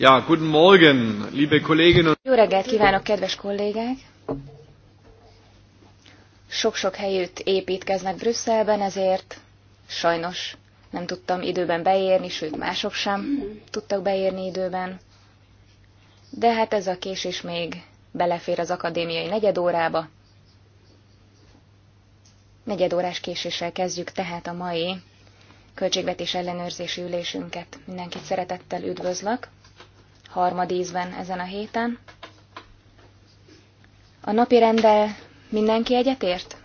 Ja, guten Morgen, liebe Kolleginnen. Jó reggelt kívánok, kedves kollégák! Sok-sok helyütt építkeznek Brüsszelben, ezért sajnos nem tudtam időben beérni, sőt mások sem tudtak beérni időben. De hát ez a késés még belefér az akadémiai negyed órába. Negyed órás késéssel kezdjük tehát a mai költségvetés ellenőrzési ülésünket. Mindenkit szeretettel üdvözlök harmadízben ezen a héten. A napi rendel mindenki egyetért?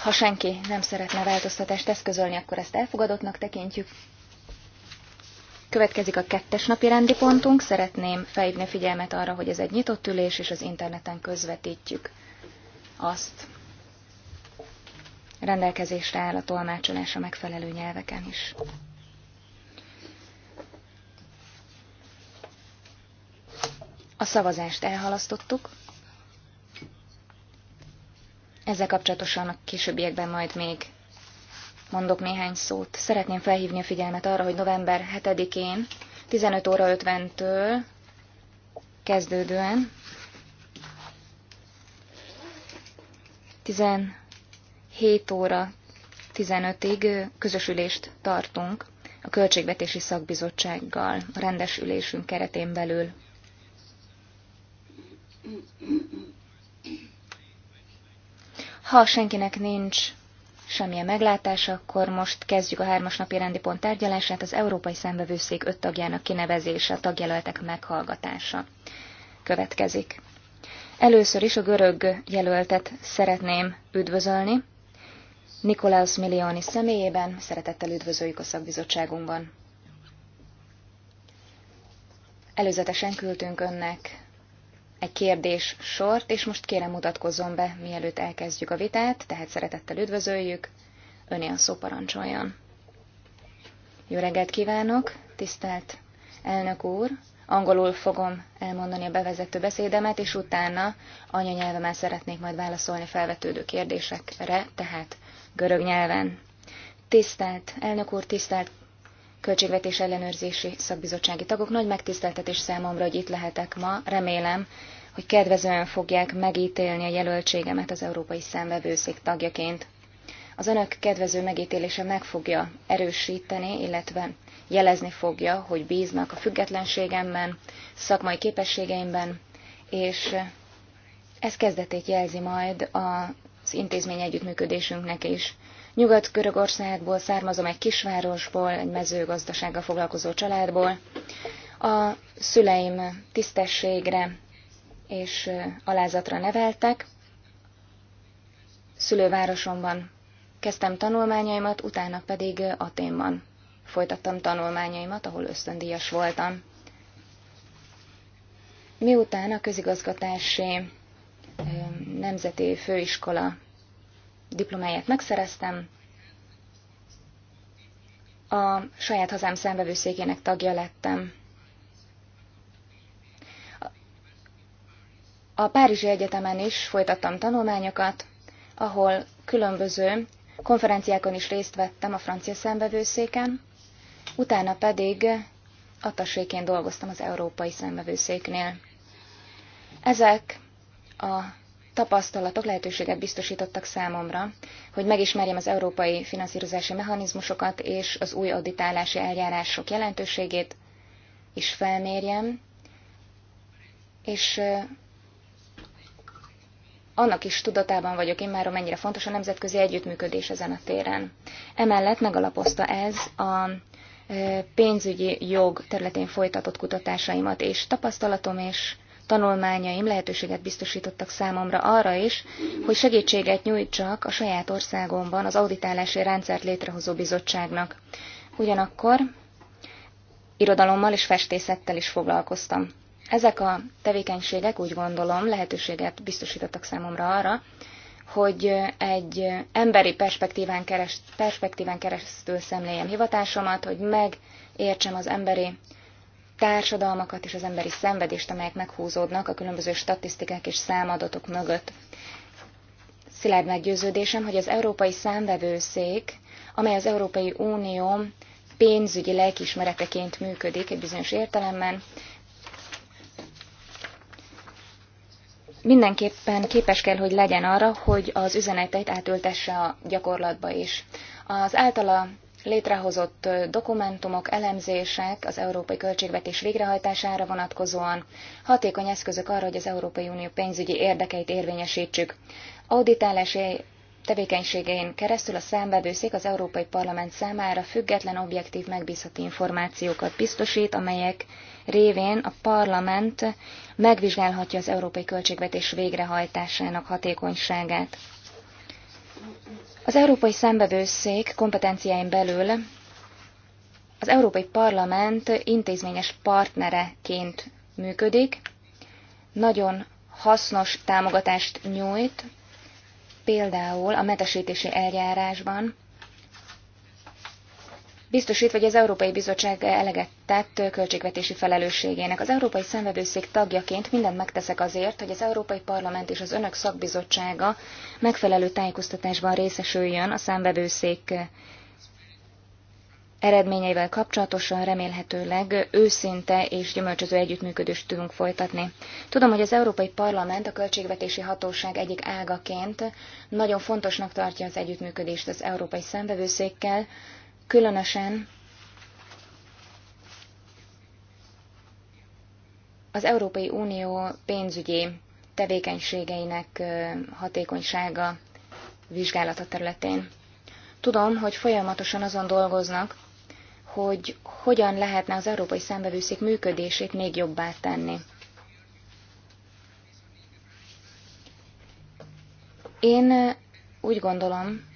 Ha senki nem szeretne változtatást eszközölni, akkor ezt elfogadottnak tekintjük. Következik a kettes napi rendi pontunk. Szeretném fejlődni figyelmet arra, hogy ez egy nyitott ülés, és az interneten közvetítjük azt. Rendelkezésre áll a tolmácsolás a megfelelő nyelveken is. A szavazást elhalasztottuk. Ezzel kapcsolatosan a későbbiekben majd még mondok néhány szót. Szeretném felhívni a figyelmet arra, hogy november 7-én 15 óra 50-től kezdődően 17 óra 15-ig közösülést tartunk a Költségvetési Szakbizottsággal a rendes ülésünk keretén belül. Ha senkinek nincs semmilyen meglátása, akkor most kezdjük a hármas napi rendi pont tárgyalását, az Európai Szembevőszék öt tagjának kinevezése, a tagjelöltek meghallgatása következik. Először is a görög jelöltet szeretném üdvözölni. Nikolaus Millioni személyében szeretettel üdvözöljük a szakbizottságunkban. Előzetesen küldtünk önnek egy kérdés sort, és most kérem mutatkozzon be, mielőtt elkezdjük a vitát, tehát szeretettel üdvözöljük. Öné a szó parancsoljon. Jó reggelt kívánok, tisztelt elnök úr! Angolul fogom elmondani a bevezető beszédemet, és utána anyanyelvemen szeretnék majd válaszolni felvetődő kérdésekre, tehát görög nyelven. Tisztelt elnök úr, tisztelt Költségvetés ellenőrzési szakbizottsági tagok. Nagy megtiszteltetés számomra, hogy itt lehetek ma. Remélem, hogy kedvezően fogják megítélni a jelöltségemet az Európai Számvevőszék tagjaként. Az önök kedvező megítélése meg fogja erősíteni, illetve jelezni fogja, hogy bíznak a függetlenségemben, szakmai képességeimben, és ez kezdetét jelzi majd az intézmény együttműködésünknek is. Nyugat-Görögországból származom, egy kisvárosból, egy mezőgazdasággal foglalkozó családból. A szüleim tisztességre és alázatra neveltek. Szülővárosomban kezdtem tanulmányaimat, utána pedig Aténban folytattam tanulmányaimat, ahol ösztöndíjas voltam. Miután a közigazgatási nemzeti főiskola diplomáját megszereztem. A saját hazám szembevőszékének tagja lettem. A Párizsi Egyetemen is folytattam tanulmányokat, ahol különböző konferenciákon is részt vettem a francia szembevőszéken, utána pedig attaséként dolgoztam az európai szembevőszéknél. Ezek a tapasztalatok lehetőséget biztosítottak számomra, hogy megismerjem az európai finanszírozási mechanizmusokat és az új auditálási eljárások jelentőségét, és felmérjem, és annak is tudatában vagyok én már, mennyire fontos a nemzetközi együttműködés ezen a téren. Emellett megalapozta ez a pénzügyi jog területén folytatott kutatásaimat és tapasztalatom, és tanulmányaim lehetőséget biztosítottak számomra arra is, hogy segítséget nyújtsak a saját országomban az auditálási rendszert létrehozó bizottságnak. Ugyanakkor irodalommal és festészettel is foglalkoztam. Ezek a tevékenységek úgy gondolom lehetőséget biztosítottak számomra arra, hogy egy emberi perspektíván, kereszt, perspektíván keresztül szemléljem hivatásomat, hogy megértsem az emberi társadalmakat és az emberi szenvedést, amelyek meghúzódnak a különböző statisztikák és számadatok mögött. Szilárd meggyőződésem, hogy az Európai Számvevőszék, amely az Európai Unió pénzügyi lelkismereteként működik egy bizonyos értelemben, mindenképpen képes kell, hogy legyen arra, hogy az üzeneteit átültesse a gyakorlatba is. Az általa létrehozott dokumentumok, elemzések az európai költségvetés végrehajtására vonatkozóan, hatékony eszközök arra, hogy az Európai Unió pénzügyi érdekeit érvényesítsük. Auditálási tevékenységén keresztül a számbevőszék az Európai Parlament számára független, objektív, megbízható információkat biztosít, amelyek révén a parlament megvizsgálhatja az európai költségvetés végrehajtásának hatékonyságát. Az Európai Szembevőszék kompetenciáin belül az Európai Parlament intézményes partnereként működik, nagyon hasznos támogatást nyújt, például a metesítési eljárásban, biztosít, hogy az Európai Bizottság eleget tett költségvetési felelősségének. Az Európai Szenvedőszék tagjaként mindent megteszek azért, hogy az Európai Parlament és az Önök szakbizottsága megfelelő tájékoztatásban részesüljön a szenvedőszék eredményeivel kapcsolatosan remélhetőleg őszinte és gyümölcsöző együttműködést tudunk folytatni. Tudom, hogy az Európai Parlament a Költségvetési Hatóság egyik ágaként nagyon fontosnak tartja az együttműködést az Európai Szembevőszékkel, Különösen az Európai Unió pénzügyi tevékenységeinek hatékonysága vizsgálata területén. Tudom, hogy folyamatosan azon dolgoznak, hogy hogyan lehetne az Európai szembevőszék működését még jobbá tenni. Én úgy gondolom,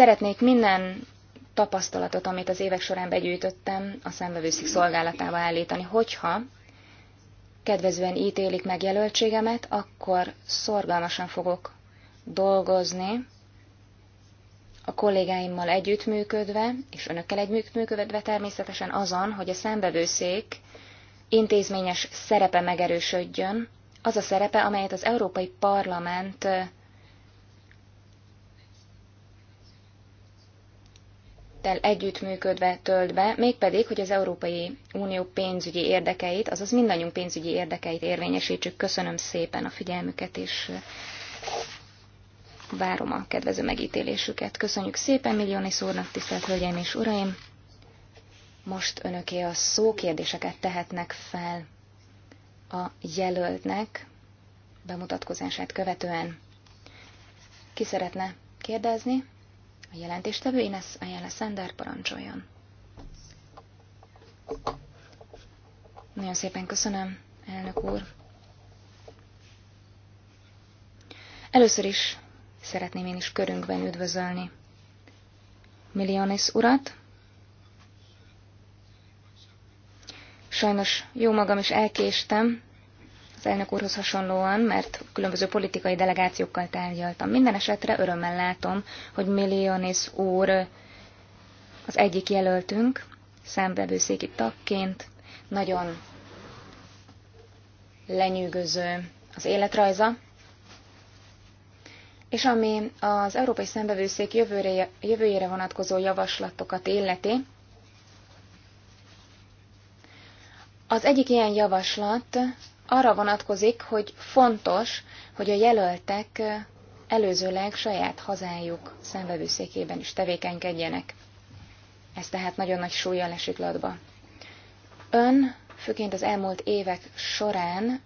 Szeretnék minden tapasztalatot, amit az évek során begyűjtöttem, a számvevőszik szolgálatába állítani. Hogyha kedvezően ítélik meg jelöltségemet, akkor szorgalmasan fogok dolgozni, a kollégáimmal együttműködve, és önökkel együttműködve természetesen azon, hogy a szembevőszék intézményes szerepe megerősödjön, az a szerepe, amelyet az Európai Parlament tel együttműködve tölt be, mégpedig, hogy az Európai Unió pénzügyi érdekeit, azaz mindannyiunk pénzügyi érdekeit érvényesítsük. Köszönöm szépen a figyelmüket, és várom a kedvező megítélésüket. Köszönjük szépen Millionis Szórnak, tisztelt Hölgyeim és Uraim! Most önöké a szó kérdéseket tehetnek fel a jelöltnek bemutatkozását követően. Ki szeretne kérdezni? A jelentéstevő Ines Ayala Sender parancsoljon. Nagyon szépen köszönöm, elnök úr. Először is szeretném én is körünkben üdvözölni Milionis urat. Sajnos jó magam is elkéstem, az elnök úrhoz hasonlóan, mert különböző politikai delegációkkal tárgyaltam. Minden esetre örömmel látom, hogy Millionis úr az egyik jelöltünk, számbevőszéki tagként, nagyon lenyűgöző az életrajza, és ami az Európai Szembevőszék jövőre, jövőjére vonatkozó javaslatokat illeti, az egyik ilyen javaslat arra vonatkozik, hogy fontos, hogy a jelöltek előzőleg saját hazájuk szembevőszékében is tevékenykedjenek. Ez tehát nagyon nagy súlya esik latba. Ön főként az elmúlt évek során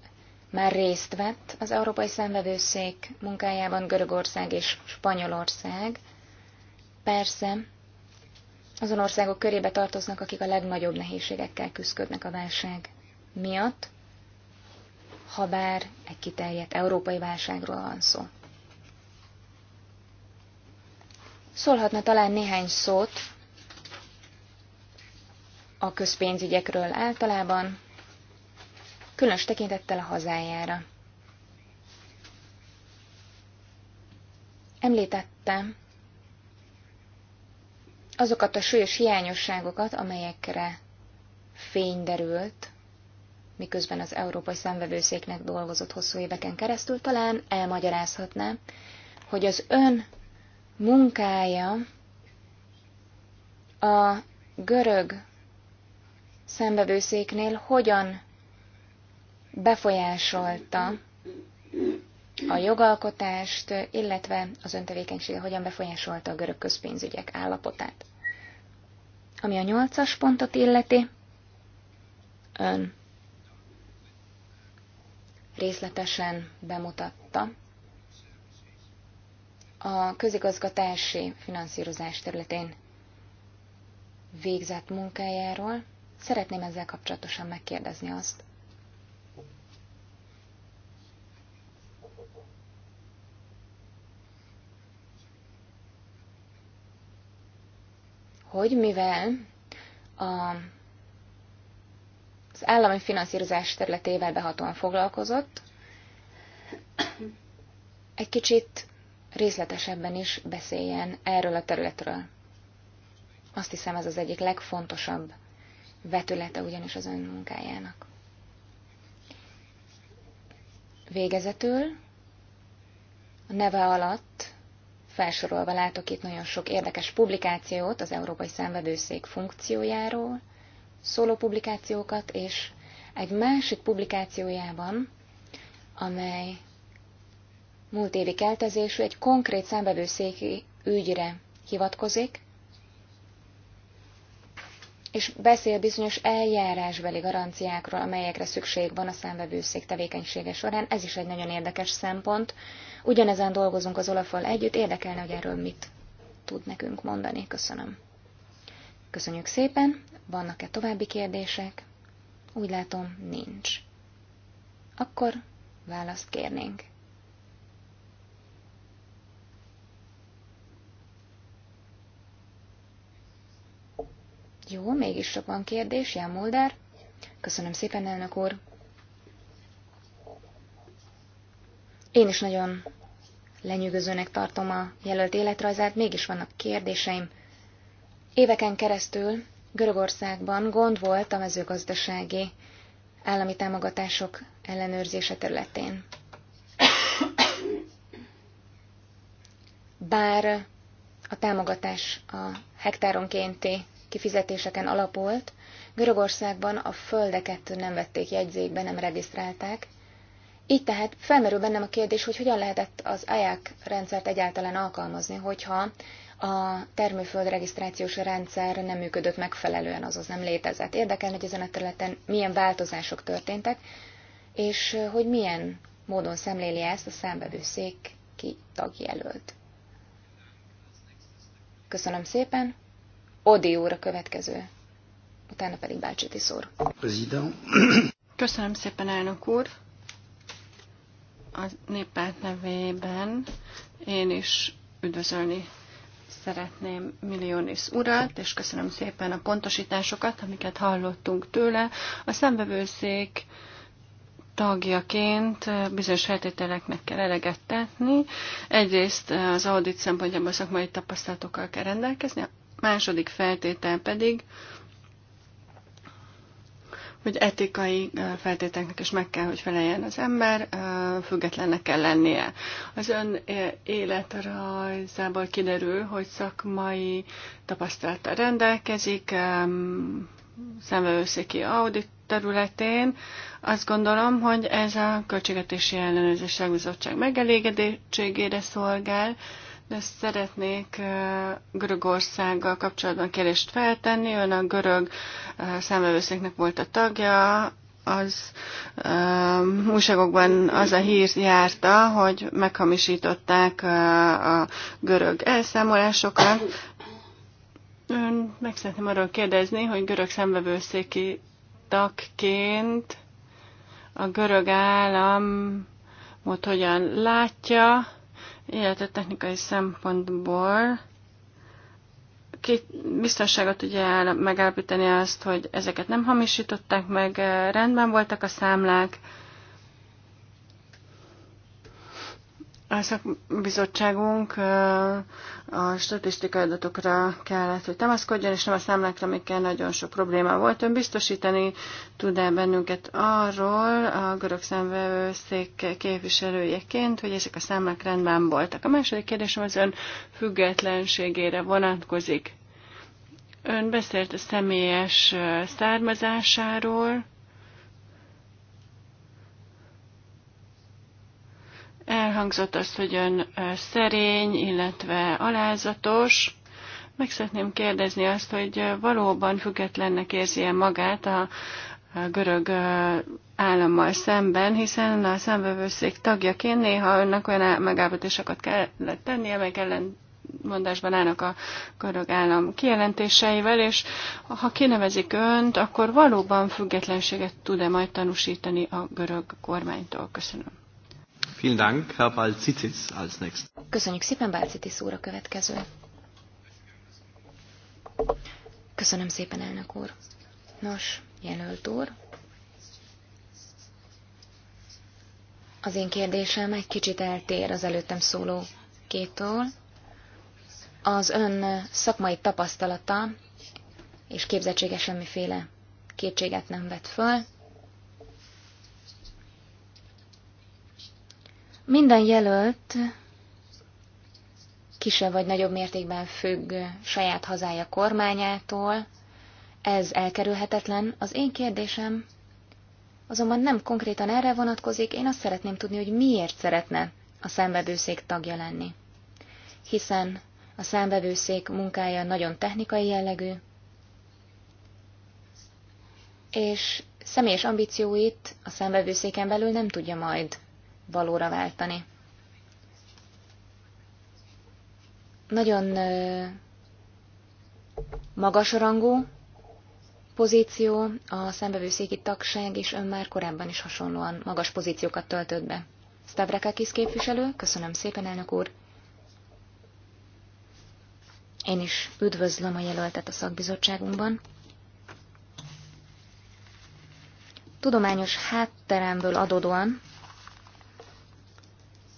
már részt vett az Európai Szemvevőszék munkájában Görögország és Spanyolország. Persze, azon országok körébe tartoznak, akik a legnagyobb nehézségekkel küzdködnek a válság miatt ha bár egy kiterjedt európai válságról van szó. Szólhatna talán néhány szót a közpénzügyekről általában, különös tekintettel a hazájára. Említettem azokat a súlyos hiányosságokat, amelyekre fény derült miközben az Európai Számvevőszéknek dolgozott hosszú éveken keresztül, talán elmagyarázhatná, hogy az ön munkája a görög szembevőszéknél hogyan befolyásolta a jogalkotást, illetve az öntevékenysége hogyan befolyásolta a görög közpénzügyek állapotát. Ami a nyolcas pontot illeti, ön részletesen bemutatta. A közigazgatási finanszírozás területén végzett munkájáról szeretném ezzel kapcsolatosan megkérdezni azt, hogy mivel a az állami finanszírozás területével behatóan foglalkozott. Egy kicsit részletesebben is beszéljen erről a területről. Azt hiszem ez az egyik legfontosabb vetülete ugyanis az ön munkájának. Végezetül a neve alatt felsorolva látok itt nagyon sok érdekes publikációt az Európai Szenvedőszék funkciójáról, szóló publikációkat, és egy másik publikációjában, amely múlt évi keltezésű, egy konkrét számbevőszéki ügyre hivatkozik, és beszél bizonyos eljárásbeli garanciákról, amelyekre szükség van a számvevőszék tevékenysége során. Ez is egy nagyon érdekes szempont. Ugyanezen dolgozunk az olaf együtt, érdekelne, hogy erről mit tud nekünk mondani. Köszönöm. Köszönjük szépen. Vannak-e további kérdések? Úgy látom, nincs. Akkor választ kérnénk. Jó, mégis sok van kérdés, Jan Mulder. Köszönöm szépen, elnök úr. Én is nagyon lenyűgözőnek tartom a jelölt életrajzát, mégis vannak kérdéseim. Éveken keresztül Görögországban gond volt a mezőgazdasági állami támogatások ellenőrzése területén. Bár a támogatás a hektáronkénti kifizetéseken alapolt, Görögországban a földeket nem vették jegyzékbe, nem regisztrálták. Így tehát felmerül bennem a kérdés, hogy hogyan lehetett az AJAK rendszert egyáltalán alkalmazni, hogyha a termőföld regisztrációs rendszer nem működött megfelelően, azaz nem létezett. Érdekelne, hogy ezen a területen milyen változások történtek, és hogy milyen módon szemléli ezt a számbevőszék ki tagjelölt. Köszönöm szépen. Odi úr a következő. Utána pedig Bácsi Tiszor. Köszönöm szépen, elnök úr. A néppárt nevében én is üdvözölni szeretném Millionis urat, és köszönöm szépen a pontosításokat, amiket hallottunk tőle. A szembevőszék tagjaként bizonyos feltételeknek kell eleget tenni. Egyrészt az audit szempontjából szakmai tapasztalatokkal kell rendelkezni, a második feltétel pedig hogy etikai feltételeknek is meg kell, hogy feleljen az ember, függetlennek kell lennie. Az ön életrajzából kiderül, hogy szakmai tapasztalata rendelkezik, szemvelőszéki audit területén. Azt gondolom, hogy ez a költségetési Ellenőrzés bizottság megelégedettségére szolgál, de szeretnék Görögországgal kapcsolatban kérdést feltenni. Ön a görög számvevőszéknek volt a tagja, az um, újságokban az a hír járta, hogy meghamisították a, a görög elszámolásokat. Ön meg szeretném arról kérdezni, hogy görög szembevőszéki tagként a görög államot hogyan látja, illetve technikai szempontból két biztonságot ugye megállapítani azt, hogy ezeket nem hamisították meg, eh, rendben voltak a számlák, A szakbizottságunk a statisztikai adatokra kellett, hogy támaszkodjon, és nem a számlákra, amikkel nagyon sok probléma volt. Ön biztosítani tud-e bennünket arról a görög számvevőszék képviselőjeként, hogy ezek a számlák rendben voltak? A második kérdésem az ön függetlenségére vonatkozik. Ön beszélt a személyes származásáról, Elhangzott az, hogy ön szerény, illetve alázatos. Meg szeretném kérdezni azt, hogy valóban függetlennek érzi -e magát a görög állammal szemben, hiszen a szemvevőszék tagjaként néha önnek olyan megállapotásokat kellett tennie, amelyek ellen mondásban állnak a görög állam kijelentéseivel, és ha kinevezik önt, akkor valóban függetlenséget tud-e majd tanúsítani a görög kormánytól? Köszönöm. Vielen Dank, Herr Balcitis als next. Köszönjük szépen, Balcitis úr a következő. Köszönöm szépen, elnök úr. Nos, jelölt úr. Az én kérdésem egy kicsit eltér az előttem szóló kétől. Az ön szakmai tapasztalata és képzettsége semmiféle kétséget nem vett föl. Minden jelölt kisebb vagy nagyobb mértékben függ saját hazája kormányától, ez elkerülhetetlen. Az én kérdésem azonban nem konkrétan erre vonatkozik, én azt szeretném tudni, hogy miért szeretne a számbevőszék tagja lenni. Hiszen a számbevőszék munkája nagyon technikai jellegű, és személyes ambícióit a számbevőszéken belül nem tudja majd valóra váltani. Nagyon magasrangú pozíció, a szembevőszéki tagság és ön már korábban is hasonlóan magas pozíciókat töltött be. Stavrakakis képviselő, köszönöm szépen, elnök úr. Én is üdvözlöm a jelöltet a szakbizottságunkban. Tudományos hátteremből adódóan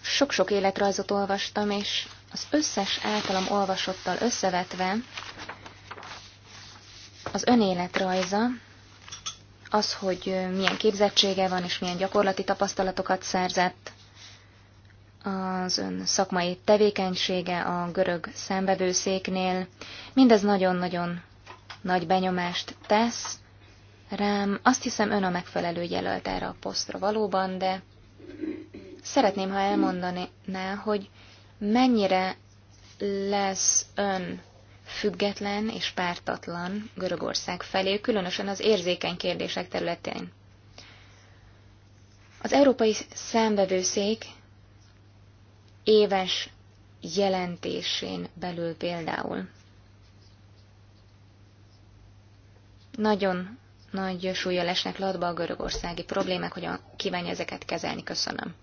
sok-sok életrajzot olvastam, és az összes általam olvasottal összevetve az önéletrajza, az, hogy milyen képzettsége van, és milyen gyakorlati tapasztalatokat szerzett, az ön szakmai tevékenysége a görög szembevőszéknél, mindez nagyon-nagyon nagy benyomást tesz rám. Azt hiszem, ön a megfelelő jelölt erre a posztra valóban, de Szeretném, ha elmondaná, hogy mennyire lesz ön független és pártatlan Görögország felé, különösen az érzékeny kérdések területén. Az Európai szembevőszék éves jelentésén belül például nagyon nagy súlya lesnek latba a görögországi problémák, hogyan kívánja ezeket kezelni. Köszönöm.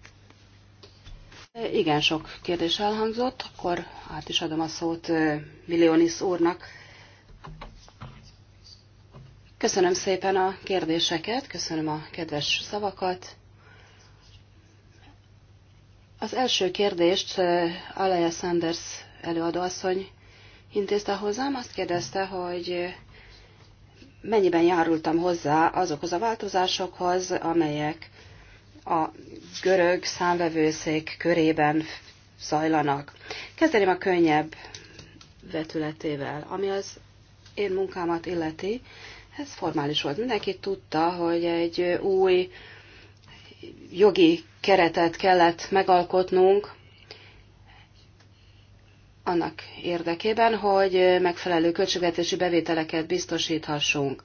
Igen, sok kérdés elhangzott, akkor át is adom a szót Millionis úrnak. Köszönöm szépen a kérdéseket, köszönöm a kedves szavakat. Az első kérdést Alaya Sanders előadóasszony intézte hozzám, azt kérdezte, hogy mennyiben járultam hozzá azokhoz a változásokhoz, amelyek a görög számvevőszék körében zajlanak. Kezdeném a könnyebb vetületével, ami az én munkámat illeti. Ez formális volt. Mindenki tudta, hogy egy új jogi keretet kellett megalkotnunk annak érdekében, hogy megfelelő költségvetési bevételeket biztosíthassunk.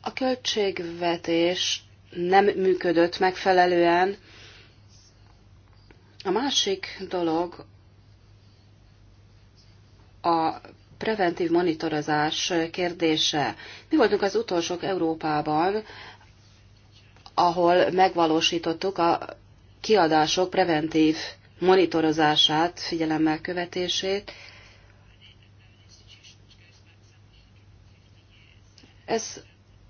A költségvetés nem működött megfelelően. A másik dolog a preventív monitorozás kérdése. Mi voltunk az utolsók Európában, ahol megvalósítottuk a kiadások preventív monitorozását, figyelemmel követését. Ez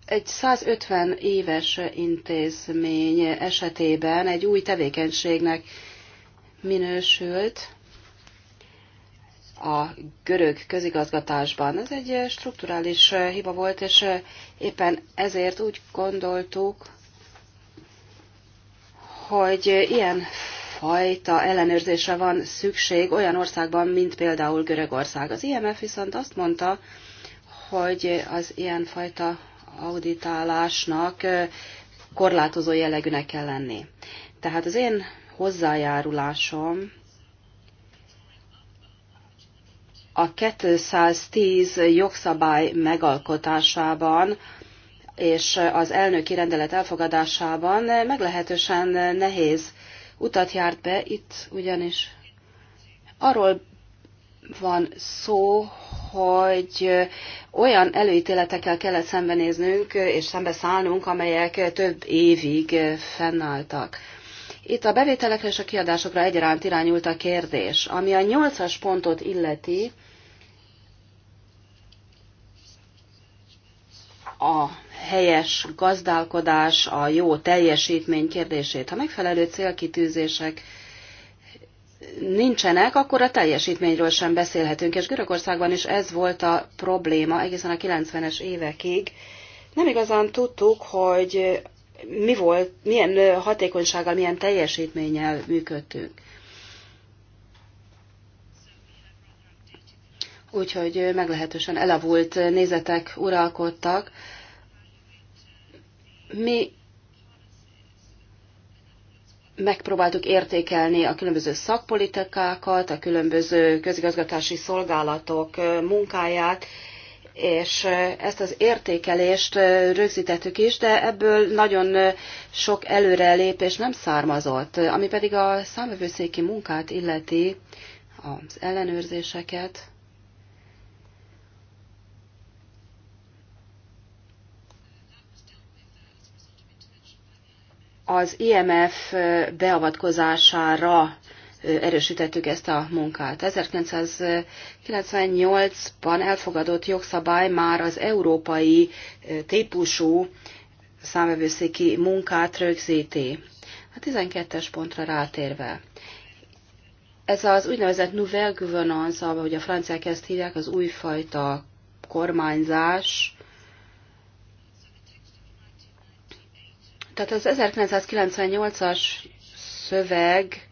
egy 150 éves intézmény esetében egy új tevékenységnek minősült a görög közigazgatásban. Ez egy strukturális hiba volt, és éppen ezért úgy gondoltuk, hogy ilyen fajta ellenőrzésre van szükség olyan országban, mint például Görögország. Az IMF viszont azt mondta, hogy az ilyen fajta auditálásnak korlátozó jellegűnek kell lenni. Tehát az én hozzájárulásom a 210 jogszabály megalkotásában és az elnöki rendelet elfogadásában meglehetősen nehéz utat járt be, itt ugyanis arról van szó, hogy olyan előítéletekkel kellett szembenéznünk és szembeszállnunk, amelyek több évig fennálltak. Itt a bevételekre és a kiadásokra egyaránt irányult a kérdés. Ami a nyolcas pontot illeti, a helyes gazdálkodás, a jó teljesítmény kérdését. Ha megfelelő célkitűzések nincsenek, akkor a teljesítményről sem beszélhetünk, és Görögországban is ez volt a probléma egészen a 90-es évekig. Nem igazán tudtuk, hogy mi volt, milyen hatékonysággal, milyen teljesítménnyel működtünk. Úgyhogy meglehetősen elavult nézetek uralkodtak. Mi megpróbáltuk értékelni a különböző szakpolitikákat, a különböző közigazgatási szolgálatok munkáját, és ezt az értékelést rögzítettük is, de ebből nagyon sok előrelépés nem származott. Ami pedig a számövőszéki munkát illeti, az ellenőrzéseket, az IMF beavatkozására erősítettük ezt a munkát. 1998-ban elfogadott jogszabály már az európai típusú számvevőszéki munkát rögzíti. A 12-es pontra rátérve. Ez az úgynevezett nouvelle gouvernance, ahogy a franciák ezt hívják, az újfajta kormányzás, Tehát az 1998-as szöveg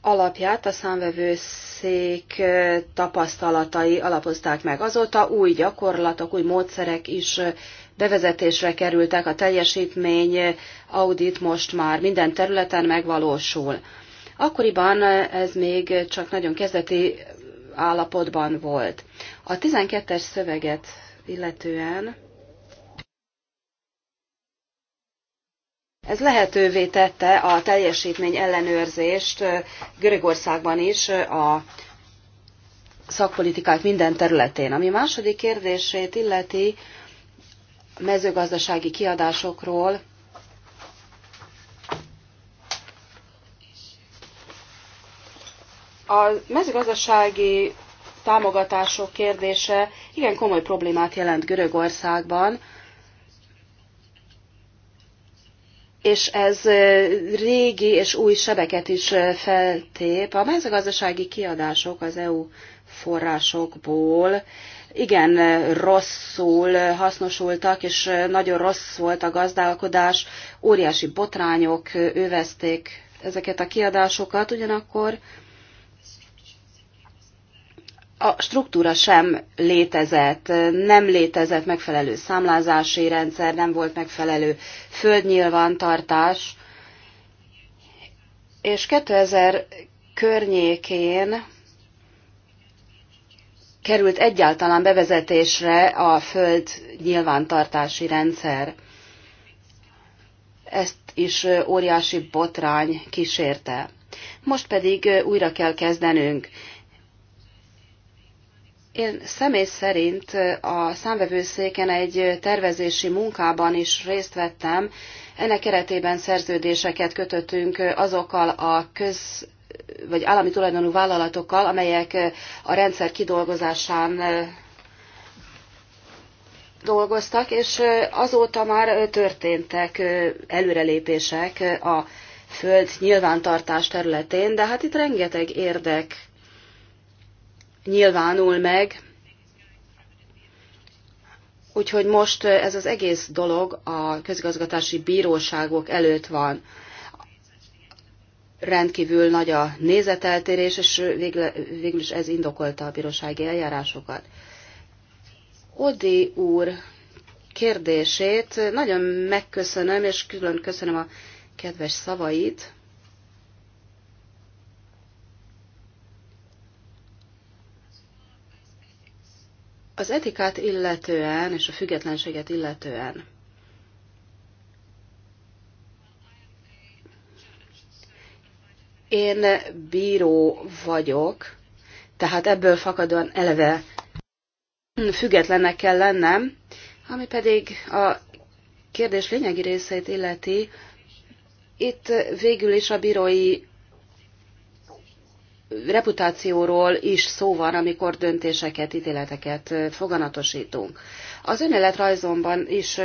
alapját a számvevőszék tapasztalatai alapozták meg. Azóta új gyakorlatok, új módszerek is bevezetésre kerültek, a teljesítmény audit most már minden területen megvalósul. Akkoriban ez még csak nagyon kezdeti állapotban volt. A 12-es szöveget illetően. Ez lehetővé tette a teljesítmény ellenőrzést Görögországban is a szakpolitikák minden területén. Ami második kérdését illeti mezőgazdasági kiadásokról, a mezőgazdasági támogatások kérdése igen komoly problémát jelent Görögországban, és ez régi és új sebeket is feltép. A mezőgazdasági kiadások az EU forrásokból igen rosszul hasznosultak, és nagyon rossz volt a gazdálkodás, óriási botrányok övezték ezeket a kiadásokat, ugyanakkor a struktúra sem létezett, nem létezett megfelelő számlázási rendszer, nem volt megfelelő földnyilvántartás, és 2000 környékén került egyáltalán bevezetésre a föld nyilvántartási rendszer. Ezt is óriási botrány kísérte. Most pedig újra kell kezdenünk. Én személy szerint a számvevőszéken egy tervezési munkában is részt vettem. Ennek keretében szerződéseket kötöttünk azokkal a köz vagy állami tulajdonú vállalatokkal, amelyek a rendszer kidolgozásán dolgoztak, és azóta már történtek előrelépések a föld nyilvántartás területén, de hát itt rengeteg érdek nyilvánul meg. Úgyhogy most eh, ez az egész dolog a közigazgatási bíróságok előtt van. Rendkívül nagy a nézeteltérés, és végül, végül is ez indokolta a bírósági eljárásokat. Odi úr kérdését nagyon megköszönöm, és külön köszönöm a kedves szavait. Az etikát illetően és a függetlenséget illetően én bíró vagyok, tehát ebből fakadóan eleve függetlennek kell lennem, ami pedig a kérdés lényegi részét illeti, itt végül is a bírói reputációról is szó van, amikor döntéseket, ítéleteket foganatosítunk. Az önéletrajzomban is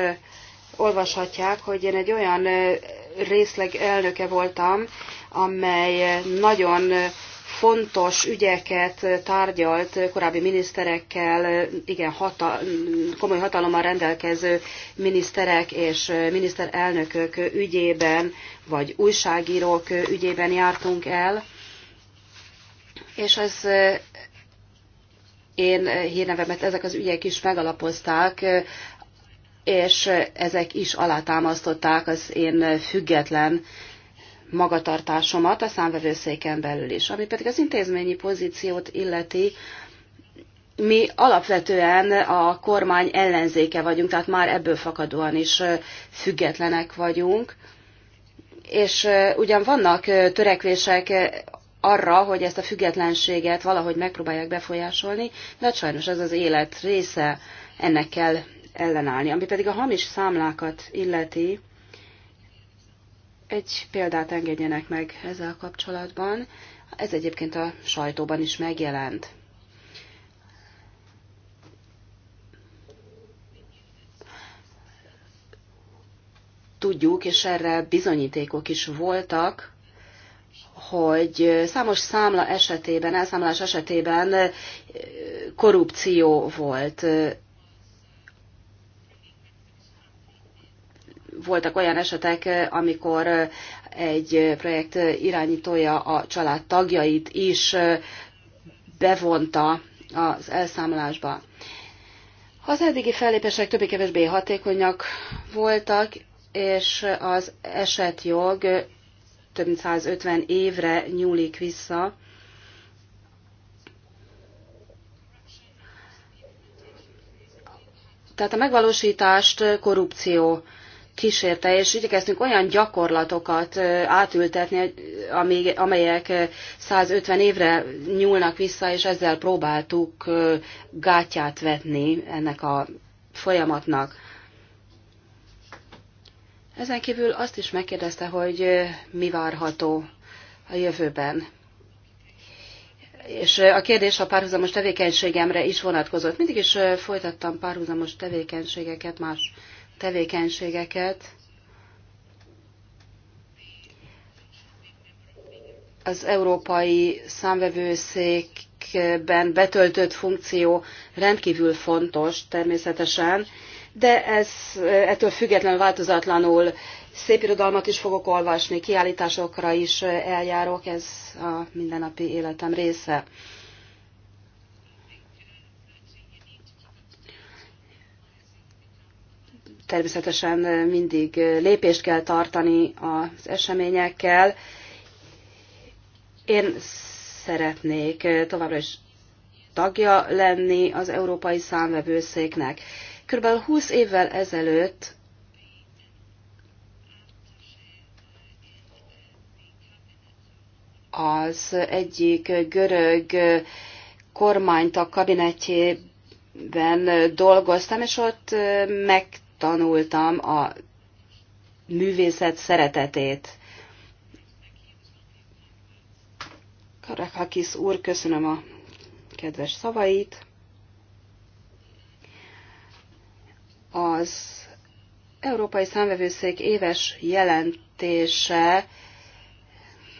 olvashatják, hogy én egy olyan részleg elnöke voltam, amely nagyon fontos ügyeket tárgyalt korábbi miniszterekkel, igen, hata, komoly hatalommal rendelkező miniszterek és miniszterelnökök ügyében, vagy újságírók ügyében jártunk el és az én hírnevemet ezek az ügyek is megalapozták, és ezek is alátámasztották az én független magatartásomat a számvevőszéken belül is. Ami pedig az intézményi pozíciót illeti, mi alapvetően a kormány ellenzéke vagyunk, tehát már ebből fakadóan is függetlenek vagyunk. És ugyan vannak törekvések arra, hogy ezt a függetlenséget valahogy megpróbálják befolyásolni, de hát sajnos ez az élet része, ennek kell ellenállni. Ami pedig a hamis számlákat illeti, egy példát engedjenek meg ezzel kapcsolatban. Ez egyébként a sajtóban is megjelent. Tudjuk, és erre bizonyítékok is voltak, hogy számos számla esetében, elszámolás esetében korrupció volt. Voltak olyan esetek, amikor egy projekt irányítója a család tagjait is bevonta az elszámolásba. Az eddigi fellépések többé-kevésbé hatékonyak voltak, és az esetjog több mint 150 évre nyúlik vissza. Tehát a megvalósítást korrupció kísérte, és igyekeztünk olyan gyakorlatokat átültetni, amelyek 150 évre nyúlnak vissza, és ezzel próbáltuk gátját vetni ennek a folyamatnak. Ezen kívül azt is megkérdezte, hogy mi várható a jövőben. És a kérdés a párhuzamos tevékenységemre is vonatkozott. Mindig is folytattam párhuzamos tevékenységeket, más tevékenységeket. Az Európai Számvevőszékben betöltött funkció rendkívül fontos természetesen, de ez eh, ettől függetlenül változatlanul szép irodalmat is fogok olvasni, kiállításokra is eh, eljárok, ez a mindennapi életem része. Természetesen eh, mindig lépést kell tartani az eseményekkel. Én szeretnék továbbra is tagja lenni az Európai Számvevőszéknek. Kb. 20 évvel ezelőtt az egyik görög kormányt a kabinetjében dolgoztam, és ott megtanultam a művészet szeretetét. Karakakis úr, köszönöm a kedves szavait. Az Európai Számvevőszék éves jelentése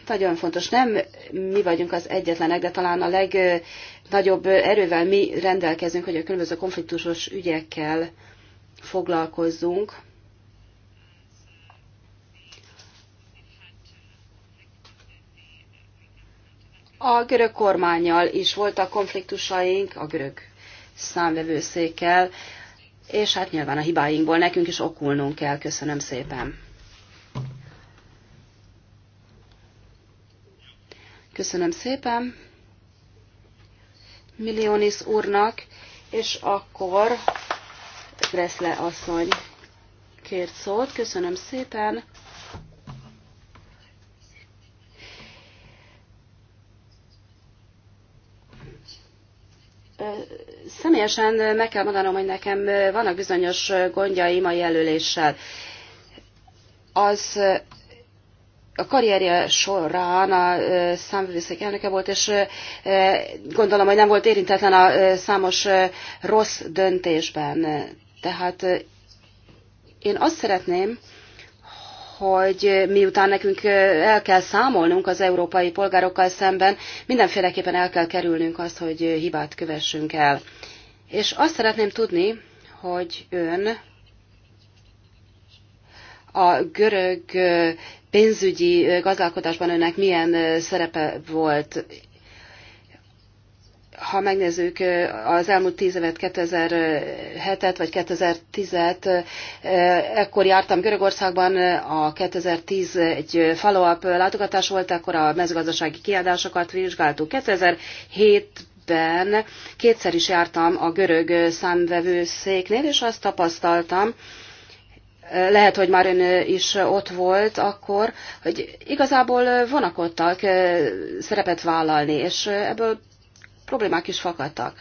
nagyon fontos. Nem mi vagyunk az egyetlenek, de talán a legnagyobb erővel mi rendelkezünk, hogy a különböző konfliktusos ügyekkel foglalkozzunk. A görög kormányjal is voltak konfliktusaink, a görög számvevőszékkel, és hát nyilván a hibáinkból nekünk is okulnunk kell. Köszönöm szépen. Köszönöm szépen Millionis úrnak, és akkor Greszle asszony kért szót. Köszönöm szépen. Személyesen meg kell mondanom, hogy nekem vannak bizonyos gondjaim a jelöléssel. Az a karrierje során a számvőszék elnöke volt, és gondolom, hogy nem volt érintetlen a számos rossz döntésben. Tehát én azt szeretném, hogy miután nekünk el kell számolnunk az európai polgárokkal szemben, mindenféleképpen el kell kerülnünk azt, hogy hibát kövessünk el. És azt szeretném tudni, hogy ön a görög pénzügyi gazdálkodásban önnek milyen szerepe volt, ha megnézzük az elmúlt tíz évet, 2007-et vagy 2010-et, ekkor jártam Görögországban, a 2010 egy follow-up látogatás volt, akkor a mezőgazdasági kiadásokat vizsgáltuk. 2007-ben kétszer is jártam a görög számvevőszéknél, és azt tapasztaltam, lehet, hogy már ön is ott volt akkor, hogy igazából vonakodtak szerepet vállalni, és ebből problémák is fakadtak.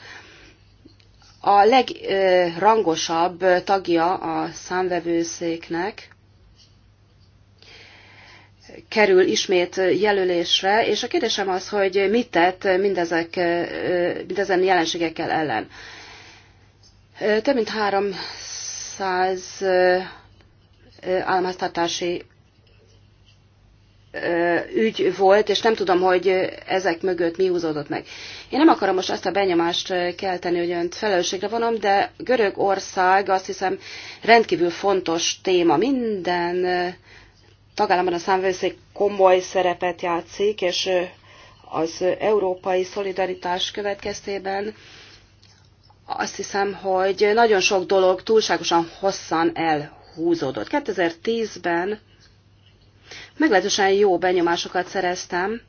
A legrangosabb tagja a számvevőszéknek kerül ismét jelölésre, és a kérdésem az, hogy mit tett mindezek, mindezen jelenségekkel ellen. Több mint 300 államháztartási ügy volt, és nem tudom, hogy ezek mögött mi húzódott meg. Én nem akarom most azt a benyomást kelteni, hogy önt felelősségre vonom, de Görögország azt hiszem rendkívül fontos téma. Minden tagállamban a számvőszék komoly szerepet játszik, és az európai szolidaritás következtében azt hiszem, hogy nagyon sok dolog túlságosan hosszan elhúzódott. 2010-ben meglehetősen jó benyomásokat szereztem,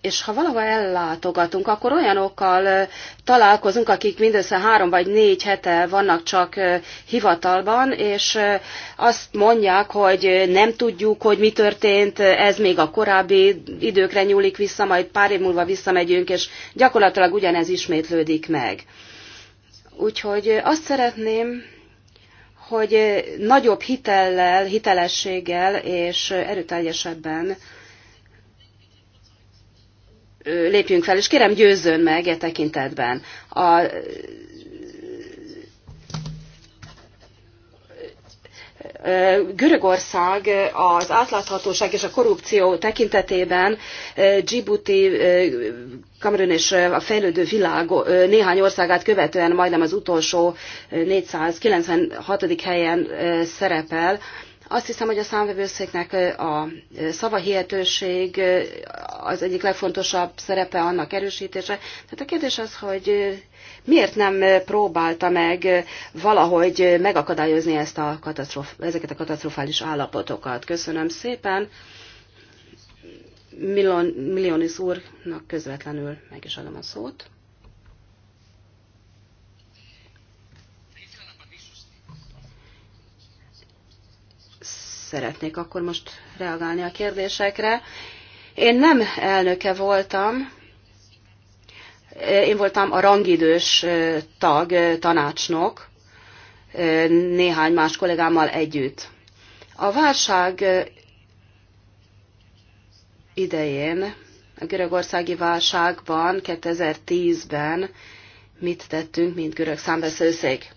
és ha valahol ellátogatunk, akkor olyanokkal találkozunk, akik mindössze három vagy négy hete vannak csak hivatalban, és azt mondják, hogy nem tudjuk, hogy mi történt, ez még a korábbi időkre nyúlik vissza, majd pár év múlva visszamegyünk, és gyakorlatilag ugyanez ismétlődik meg. Úgyhogy azt szeretném hogy nagyobb hitellel, hitelességgel és erőteljesebben lépjünk fel, és kérem győzzön meg e tekintetben. A Görögország az átláthatóság és a korrupció tekintetében Djibouti, Kamerun és a fejlődő világ néhány országát követően majdnem az utolsó 496. helyen szerepel. Azt hiszem, hogy a számvevőszéknek a szavahihetőség az egyik legfontosabb szerepe annak erősítése. Tehát a kérdés az, hogy miért nem próbálta meg valahogy megakadályozni ezt a katasztrof, ezeket a katasztrofális állapotokat? Köszönöm szépen. Milon, Milionis úrnak közvetlenül meg is adom a szót. Szeretnék akkor most reagálni a kérdésekre. Én nem elnöke voltam én voltam a rangidős tag, tanácsnok, néhány más kollégámmal együtt. A válság idején, a görögországi válságban 2010-ben mit tettünk, mint görög számbeszőszék.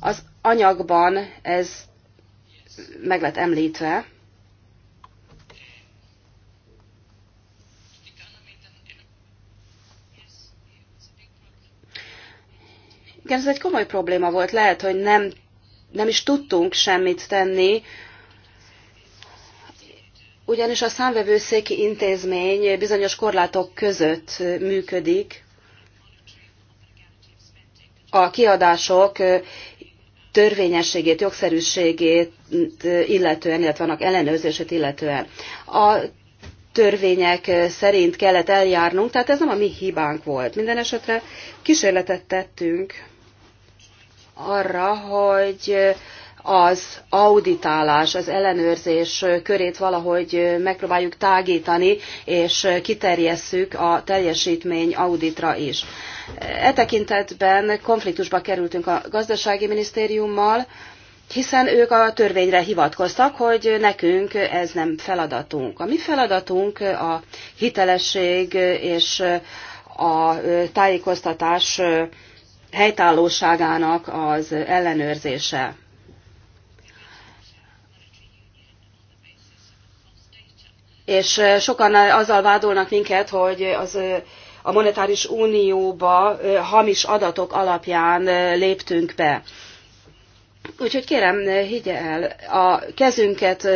Az anyagban ez meg lett említve, Igen, ez egy komoly probléma volt. Lehet, hogy nem, nem is tudtunk semmit tenni, ugyanis a számvevőszéki intézmény bizonyos korlátok között működik. A kiadások törvényességét, jogszerűségét illetően, illetve annak ellenőrzését illetően. A törvények szerint kellett eljárnunk, tehát ez nem a mi hibánk volt. Minden esetre kísérletet tettünk arra, hogy az auditálás, az ellenőrzés körét valahogy megpróbáljuk tágítani, és kiterjesszük a teljesítmény auditra is. E tekintetben konfliktusba kerültünk a gazdasági minisztériummal, hiszen ők a törvényre hivatkoztak, hogy nekünk ez nem feladatunk. A mi feladatunk a hitelesség és a tájékoztatás helytállóságának az ellenőrzése. És sokan azzal vádolnak minket, hogy az a monetáris unióba hamis adatok alapján léptünk be. Úgyhogy kérem, higgy el, a kezünket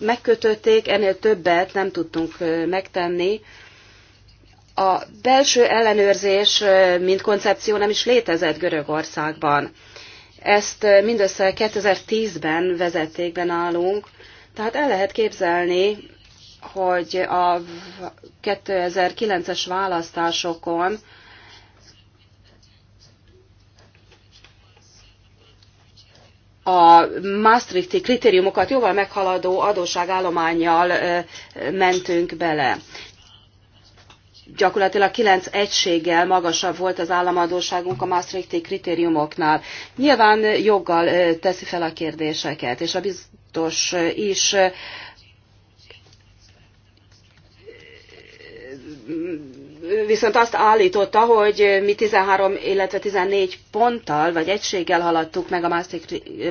megkötötték, ennél többet nem tudtunk megtenni. A belső ellenőrzés, mint koncepció nem is létezett Görögországban. Ezt mindössze 2010-ben vezették be nálunk, tehát el lehet képzelni, hogy a 2009-es választásokon a Maastrichti kritériumokat jóval meghaladó adósságállományjal mentünk bele gyakorlatilag kilenc egységgel magasabb volt az államadóságunk a Maastrichti kritériumoknál. Nyilván joggal teszi fel a kérdéseket, és a biztos is viszont azt állította, hogy mi 13, illetve 14 ponttal vagy egységgel haladtuk meg a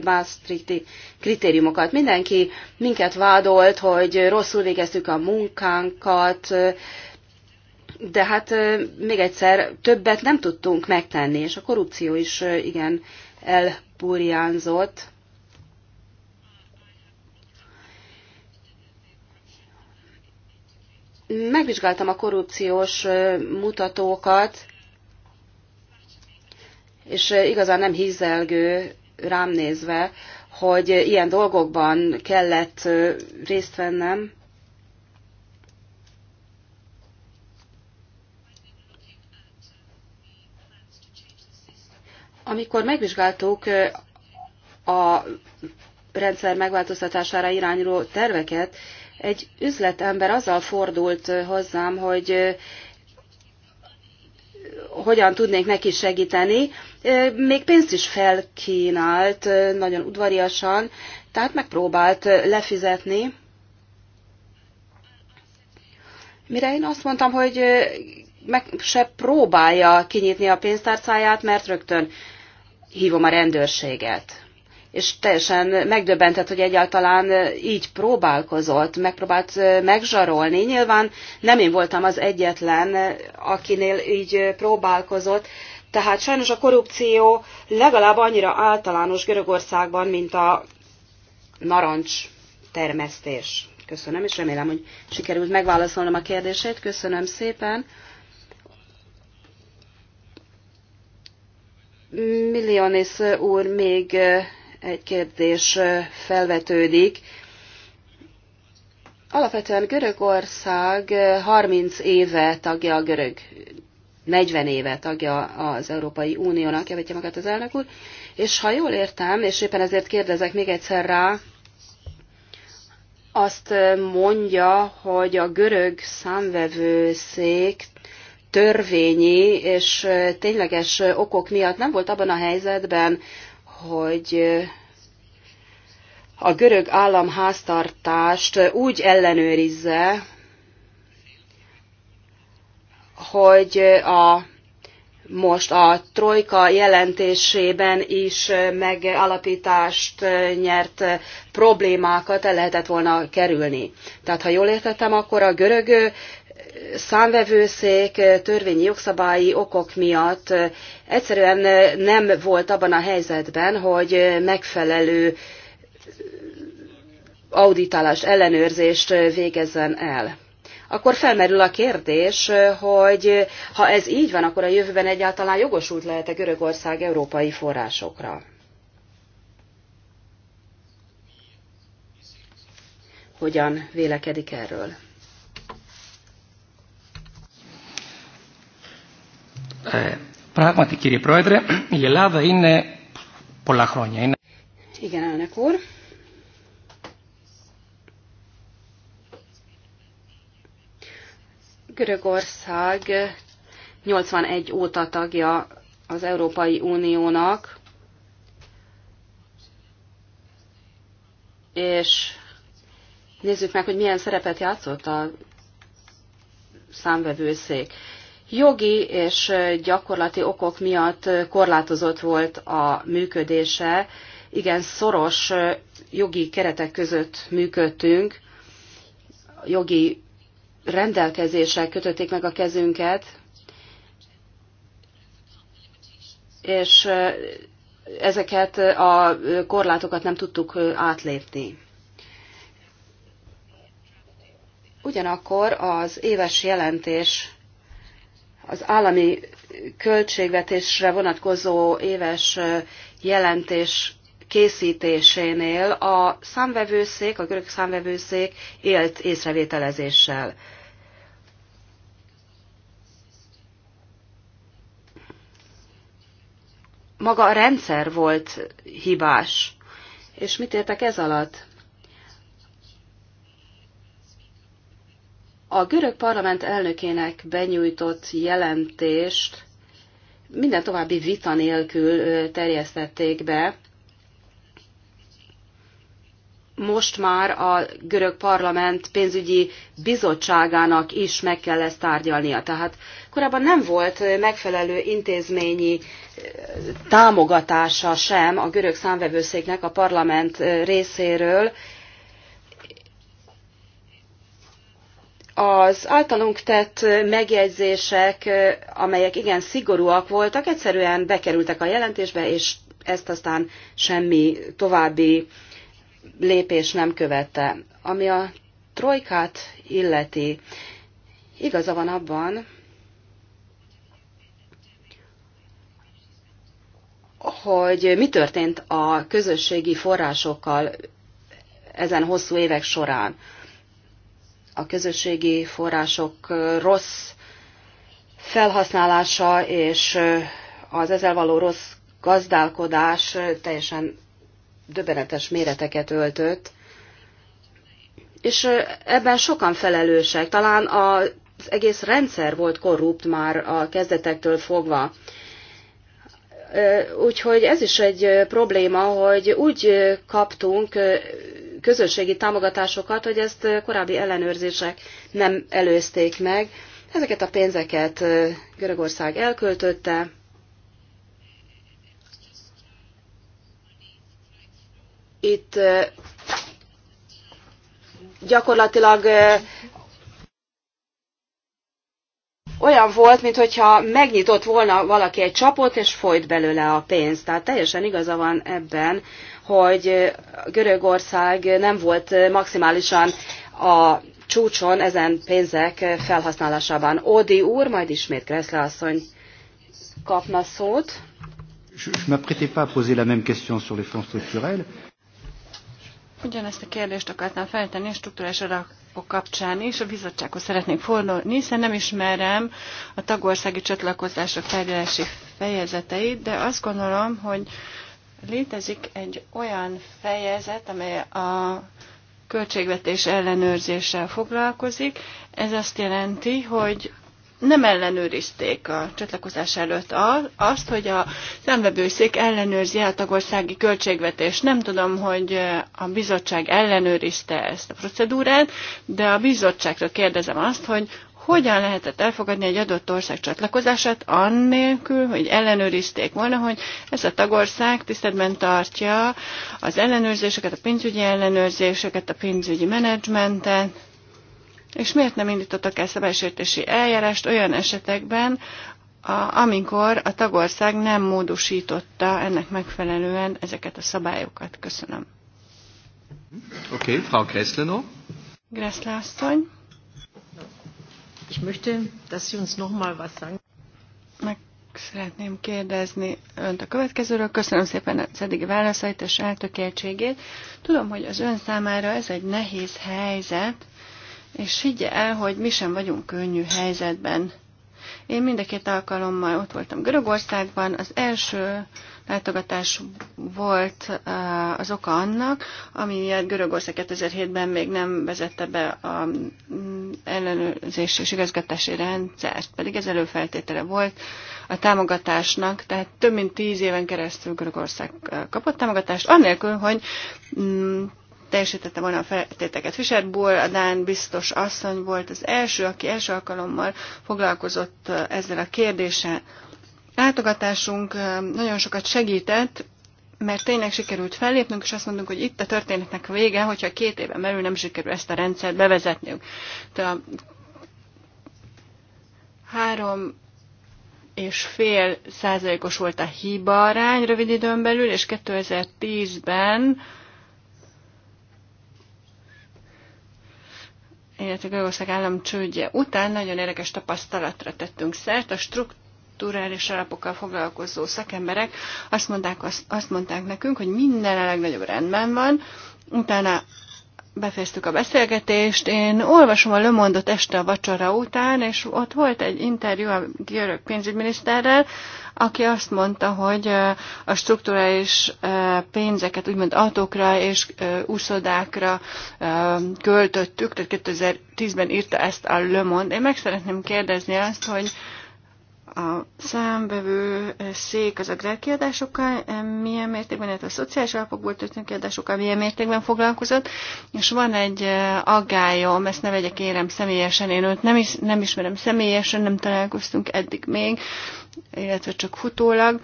Maastrichti kritériumokat. Mindenki minket vádolt, hogy rosszul végeztük a munkánkat, de hát még egyszer többet nem tudtunk megtenni, és a korrupció is igen elburjánzott. Megvizsgáltam a korrupciós mutatókat, és igazán nem hízelgő rám nézve, hogy ilyen dolgokban kellett részt vennem. Amikor megvizsgáltuk a rendszer megváltoztatására irányuló terveket, egy üzletember azzal fordult hozzám, hogy hogyan tudnék neki segíteni. Még pénzt is felkínált, nagyon udvariasan, tehát megpróbált lefizetni. Mire én azt mondtam, hogy meg se próbálja kinyitni a pénztárcáját, mert rögtön hívom a rendőrséget. És teljesen megdöbbentett, hogy egyáltalán így próbálkozott, megpróbált megzsarolni. Nyilván nem én voltam az egyetlen, akinél így próbálkozott, tehát sajnos a korrupció legalább annyira általános Görögországban, mint a narancs termesztés. Köszönöm, és remélem, hogy sikerült megválaszolnom a kérdését. Köszönöm szépen. Millionis úr még egy kérdés felvetődik. Alapvetően Görögország 30 éve tagja a görög, 40 éve tagja az Európai Uniónak, javítja magát az elnök úr, és ha jól értem, és éppen ezért kérdezek még egyszer rá, azt mondja, hogy a görög számvevőszék törvényi és tényleges okok miatt nem volt abban a helyzetben, hogy a görög állam háztartást úgy ellenőrizze, hogy a most a trojka jelentésében is megállapítást nyert problémákat el lehetett volna kerülni. Tehát ha jól értettem, akkor a görög számvevőszék törvényi jogszabályi okok miatt egyszerűen nem volt abban a helyzetben, hogy megfelelő auditálást, ellenőrzést végezzen el. Akkor felmerül a kérdés, hogy ha ez így van, akkor a jövőben egyáltalán jogosult lehet-e Görögország európai forrásokra? Hogyan vélekedik erről? Ε, πράγματι κύριε Πρόεδρε, η Ελλάδα είναι πολλά χρόνια. Είναι... Igen, elnök úr. Görögország 81 óta tagja az Európai Uniónak, és nézzük meg, hogy milyen szerepet játszott a számvevőszék jogi és gyakorlati okok miatt korlátozott volt a működése, igen szoros jogi keretek között működtünk, jogi rendelkezések kötötték meg a kezünket, és ezeket a korlátokat nem tudtuk átlépni. Ugyanakkor az éves jelentés az állami költségvetésre vonatkozó éves jelentés készítésénél a számvevőszék, a görög számvevőszék élt észrevételezéssel. Maga a rendszer volt hibás. És mit értek ez alatt? A görög parlament elnökének benyújtott jelentést minden további vita nélkül terjesztették be. Most már a görög parlament pénzügyi bizottságának is meg kell ezt tárgyalnia. Tehát korábban nem volt megfelelő intézményi támogatása sem a görög számvevőszéknek a parlament részéről, az általunk tett megjegyzések, amelyek igen szigorúak voltak, egyszerűen bekerültek a jelentésbe, és ezt aztán semmi további lépés nem követte. Ami a trojkát illeti, igaza van abban, hogy mi történt a közösségi forrásokkal ezen hosszú évek során a közösségi források rossz felhasználása és az ezzel való rossz gazdálkodás teljesen döbbenetes méreteket öltött. És ebben sokan felelősek. Talán az egész rendszer volt korrupt már a kezdetektől fogva. Úgyhogy ez is egy probléma, hogy úgy kaptunk közösségi támogatásokat, hogy ezt korábbi ellenőrzések nem előzték meg. Ezeket a pénzeket Görögország elköltötte, itt gyakorlatilag olyan volt, mintha megnyitott volna valaki egy csapot, és folyt belőle a pénz. Tehát teljesen igaza van ebben, hogy Görögország nem volt maximálisan a csúcson ezen pénzek felhasználásában. Ódi úr, majd ismét Kreszle asszony kapna szót. Ugyanezt a kérdést akartam feltenni a struktúrás alapok kapcsán is a bizottsághoz szeretnék fordulni, hiszen nem ismerem a tagországi csatlakozások tárgyalási fejezeteit, de azt gondolom, hogy létezik egy olyan fejezet, amely a költségvetés ellenőrzéssel foglalkozik. Ez azt jelenti, hogy nem ellenőrizték a csatlakozás előtt azt, hogy a szemvevőszék ellenőrzi a tagországi költségvetést. Nem tudom, hogy a bizottság ellenőrizte ezt a procedúrát, de a bizottságtól kérdezem azt, hogy hogyan lehetett elfogadni egy adott ország csatlakozását annélkül, hogy ellenőrizték volna, hogy ez a tagország tisztetben tartja az ellenőrzéseket, a pénzügyi ellenőrzéseket, a pénzügyi menedzsmentet, és miért nem indítottak el szabálysértési eljárást olyan esetekben, a, amikor a tagország nem módosította ennek megfelelően ezeket a szabályokat? Köszönöm. Oké, okay, Frau Gressle noch. Gressle asszony. Ich möchte, dass Sie uns noch mal was sagen. Meg szeretném kérdezni Önt a következőről. Köszönöm szépen az eddigi válaszait és eltökéltségét. Tudom, hogy az Ön számára ez egy nehéz helyzet, és higgye el, hogy mi sem vagyunk könnyű helyzetben. Én mind a két alkalommal ott voltam Görögországban. Az első látogatás volt eh, az oka annak, ami miatt Görögország 2007-ben még nem vezette be az mm, ellenőrzés és igazgatási rendszert, pedig ez előfeltétele volt a támogatásnak, tehát több mint tíz éven keresztül Görögország eh, kapott támogatást, annélkül, hogy mm, teljesítette volna a feltéteket. Fischer Bull, a Dán biztos asszony volt az első, aki első alkalommal foglalkozott ezzel a kérdéssel. Látogatásunk nagyon sokat segített, mert tényleg sikerült fellépnünk, és azt mondunk, hogy itt a történetnek vége, hogyha két éven belül nem sikerül ezt a rendszert bevezetniük. Tehát a három és fél százalékos volt a hiba arány rövid időn belül, és 2010-ben illetve Görögország állam csődje után nagyon érdekes tapasztalatra tettünk szert. A strukturális alapokkal foglalkozó szakemberek azt, mondták, azt, azt mondták nekünk, hogy minden a legnagyobb rendben van, utána befejeztük a beszélgetést. Én olvasom a Lömondot este a vacsora után, és ott volt egy interjú a görög pénzügyminiszterrel, aki azt mondta, hogy a strukturális pénzeket úgymond autókra és úszodákra költöttük, tehát 2010-ben írta ezt a Lömond. Én meg szeretném kérdezni azt, hogy a számbevő szék az agrárkiadásokkal, milyen mértékben, illetve a szociális alapokból történő kiadásokkal milyen mértékben foglalkozott, és van egy eh, aggályom, ezt ne vegyek érem személyesen, én őt nem, is, nem ismerem személyesen, nem találkoztunk eddig még, illetve csak futólag.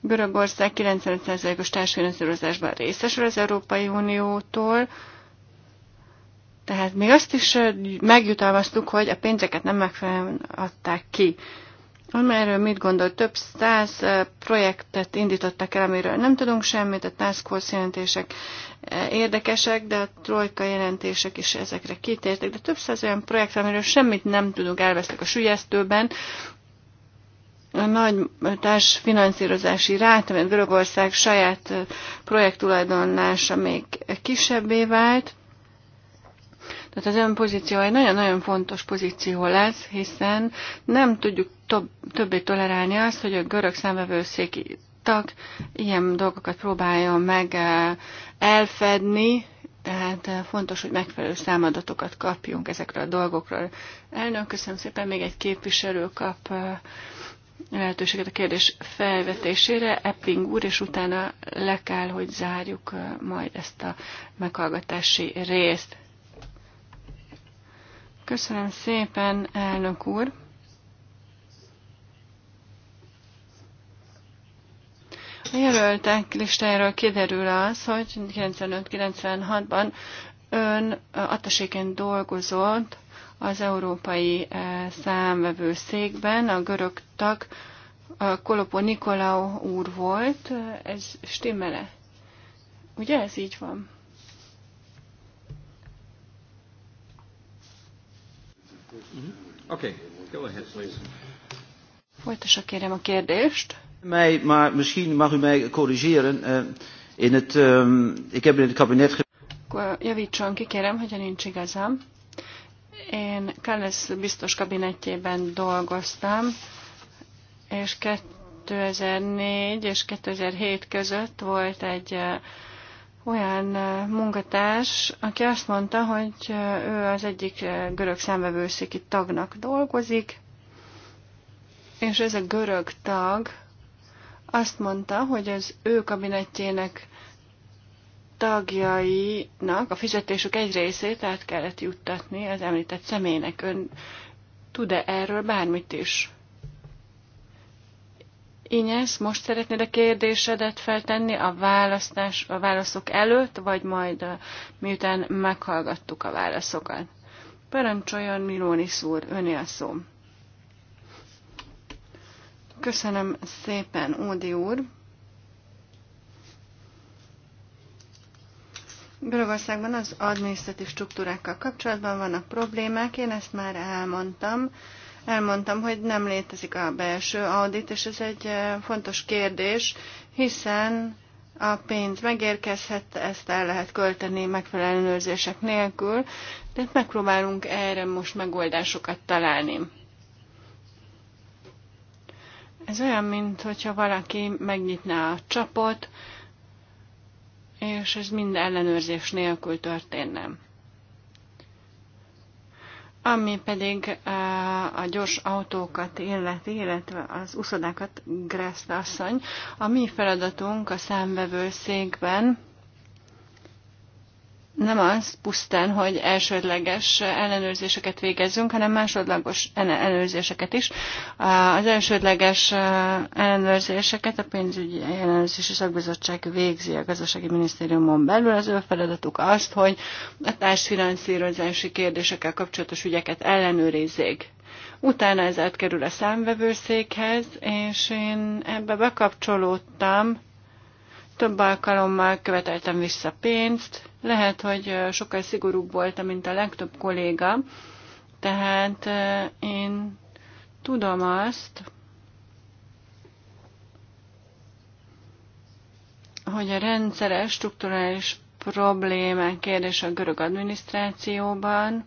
Görögország 95%-os társfinanszírozásban részesül az Európai Uniótól, tehát még azt is megjutalmaztuk, hogy a pénzeket nem megfelelően adták ki. Amiről mit gondol, több száz projektet indítottak el, amiről nem tudunk semmit, a Task Force jelentések érdekesek, de a trojka jelentések is ezekre kitértek, de több száz olyan projekt, amiről semmit nem tudunk, elvesztek a sülyeztőben, a nagy társfinanszírozási ráta, mert Görögország saját projektulajdonlása még kisebbé vált, tehát az önpozíció egy nagyon-nagyon fontos pozíció lesz, hiszen nem tudjuk több, többé tolerálni azt, hogy a görög számvevőszéki tag ilyen dolgokat próbáljon meg eh, elfedni, tehát eh, fontos, hogy megfelelő számadatokat kapjunk ezekről a dolgokról. Elnök, köszönöm szépen, még egy képviselő kap eh, lehetőséget a kérdés felvetésére. Epping úr, és utána le kell, hogy zárjuk majd ezt a meghallgatási részt. Köszönöm szépen, elnök úr. A jelöltek listájáról kiderül az, hogy 95-96-ban ön attaséken dolgozott az Európai eh, Számvevőszékben, a görög tag Kolopó Nikolau úr volt, ez stimmele? Ugye ez így van? Mm-hmm. Oké, go ahead, please. Folytassa kérem a kérdést. Mij, maar misschien mag u mij corrigeren. Uh, in het, um, ik heb in het kabinet... Javítson ki, kérem, hogyha nincs igazam. Én Kallis biztos kabinetjében dolgoztam, és 2004 és 2007 között volt egy uh, olyan munkatárs, aki azt mondta, hogy ő az egyik görög számvevőszéki tagnak dolgozik, és ez a görög tag azt mondta, hogy az ő kabinetjének tagjainak a fizetésük egy részét át kellett juttatni az említett személynek. Ön tud-e erről bármit is? Ines, most szeretnéd a kérdésedet feltenni a, választás, a válaszok előtt, vagy majd miután meghallgattuk a válaszokat? Parancsoljon Milónis úr, öné a szó. Köszönöm szépen, Ódi úr. Görögországban az adminisztratív struktúrákkal kapcsolatban vannak problémák, én ezt már elmondtam elmondtam, hogy nem létezik a belső audit, és ez egy eh, fontos kérdés, hiszen a pénz megérkezhet, ezt el lehet költeni megfelelő ellenőrzések nélkül, de hát megpróbálunk erre most megoldásokat találni. Ez olyan, mint hogyha valaki megnyitná a csapot, és ez mind ellenőrzés nélkül történne. Ami pedig a gyors autókat illeti, illetve az uszodákat, Grászta asszony, a mi feladatunk a számvevőszékben nem az pusztán, hogy elsődleges ellenőrzéseket végezzünk, hanem másodlagos ellenőrzéseket is. Az elsődleges ellenőrzéseket a pénzügyi ellenőrzési szakbizottság végzi a gazdasági minisztériumon belül. Az ő feladatuk azt, hogy a társfinanszírozási kérdésekkel kapcsolatos ügyeket ellenőrizzék. Utána ez átkerül a számvevőszékhez, és én ebbe bekapcsolódtam, több alkalommal követeltem vissza pénzt, lehet, hogy sokkal szigorúbb voltam, mint a legtöbb kolléga, tehát én tudom azt, hogy a rendszeres, strukturális problémák kérdés a görög adminisztrációban,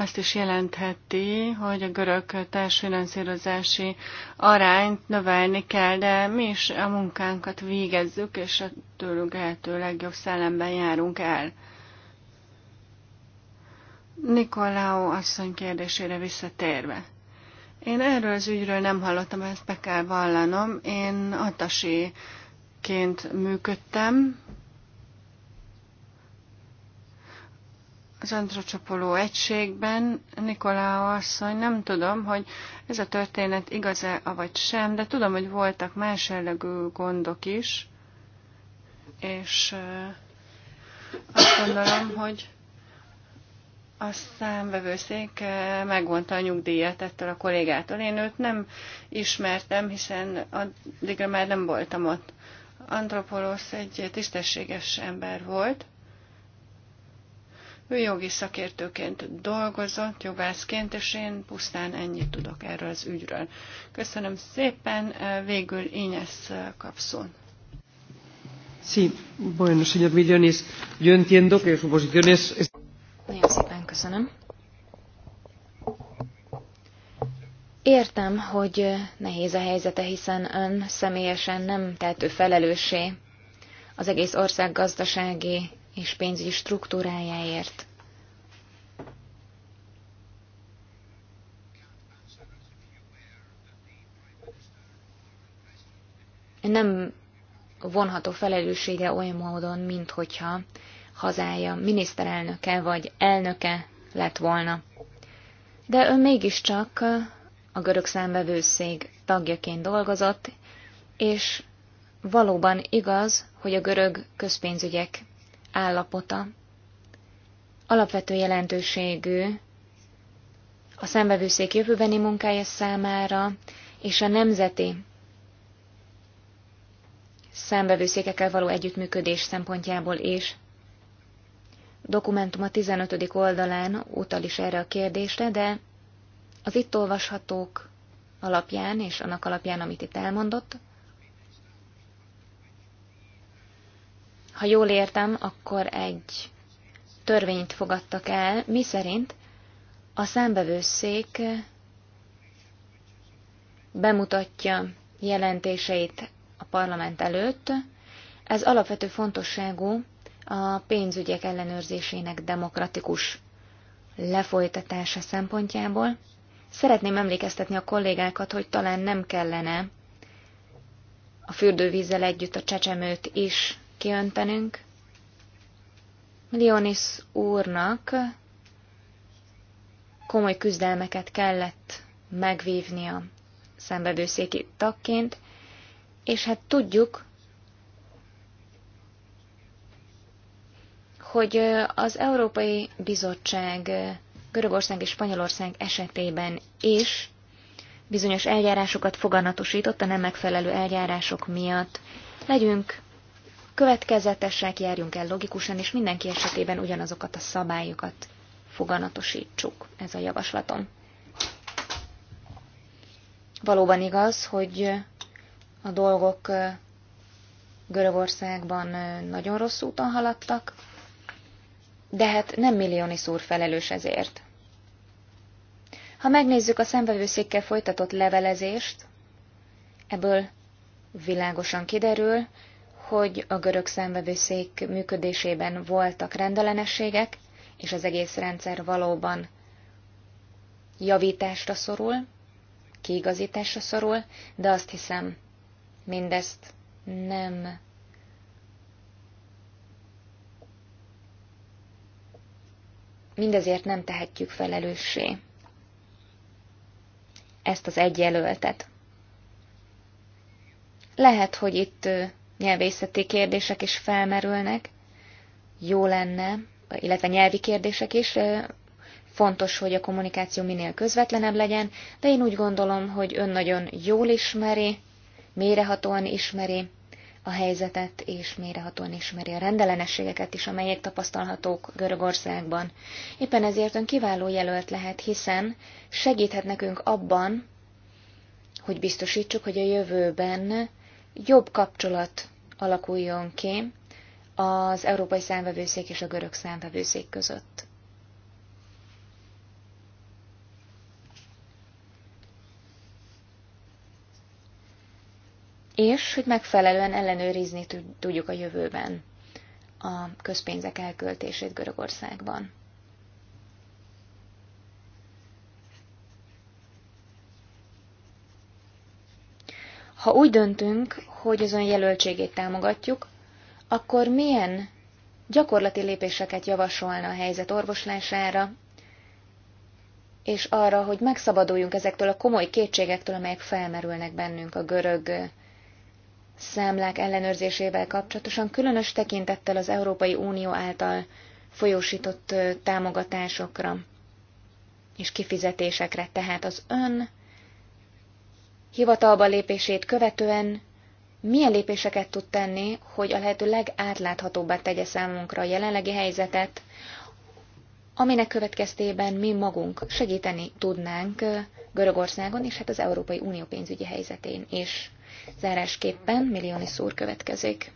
azt is jelentheti, hogy a görög társfinanszírozási arányt növelni kell, de mi is a munkánkat végezzük, és a tőlünk lehető legjobb szellemben járunk el. Nikolau asszony kérdésére visszatérve. Én erről az ügyről nem hallottam, ezt be kell vallanom. Én ként működtem, az antrocsopoló egységben, Nikolá asszony, nem tudom, hogy ez a történet igaz-e, vagy sem, de tudom, hogy voltak más jellegű gondok is, és azt gondolom, hogy a számvevőszék megvonta a nyugdíjat ettől a kollégától. Én őt nem ismertem, hiszen addigra már nem voltam ott. Antropolosz egy tisztességes ember volt, ő jogi szakértőként dolgozott, jogászként, és én pusztán ennyit tudok erről az ügyről. Köszönöm szépen, végül Ines kapszón. Sí, bueno, señor Millones, yo entiendo que su posición es... Nagyon szépen köszönöm. Értem, hogy nehéz a helyzete, hiszen ön személyesen nem tehető felelőssé az egész ország gazdasági és pénzügyi struktúrájáért. Nem vonható felelősségre olyan módon, mint hogyha hazája miniszterelnöke vagy elnöke lett volna. De ő mégiscsak a görög számbevőszég tagjaként dolgozott, és valóban igaz, hogy a görög közpénzügyek állapota. Alapvető jelentőségű a szembevőszék jövőbeni munkája számára és a nemzeti szembevőszékekkel való együttműködés szempontjából is. Dokumentum a 15. oldalán utal is erre a kérdésre, de az itt olvashatók alapján és annak alapján, amit itt elmondott, ha jól értem, akkor egy törvényt fogadtak el, mi szerint a szembevőszék bemutatja jelentéseit a parlament előtt. Ez alapvető fontosságú a pénzügyek ellenőrzésének demokratikus lefolytatása szempontjából. Szeretném emlékeztetni a kollégákat, hogy talán nem kellene a fürdővízzel együtt a csecsemőt is kiöntenünk. Lionis úrnak komoly küzdelmeket kellett megvívnia szenvedőszéki tagként, és hát tudjuk, hogy az Európai Bizottság Görögország és Spanyolország esetében is bizonyos eljárásokat foganatosított a nem megfelelő eljárások miatt. Legyünk következetesek, járjunk el logikusan, és mindenki esetében ugyanazokat a szabályokat foganatosítsuk. Ez a javaslatom. Valóban igaz, hogy a dolgok Görögországban nagyon rossz úton haladtak, de hát nem millióni szúr felelős ezért. Ha megnézzük a szembevőszékkel folytatott levelezést, ebből világosan kiderül, hogy a görög szenvedőszék működésében voltak rendellenességek, és az egész rendszer valóban javításra szorul, kiigazításra szorul, de azt hiszem, mindezt nem mindezért nem tehetjük felelőssé ezt az egy jelöltet. Lehet, hogy itt nyelvészeti kérdések is felmerülnek. Jó lenne, illetve nyelvi kérdések is. Fontos, hogy a kommunikáció minél közvetlenebb legyen, de én úgy gondolom, hogy ön nagyon jól ismeri, mérehatóan ismeri a helyzetet, és mérehatóan ismeri a rendellenességeket is, amelyek tapasztalhatók Görögországban. Éppen ezért ön kiváló jelölt lehet, hiszen segíthet nekünk abban, hogy biztosítsuk, hogy a jövőben jobb kapcsolat alakuljon ki az Európai Számvevőszék és a Görög Számvevőszék között. És hogy megfelelően ellenőrizni tudjuk a jövőben a közpénzek elköltését Görögországban. Ha úgy döntünk, hogy az ön jelöltségét támogatjuk, akkor milyen gyakorlati lépéseket javasolna a helyzet orvoslására, és arra, hogy megszabaduljunk ezektől a komoly kétségektől, amelyek felmerülnek bennünk a görög számlák ellenőrzésével kapcsolatosan, különös tekintettel az Európai Unió által folyósított támogatásokra és kifizetésekre. Tehát az ön hivatalba lépését követően milyen lépéseket tud tenni, hogy a lehető legátláthatóbbá tegye számunkra a jelenlegi helyzetet, aminek következtében mi magunk segíteni tudnánk Görögországon és hát az Európai Unió pénzügyi helyzetén is. Zárásképpen Millióni szúr következik.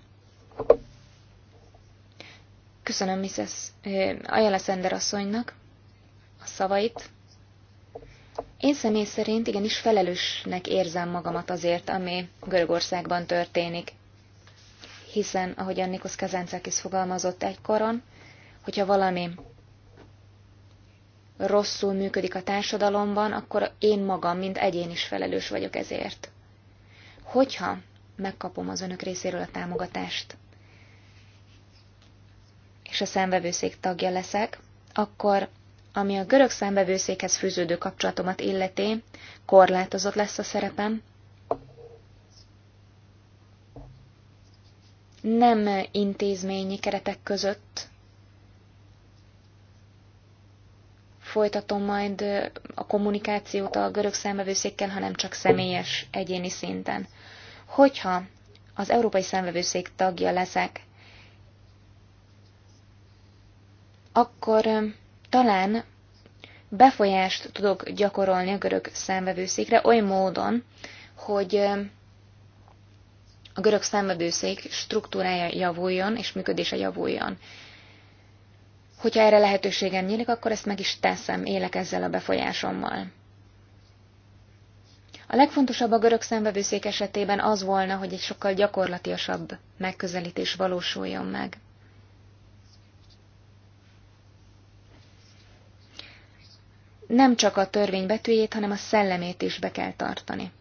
Köszönöm Mrs. Ayala Szender asszonynak a szavait. Én személy szerint igenis felelősnek érzem magamat azért, ami Görögországban történik. Hiszen, ahogyan Kazáncák is fogalmazott egykoron, hogyha valami rosszul működik a társadalomban, akkor én magam, mint egyén is felelős vagyok ezért. Hogyha megkapom az önök részéről a támogatást, és a szemvevőszék tagja leszek, akkor ami a görög számbevőszékhez fűződő kapcsolatomat illeti, korlátozott lesz a szerepem. Nem intézményi keretek között folytatom majd a kommunikációt a görög számbevőszékkel, hanem csak személyes, egyéni szinten. Hogyha az Európai Számbevőszék tagja leszek, akkor talán befolyást tudok gyakorolni a görög számvevőszékre oly módon, hogy a görög számvevőszék struktúrája javuljon és működése javuljon. Hogyha erre lehetőségem nyílik, akkor ezt meg is teszem, élek ezzel a befolyásommal. A legfontosabb a görög szemvevőszék esetében az volna, hogy egy sokkal gyakorlatiasabb megközelítés valósuljon meg. nem csak a törvény betűjét, hanem a szellemét is be kell tartani.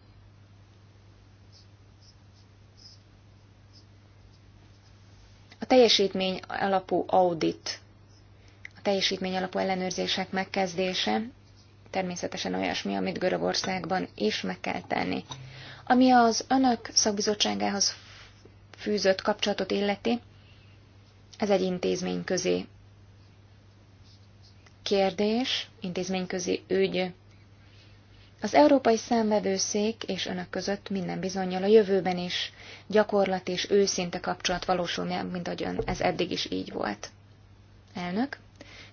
A teljesítmény alapú audit, a teljesítmény alapú ellenőrzések megkezdése természetesen olyasmi, amit Görögországban is meg kell tenni. Ami az önök szakbizottságához fűzött kapcsolatot illeti, ez egy intézmény közé kérdés, intézményközi ügy. Az Európai Számvevőszék és önök között minden bizonyal a jövőben is gyakorlat és őszinte kapcsolat valósul meg, mint ön. ez eddig is így volt. Elnök,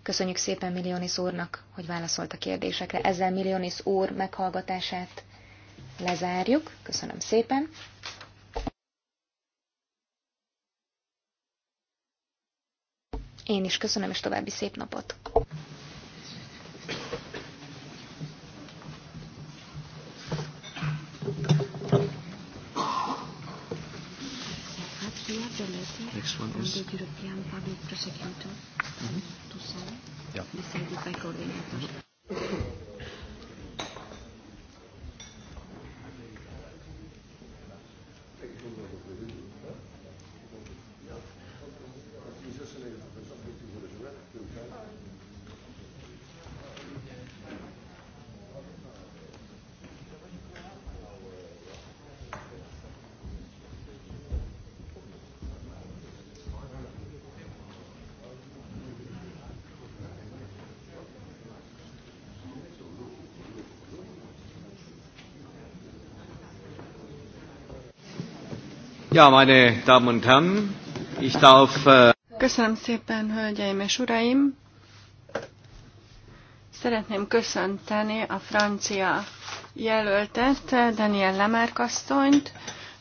köszönjük szépen Millionis úrnak, hogy válaszolt a kérdésekre. Ezzel Millionis úr meghallgatását lezárjuk. Köszönöm szépen. Én is köszönöm, és további szép napot! Next one from is... the European Public Prosecutor mm-hmm. yeah. coordinator. Ja, meine Damen und Herren, ich darf... Äh, Köszönöm szépen, hölgyeim és uraim! Szeretném köszönteni a francia jelöltet, Daniel Lemárkasztonyt.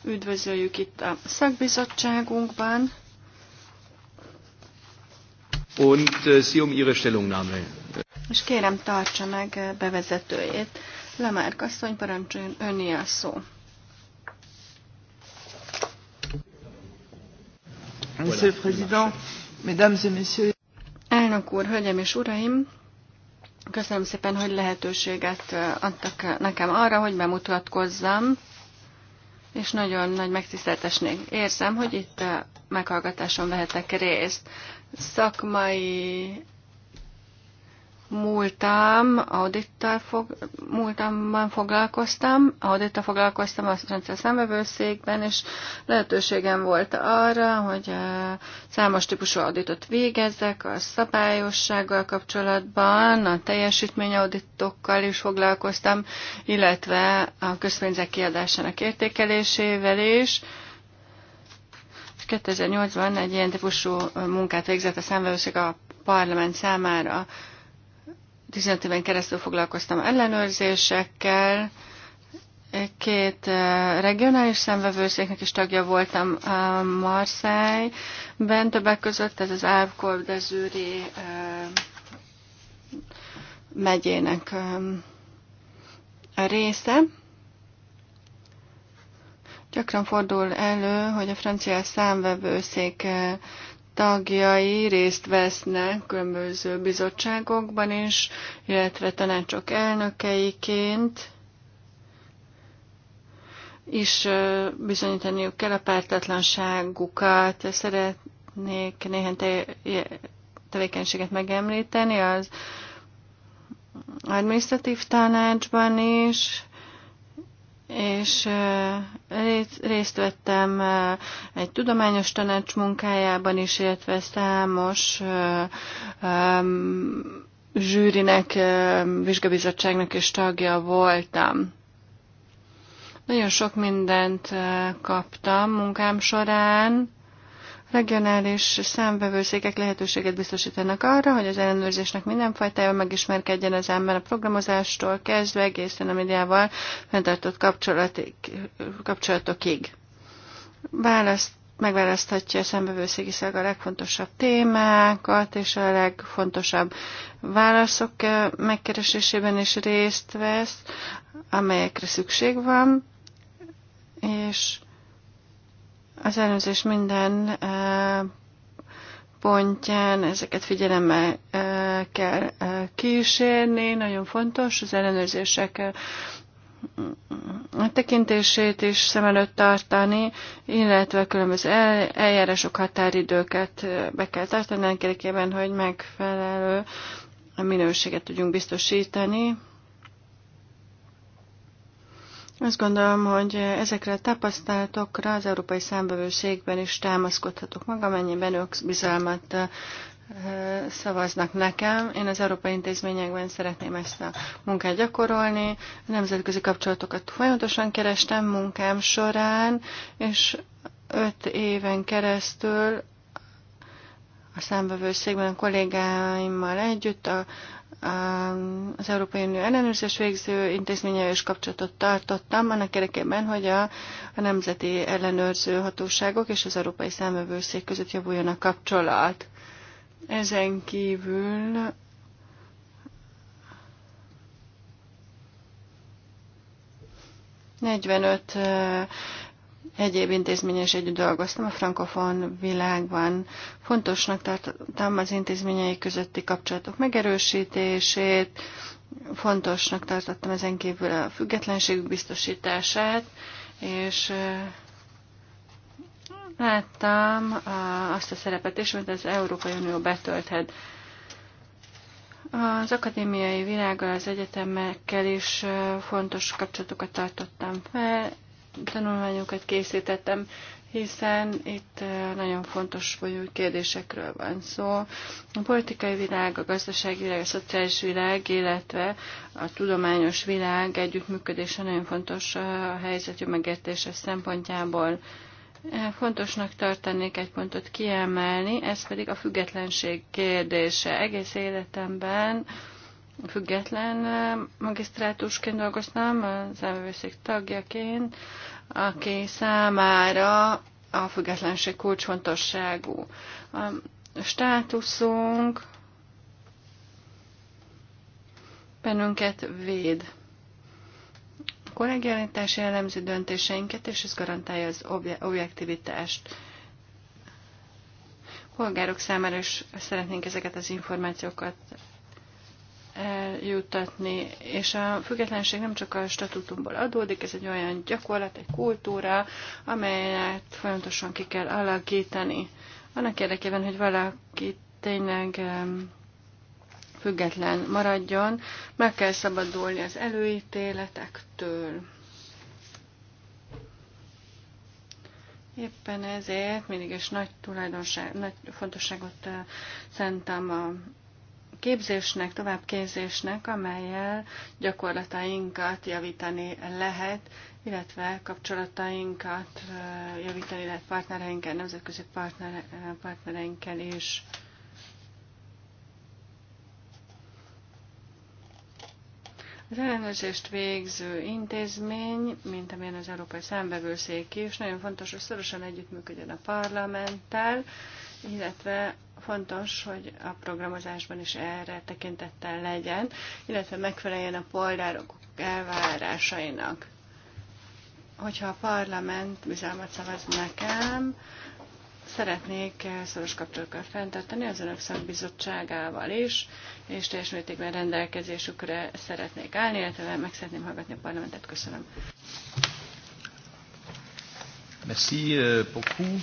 Üdvözöljük itt a szakbizottságunkban. Und uh, Sie um Ihre Stellungnahme. És kérem, tartsa meg bevezetőjét. Lemárkasztony, parancsoljon öné a szó. Monsieur le Président, Mesdames et Messieurs. Elnök úr, hölgyem és uraim, köszönöm szépen, hogy lehetőséget adtak nekem arra, hogy bemutatkozzam, és nagyon nagy megtiszteltesnék. érzem, hogy itt meghallgatáson vehetek részt. Szakmai múltam, audittal fog, múltamban foglalkoztam, audittal foglalkoztam a rendszer számvevőszékben, és lehetőségem volt arra, hogy számos típusú auditot végezzek, a szabályossággal kapcsolatban, a auditokkal is foglalkoztam, illetve a közpénzek kiadásának értékelésével is. 2008-ban egy ilyen típusú munkát végzett a számvevőszék a parlament számára. 15 éven keresztül foglalkoztam ellenőrzésekkel, két eh, regionális szemvevőszéknek is tagja voltam eh, Marseille-ben többek között, ez az de dezűri eh, megyének a része. Gyakran fordul elő, hogy a francia számvevőszék tagjai részt vesznek különböző bizottságokban is, illetve tanácsok elnökeiként is bizonyítaniuk kell a pártatlanságukat. Szeretnék néhány te- tevékenységet megemlíteni, az administratív tanácsban is, és részt vettem egy tudományos tanács munkájában is, illetve számos zsűrinek, vizsgabizottságnak is tagja voltam. Nagyon sok mindent kaptam munkám során, Regionális számvevőszékek lehetőséget biztosítanak arra, hogy az ellenőrzésnek minden fajtájával megismerkedjen az ember a programozástól kezdve egészen a médiával fenntartott kapcsolatokig. Választ megválaszthatja a szembevőszégi szag a legfontosabb témákat, és a legfontosabb válaszok eh, megkeresésében is részt vesz, amelyekre szükség van, és az előzés minden pontján ezeket figyelemmel kell kísérni, nagyon fontos az ellenőrzések a mm, tekintését is szem előtt tartani, illetve különböző eljárások határidőket be kell tartani, annak érdekében, hogy megfelelő minőséget tudjunk biztosítani. Azt gondolom, hogy ezekre a tapasztalatokra az Európai Számbevőségben is támaszkodhatok maga, amennyiben ők bizalmat szavaznak nekem. Én az európai intézményekben szeretném ezt a munkát gyakorolni. A nemzetközi kapcsolatokat folyamatosan kerestem munkám során, és öt éven keresztül a számbevőszékben a kollégáimmal együtt a, az Európai Unió ellenőrzés végző intézménye is kapcsolatot tartottam, annak érdekében, hogy a, a nemzeti ellenőrző hatóságok és az Európai Számövőszék között javuljon a kapcsolat. Ezen kívül Negyvenöt egyéb intézményes is együtt dolgoztam a frankofon világban. Fontosnak tartottam az intézményei közötti kapcsolatok megerősítését, fontosnak tartottam ezen kívül a függetlenség biztosítását, és láttam azt a szerepet is, amit az Európai Unió betölthet. Az akadémiai világgal, az egyetemekkel is fontos kapcsolatokat tartottam fel, tanulmányokat készítettem, hiszen itt eh, nagyon fontos folyó kérdésekről van szó. A politikai világ, a gazdasági világ, a szociális világ, illetve a tudományos világ együttműködése nagyon fontos eh, a helyzet megértése szempontjából. Eh, fontosnak tartanék egy pontot kiemelni, ez pedig a függetlenség kérdése. Egész életemben független magisztrátusként dolgoztam, az elvőszék tagjaként, aki számára a függetlenség kulcsfontosságú. A státuszunk bennünket véd. A kollegialitás jellemzi döntéseinket, és ez garantálja az objektivitást polgárok számára is szeretnénk ezeket az információkat eljutatni. És a függetlenség nem csak a statutumból adódik, ez egy olyan gyakorlat, egy kultúra, amelyet folyamatosan ki kell alakítani. Annak érdekében, hogy valaki tényleg független maradjon, meg kell szabadulni az előítéletektől. Éppen ezért mindig is nagy tulajdonság, nagy fontosságot eh, szentem a képzésnek, továbbképzésnek, amelyel gyakorlatainkat javítani lehet, illetve kapcsolatainkat javítani lehet partnereinkkel, nemzetközi partnere, partnereinkkel is. Az ellenőrzést végző intézmény, mint amilyen az Európai Számbevőszék is, nagyon fontos, hogy szorosan együttműködjön a parlamenttel, illetve fontos, hogy a programozásban is erre tekintettel legyen, illetve megfeleljen a polgárok elvárásainak. Hogyha a parlament bizalmat szavaz nekem, szeretnék szoros kapcsolatokat fenntartani az önök szakbizottságával is, és teljes mértékben rendelkezésükre szeretnék állni, illetve meg szeretném hallgatni a parlamentet. Köszönöm. Merci euh, beaucoup.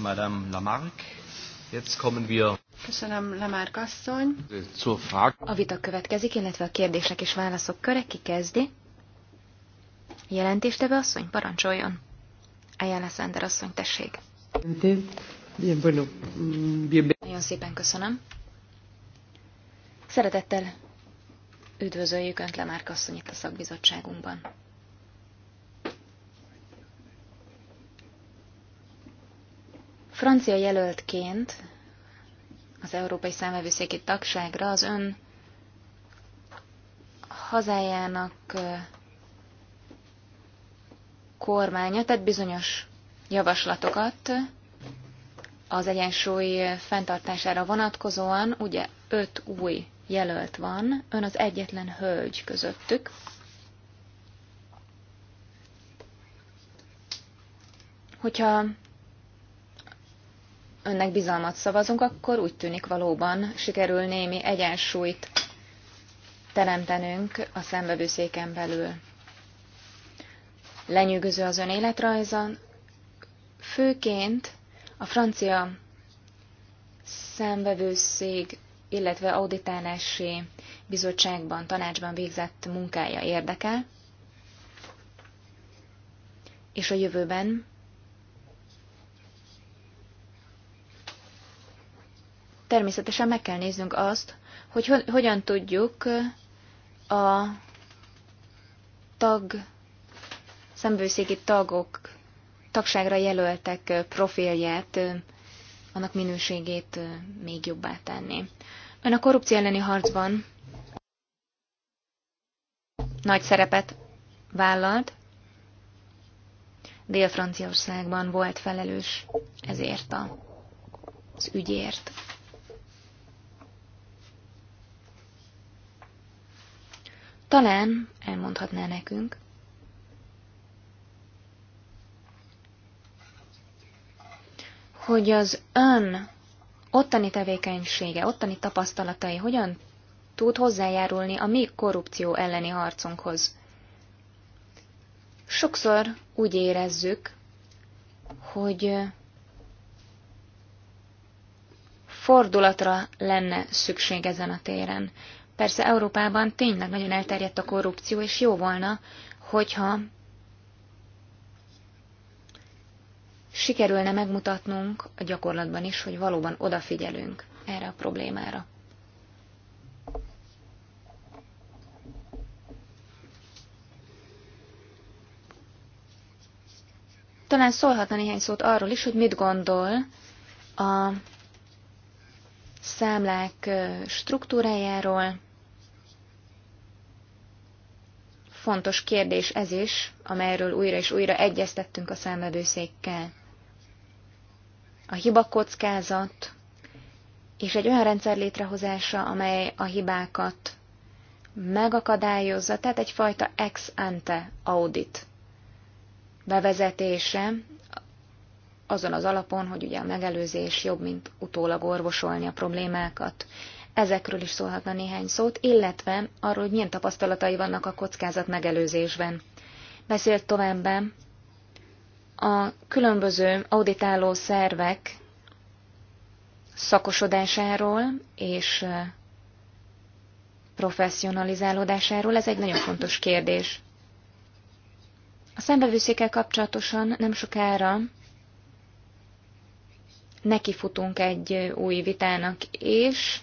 Madame Lamarck. Jetzt kommen wir Köszönöm, Lamarck asszony. A vita következik, illetve a kérdések és válaszok köre. Ki kezdi? Jelentéstevő asszony, parancsoljon. Ayala Sander asszony, tessék. Nagyon szépen köszönöm. Szeretettel üdvözöljük Önt Lemárk asszony itt a szakbizottságunkban. Francia jelöltként az Európai Számvevőszéki Tagságra az ön hazájának kormánya tett bizonyos javaslatokat az egyensúly fenntartására vonatkozóan, ugye öt új jelölt van, ön az egyetlen hölgy közöttük. Hogyha önnek bizalmat szavazunk, akkor úgy tűnik valóban sikerül némi egyensúlyt teremtenünk a szembevőszéken belül. Lenyűgöző az ön életrajza, főként a francia szembevőszék, illetve auditálási bizottságban, tanácsban végzett munkája érdekel, és a jövőben természetesen meg kell néznünk azt, hogy ho hogyan tudjuk a tag, szembőszéki tagok, tagságra jelöltek profilját, annak minőségét még jobbá tenni. Ön a korrupció elleni harcban nagy szerepet vállalt, Dél-Franciaországban volt felelős ezért a, az ügyért. Talán elmondhatná nekünk. hogy az ön ottani tevékenysége, ottani tapasztalatai hogyan tud hozzájárulni a mi korrupció elleni harcunkhoz. Sokszor úgy érezzük, hogy fordulatra lenne szükség ezen a téren. Persze Európában tényleg nagyon elterjedt a korrupció, és jó volna, hogyha sikerülne megmutatnunk a gyakorlatban is, hogy valóban odafigyelünk erre a problémára. Talán szólhatna néhány szót arról is, hogy mit gondol a számlák struktúrájáról, Fontos kérdés ez is, amelyről újra és újra egyeztettünk a számbevőszékkel. A hiba kockázat és egy olyan rendszer létrehozása, amely a hibákat megakadályozza, tehát egyfajta ex ante audit bevezetése, azon az alapon, hogy ugye a megelőzés jobb, mint utólag orvosolni a problémákat ezekről is szólhatna néhány szót, illetve arról, hogy milyen tapasztalatai vannak a kockázat megelőzésben. Beszélt továbbá a különböző auditáló szervek szakosodásáról és professzionalizálódásáról, ez egy nagyon fontos kérdés. A szembevőszékkel kapcsolatosan nem sokára nekifutunk egy új vitának, és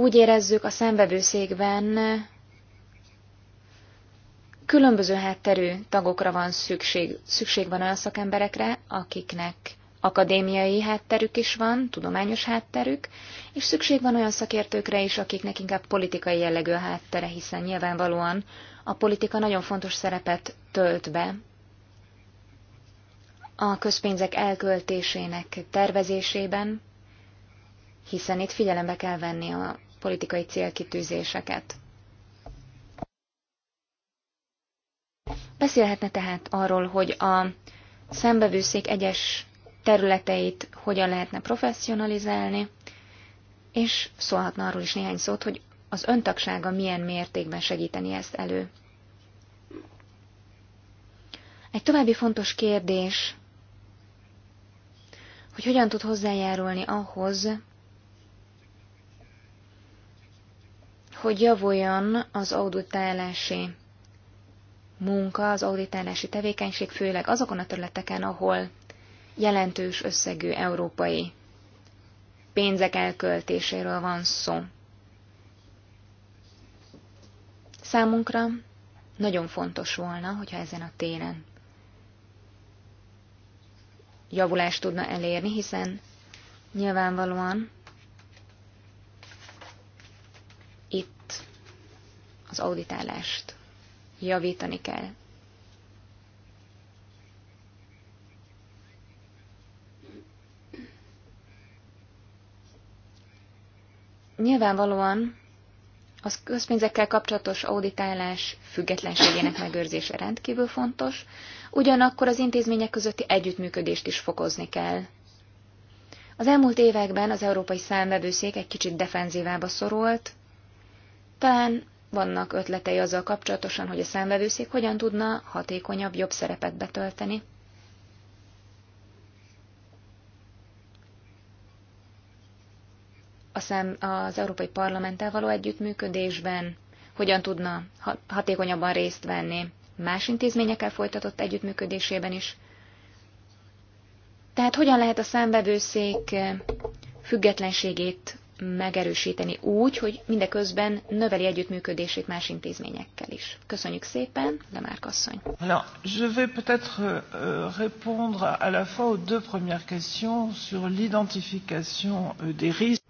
úgy érezzük a szenvedőszékben különböző hátterű tagokra van szükség. Szükség van olyan szakemberekre, akiknek akadémiai hátterük is van, tudományos hátterük, és szükség van olyan szakértőkre is, akiknek inkább politikai jellegű a háttere, hiszen nyilvánvalóan a politika nagyon fontos szerepet tölt be a közpénzek elköltésének tervezésében, hiszen itt figyelembe kell venni a politikai célkitűzéseket. Beszélhetne tehát arról, hogy a szembevőszék egyes területeit hogyan lehetne professzionalizálni, és szólhatna arról is néhány szót, hogy az öntagsága milyen mértékben segíteni ezt elő. Egy további fontos kérdés, hogy hogyan tud hozzájárulni ahhoz, hogy javuljon az auditálási munka, az auditálási tevékenység, főleg azokon a területeken, ahol jelentős összegű európai pénzek elköltéséről van szó. Számunkra nagyon fontos volna, hogyha ezen a téren javulást tudna elérni, hiszen nyilvánvalóan az auditálást javítani kell. Nyilvánvalóan az közpénzekkel kapcsolatos auditálás függetlenségének megőrzése rendkívül fontos, ugyanakkor az intézmények közötti együttműködést is fokozni kell. Az elmúlt években az Európai Számvevőszék egy kicsit defenzívába szorult, talán vannak ötletei azzal kapcsolatosan, hogy a számvevőszék hogyan tudna hatékonyabb, jobb szerepet betölteni. A szám, az Európai Parlamenttel való együttműködésben hogyan tudna hatékonyabban részt venni más intézményekkel folytatott együttműködésében is. Tehát hogyan lehet a számbevőszék függetlenségét megerősíteni úgy, hogy mindeközben növeli együttműködését más intézményekkel is. Köszönjük szépen, már asszony. Alors, je vais peut-être euh, répondre à la fois aux deux premières questions sur l'identification euh, des risques.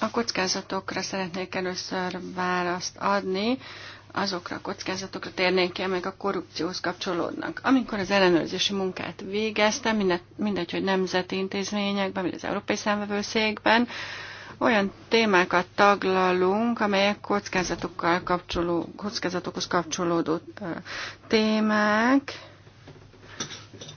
A kockázatokra szeretnék először választ adni, azokra a kockázatokra térnék ki, amelyek a korrupcióhoz kapcsolódnak. Amikor az ellenőrzési munkát végeztem, mindegy hogy nemzeti intézményekben, vagy az Európai Számvevőszékben, olyan témákat taglalunk, amelyek kockázatokkal kapcsoló, kockázatokhoz kapcsolódó témák,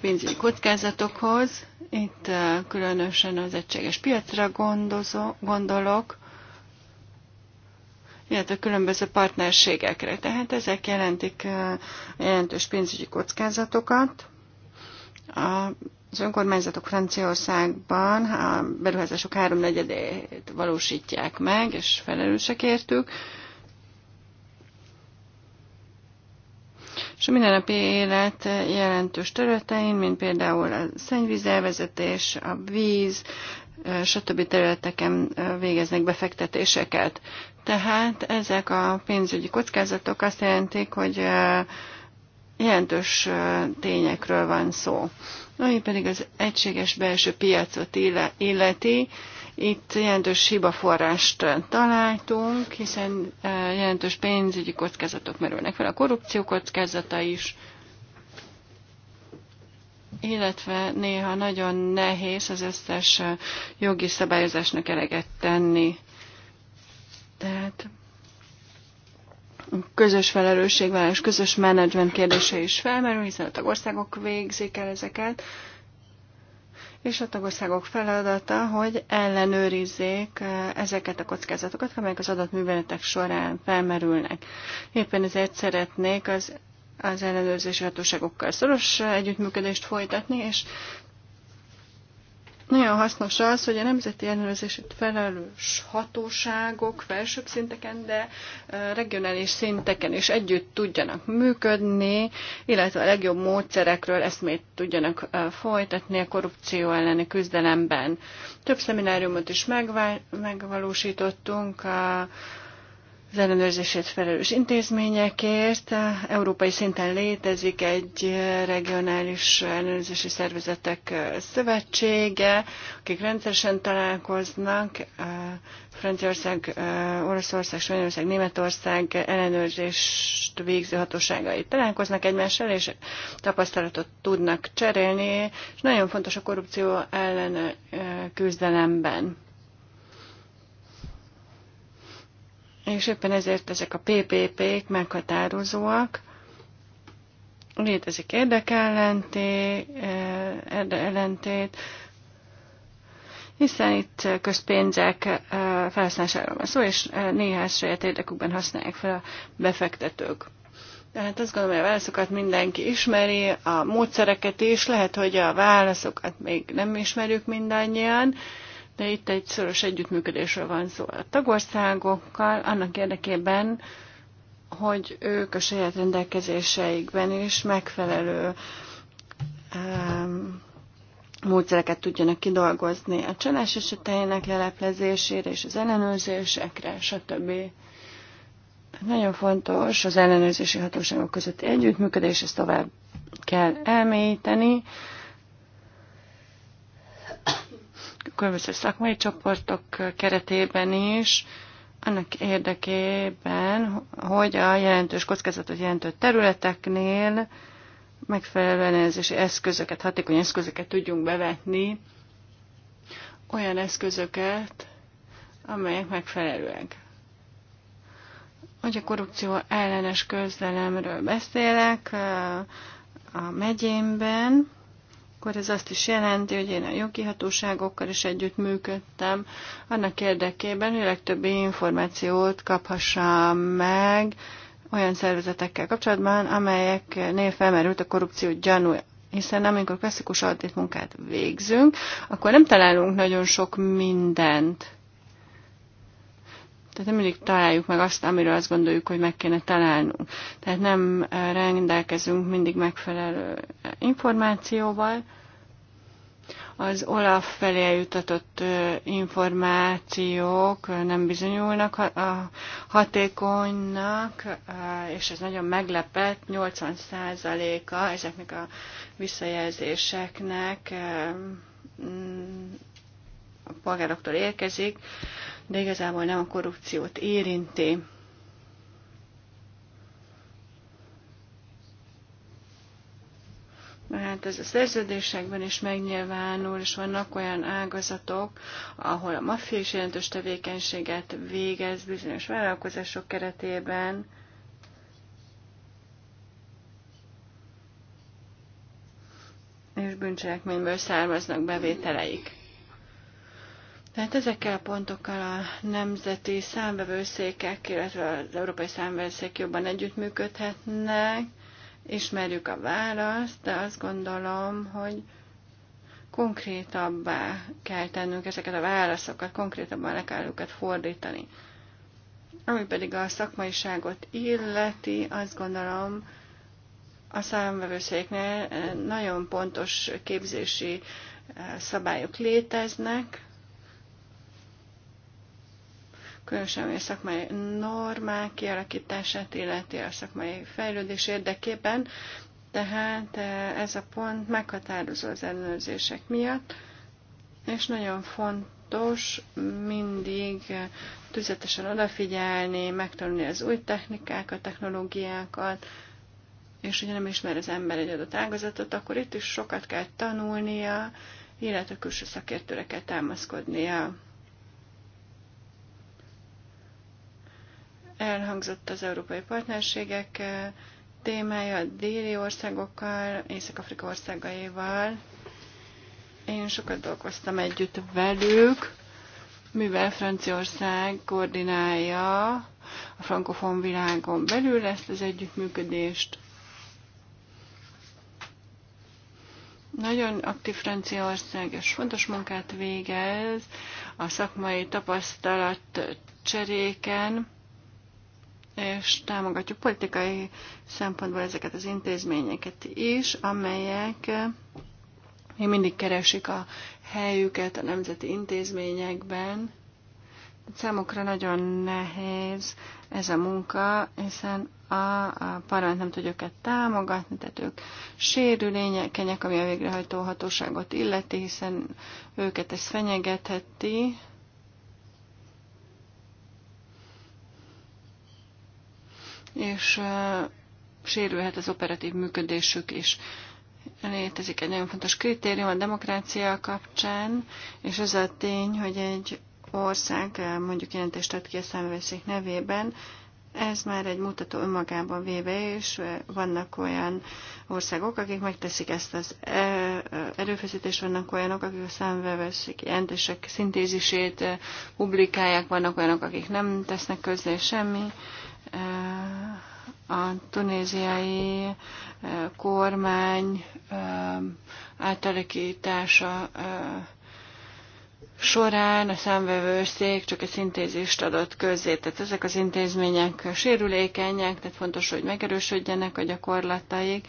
pénzügyi kockázatokhoz. Itt különösen az egységes piacra gondozó, gondolok, illetve különböző partnerségekre. Tehát ezek jelentik jelentős pénzügyi kockázatokat. A az önkormányzatok Franciaországban a beruházások háromnegyedét valósítják meg, és felelősek értük. És a mindennapi élet jelentős területein, mint például a szennyvízelvezetés, a víz, stb. területeken végeznek befektetéseket. Tehát ezek a pénzügyi kockázatok azt jelentik, hogy jelentős tényekről van szó ami pedig az egységes belső piacot illeti. Itt jelentős hibaforrást találtunk, hiszen e, jelentős pénzügyi kockázatok merülnek fel, a korrupció kockázata is, illetve néha nagyon nehéz az összes e, jogi szabályozásnak eleget tenni. Tehát közös felelősségvállalás, közös menedzsment kérdése is felmerül, hiszen a tagországok végzik el ezeket, és a tagországok feladata, hogy ellenőrizzék eh, ezeket a kockázatokat, amelyek az adott műveletek során felmerülnek. Éppen ezért szeretnék az az ellenőrzési hatóságokkal szoros eh, együttműködést folytatni, és nagyon hasznos az, hogy a nemzeti ellenőrzését felelős hatóságok felsőbb szinteken, de regionális szinteken is együtt tudjanak működni, illetve a legjobb módszerekről eszmét tudjanak folytatni a korrupció elleni küzdelemben. Több szemináriumot is megvalósítottunk a az ellenőrzését felelős intézményekért. Európai szinten létezik egy regionális ellenőrzési szervezetek szövetsége, akik rendszeresen találkoznak. Franciaország, Oroszország, Spanyolország, Németország ellenőrzést végző hatóságai találkoznak egymással, és tapasztalatot tudnak cserélni, és nagyon fontos a korrupció ellen küzdelemben. És éppen ezért ezek a PPP-k meghatározóak. Létezik érdekellentét, eh, hiszen itt közpénzek eh, felhasználásáról van szó, és eh, néhány saját érdekükben használják fel a befektetők. Tehát azt gondolom, hogy a válaszokat mindenki ismeri, a módszereket is, lehet, hogy a válaszokat még nem ismerjük mindannyian, de itt egy szoros együttműködésről van szó a tagországokkal, annak érdekében, hogy ők a saját rendelkezéseikben is megfelelő um, módszereket tudjanak kidolgozni a csalás eseteinek leleplezésére és az ellenőrzésekre, stb. Nagyon fontos az ellenőrzési hatóságok közötti együttműködés, ezt tovább kell elmélyíteni különböző szakmai csoportok keretében is, annak érdekében, hogy a jelentős kockázatot jelentő területeknél megfelelő ellenőrzési eszközöket, hatékony eszközöket tudjunk bevetni, olyan eszközöket, amelyek megfelelőek. Hogy a korrupció ellenes közlelemről beszélek, a megyénben, akkor ez azt is jelenti, hogy én a jogi hatóságokkal is együtt működtem, annak érdekében, hogy legtöbb információt kaphassam meg olyan szervezetekkel kapcsolatban, amelyeknél felmerült a korrupció gyanúja. Hiszen amikor klasszikus audit munkát végzünk, akkor nem találunk nagyon sok mindent. Tehát nem mindig találjuk meg azt, amiről azt gondoljuk, hogy meg kéne találnunk. Tehát nem eh, rendelkezünk mindig megfelelő eh, információval. Az Olaf felé jutatott eh, információk nem bizonyulnak a hatékonynak, és ez nagyon meglepett, 80%-a ezeknek a visszajelzéseknek mm, a polgároktól érkezik, de igazából nem a korrupciót érinti. Hát ez a szerződésekben is megnyilvánul, és vannak olyan ágazatok, ahol a maffia is jelentős tevékenységet végez bizonyos vállalkozások keretében. és bűncselekményből származnak bevételeik. Tehát ezekkel a pontokkal a nemzeti számbevőszékek, illetve az európai számbevőszék jobban együttműködhetnek, ismerjük a választ, de azt gondolom, hogy konkrétabbá kell tennünk ezeket a válaszokat, konkrétabban le kell őket fordítani. Ami pedig a szakmaiságot illeti, azt gondolom, a számvevőszéknél nagyon pontos képzési eh, szabályok léteznek, különösen a szakmai normák kialakítását, illeti a szakmai fejlődés érdekében, tehát eh, ez a pont meghatározó az ellenőrzések miatt, és nagyon fontos mindig tüzetesen odafigyelni, megtanulni az új technikákat, technológiákat, és hogyha nem ismer az ember egy adott ágazatot, akkor itt is sokat kell tanulnia, illetve külső szakértőre kell támaszkodnia. Elhangzott az európai partnerségek eh, témája a déli országokkal, Észak-Afrika országaival. Én sokat dolgoztam együtt velük, mivel Franciaország koordinálja a frankofon világon belül ezt az együttműködést. Nagyon aktív Franciaország, és fontos munkát végez a szakmai tapasztalat cseréken és támogatjuk politikai szempontból ezeket az intézményeket is, amelyek eh, még mindig keresik a helyüket a nemzeti intézményekben. Számukra nagyon nehéz ez a munka, hiszen a, a parlament nem tudja őket támogatni, tehát ők sérülékenyek, ami a végrehajtó hatóságot illeti, hiszen őket ez fenyegetheti, és sérülhet az operatív működésük is. Létezik egy nagyon fontos kritérium a demokrácia kapcsán, és az a tény, hogy egy ország mondjuk jelentést ad ki a számveszék nevében, ez már egy mutató önmagában véve, és vannak olyan országok, akik megteszik ezt az erőfeszítést, vannak olyanok, akik a számbe veszik jelentések szintézisét, publikálják, vannak olyanok, akik nem tesznek közzé semmi a tunéziai kormány átalakítása során a számvevőszék csak egy szintézist adott közzé. Tehát ezek az intézmények sérülékenyek, tehát fontos, hogy megerősödjenek a gyakorlataik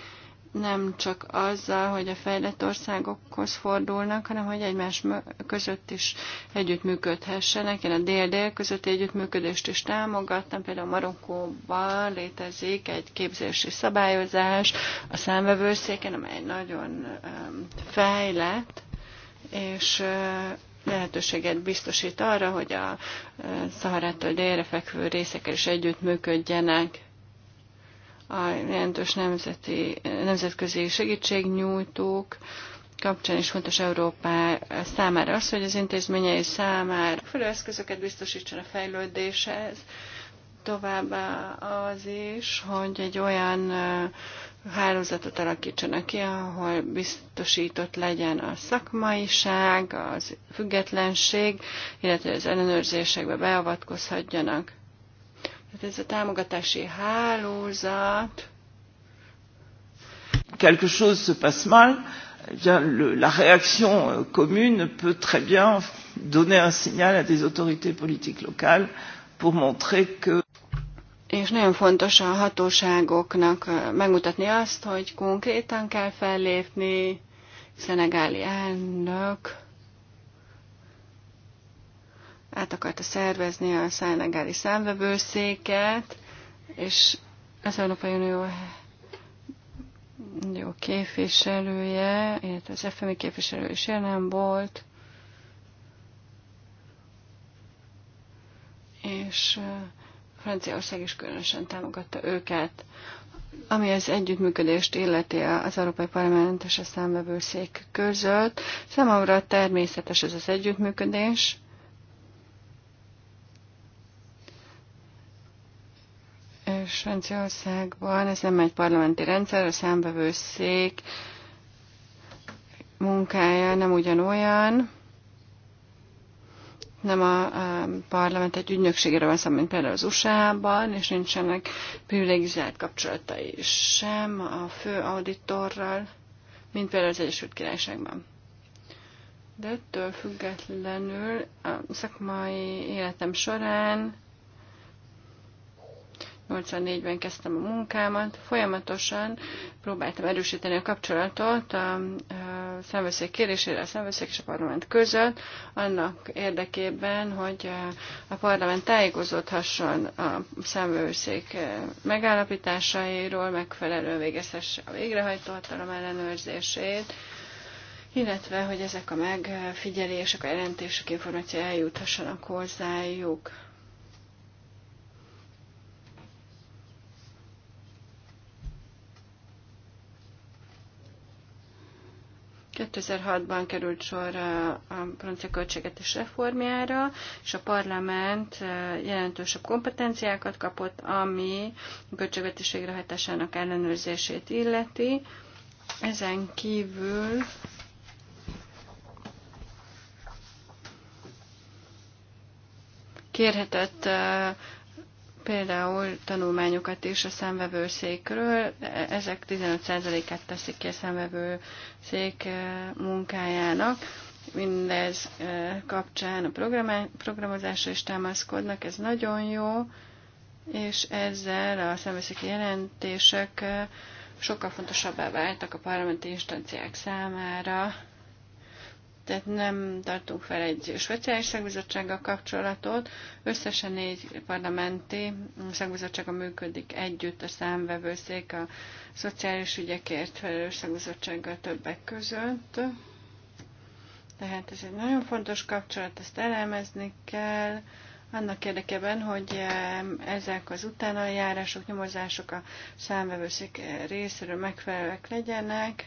nem csak azzal, hogy a fejlett országokhoz fordulnak, hanem hogy egymás között is együttműködhessenek. Én a dél-dél közötti együttműködést is támogattam, például Marokkóban létezik egy képzési szabályozás a számvevőszéken, amely nagyon fejlett, és lehetőséget biztosít arra, hogy a Szaharától délre fekvő részekkel is együttműködjenek a jelentős nemzeti, nemzetközi segítségnyújtók kapcsán is fontos Európá számára az, hogy az intézményei számára fölő eszközöket biztosítson a fejlődéshez, továbbá az is, hogy egy olyan hálózatot alakítsanak ki, ahol biztosított legyen a szakmaiság, az függetlenség, illetve az ellenőrzésekbe beavatkozhatjanak. Hát ez a támogatási hálózat. Quelque chose se passe mal, eh bien, le, la réaction euh, commune peut très bien donner un signal à des autorités politiques locales pour montrer que és nagyon fontos a hatóságoknak eh, megmutatni azt, hogy konkrétan kell fellépni. Szenegáli elnök át akarta szervezni a szájnegári számvevőszéket, és az Európai Unió jó képviselője, illetve az FMI képviselő is jelen volt, és Franciaország is különösen támogatta őket. Ami az együttműködést illeti az Európai Parlament és a számvevőszék között, számomra természetes ez az együttműködés, Franciaországban ez nem egy parlamenti rendszer, a számbevőszék munkája nem ugyanolyan, nem a, a parlament egy ügynökségére van szó, mint például az USA-ban, és nincsenek privilegizált kapcsolatai sem a fő auditorral, mint például az Egyesült Királyságban. De ettől függetlenül a szakmai életem során 84-ben kezdtem a munkámat, folyamatosan próbáltam erősíteni a kapcsolatot a szemveszék kérésére a szemveszék és a parlament között, annak érdekében, hogy a parlament tájékozódhasson a szemvőszék megállapításairól, megfelelően végezhesse a végrehajtó hatalom ellenőrzését, illetve hogy ezek a megfigyelések, a jelentések, információ eljuthassanak hozzájuk. 2006-ban került sor a francia költségetés reformjára, és a parlament jelentősebb kompetenciákat kapott, ami a költségvetés végrehajtásának ellenőrzését illeti. Ezen kívül kérhetett például tanulmányokat is a szemvevőszékről, ezek 15%-át teszik ki a szemvevőszék eh, munkájának. Mindez eh, kapcsán a programozásra is támaszkodnak, ez nagyon jó, és ezzel a számvevőszéki jelentések eh, sokkal fontosabbá váltak a parlamenti instanciák számára, tehát nem tartunk fel egy speciális szakbizottsággal kapcsolatot. Összesen négy parlamenti szakbizottsága működik együtt, a számvevőszék a szociális ügyekért felelős szakbizottsággal többek között. Tehát ez egy nagyon fontos kapcsolat, ezt elemezni kell, annak érdekében, hogy ezek az utána járások, nyomozások a számvevőszék részéről megfelelőek legyenek,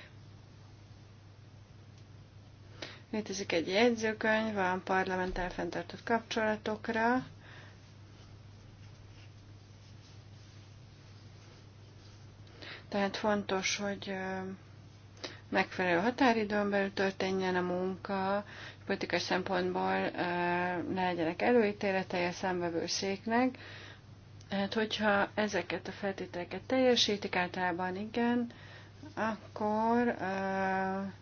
Létezik egy jegyzőkönyv a parlamenttel fenntartott kapcsolatokra. Tehát fontos, hogy megfelelő határidőn belül történjen a munka, politikai szempontból ne legyenek előítéletei a szembevő széknek. Hát, hogyha ezeket a feltételeket teljesítik, általában igen, akkor uh,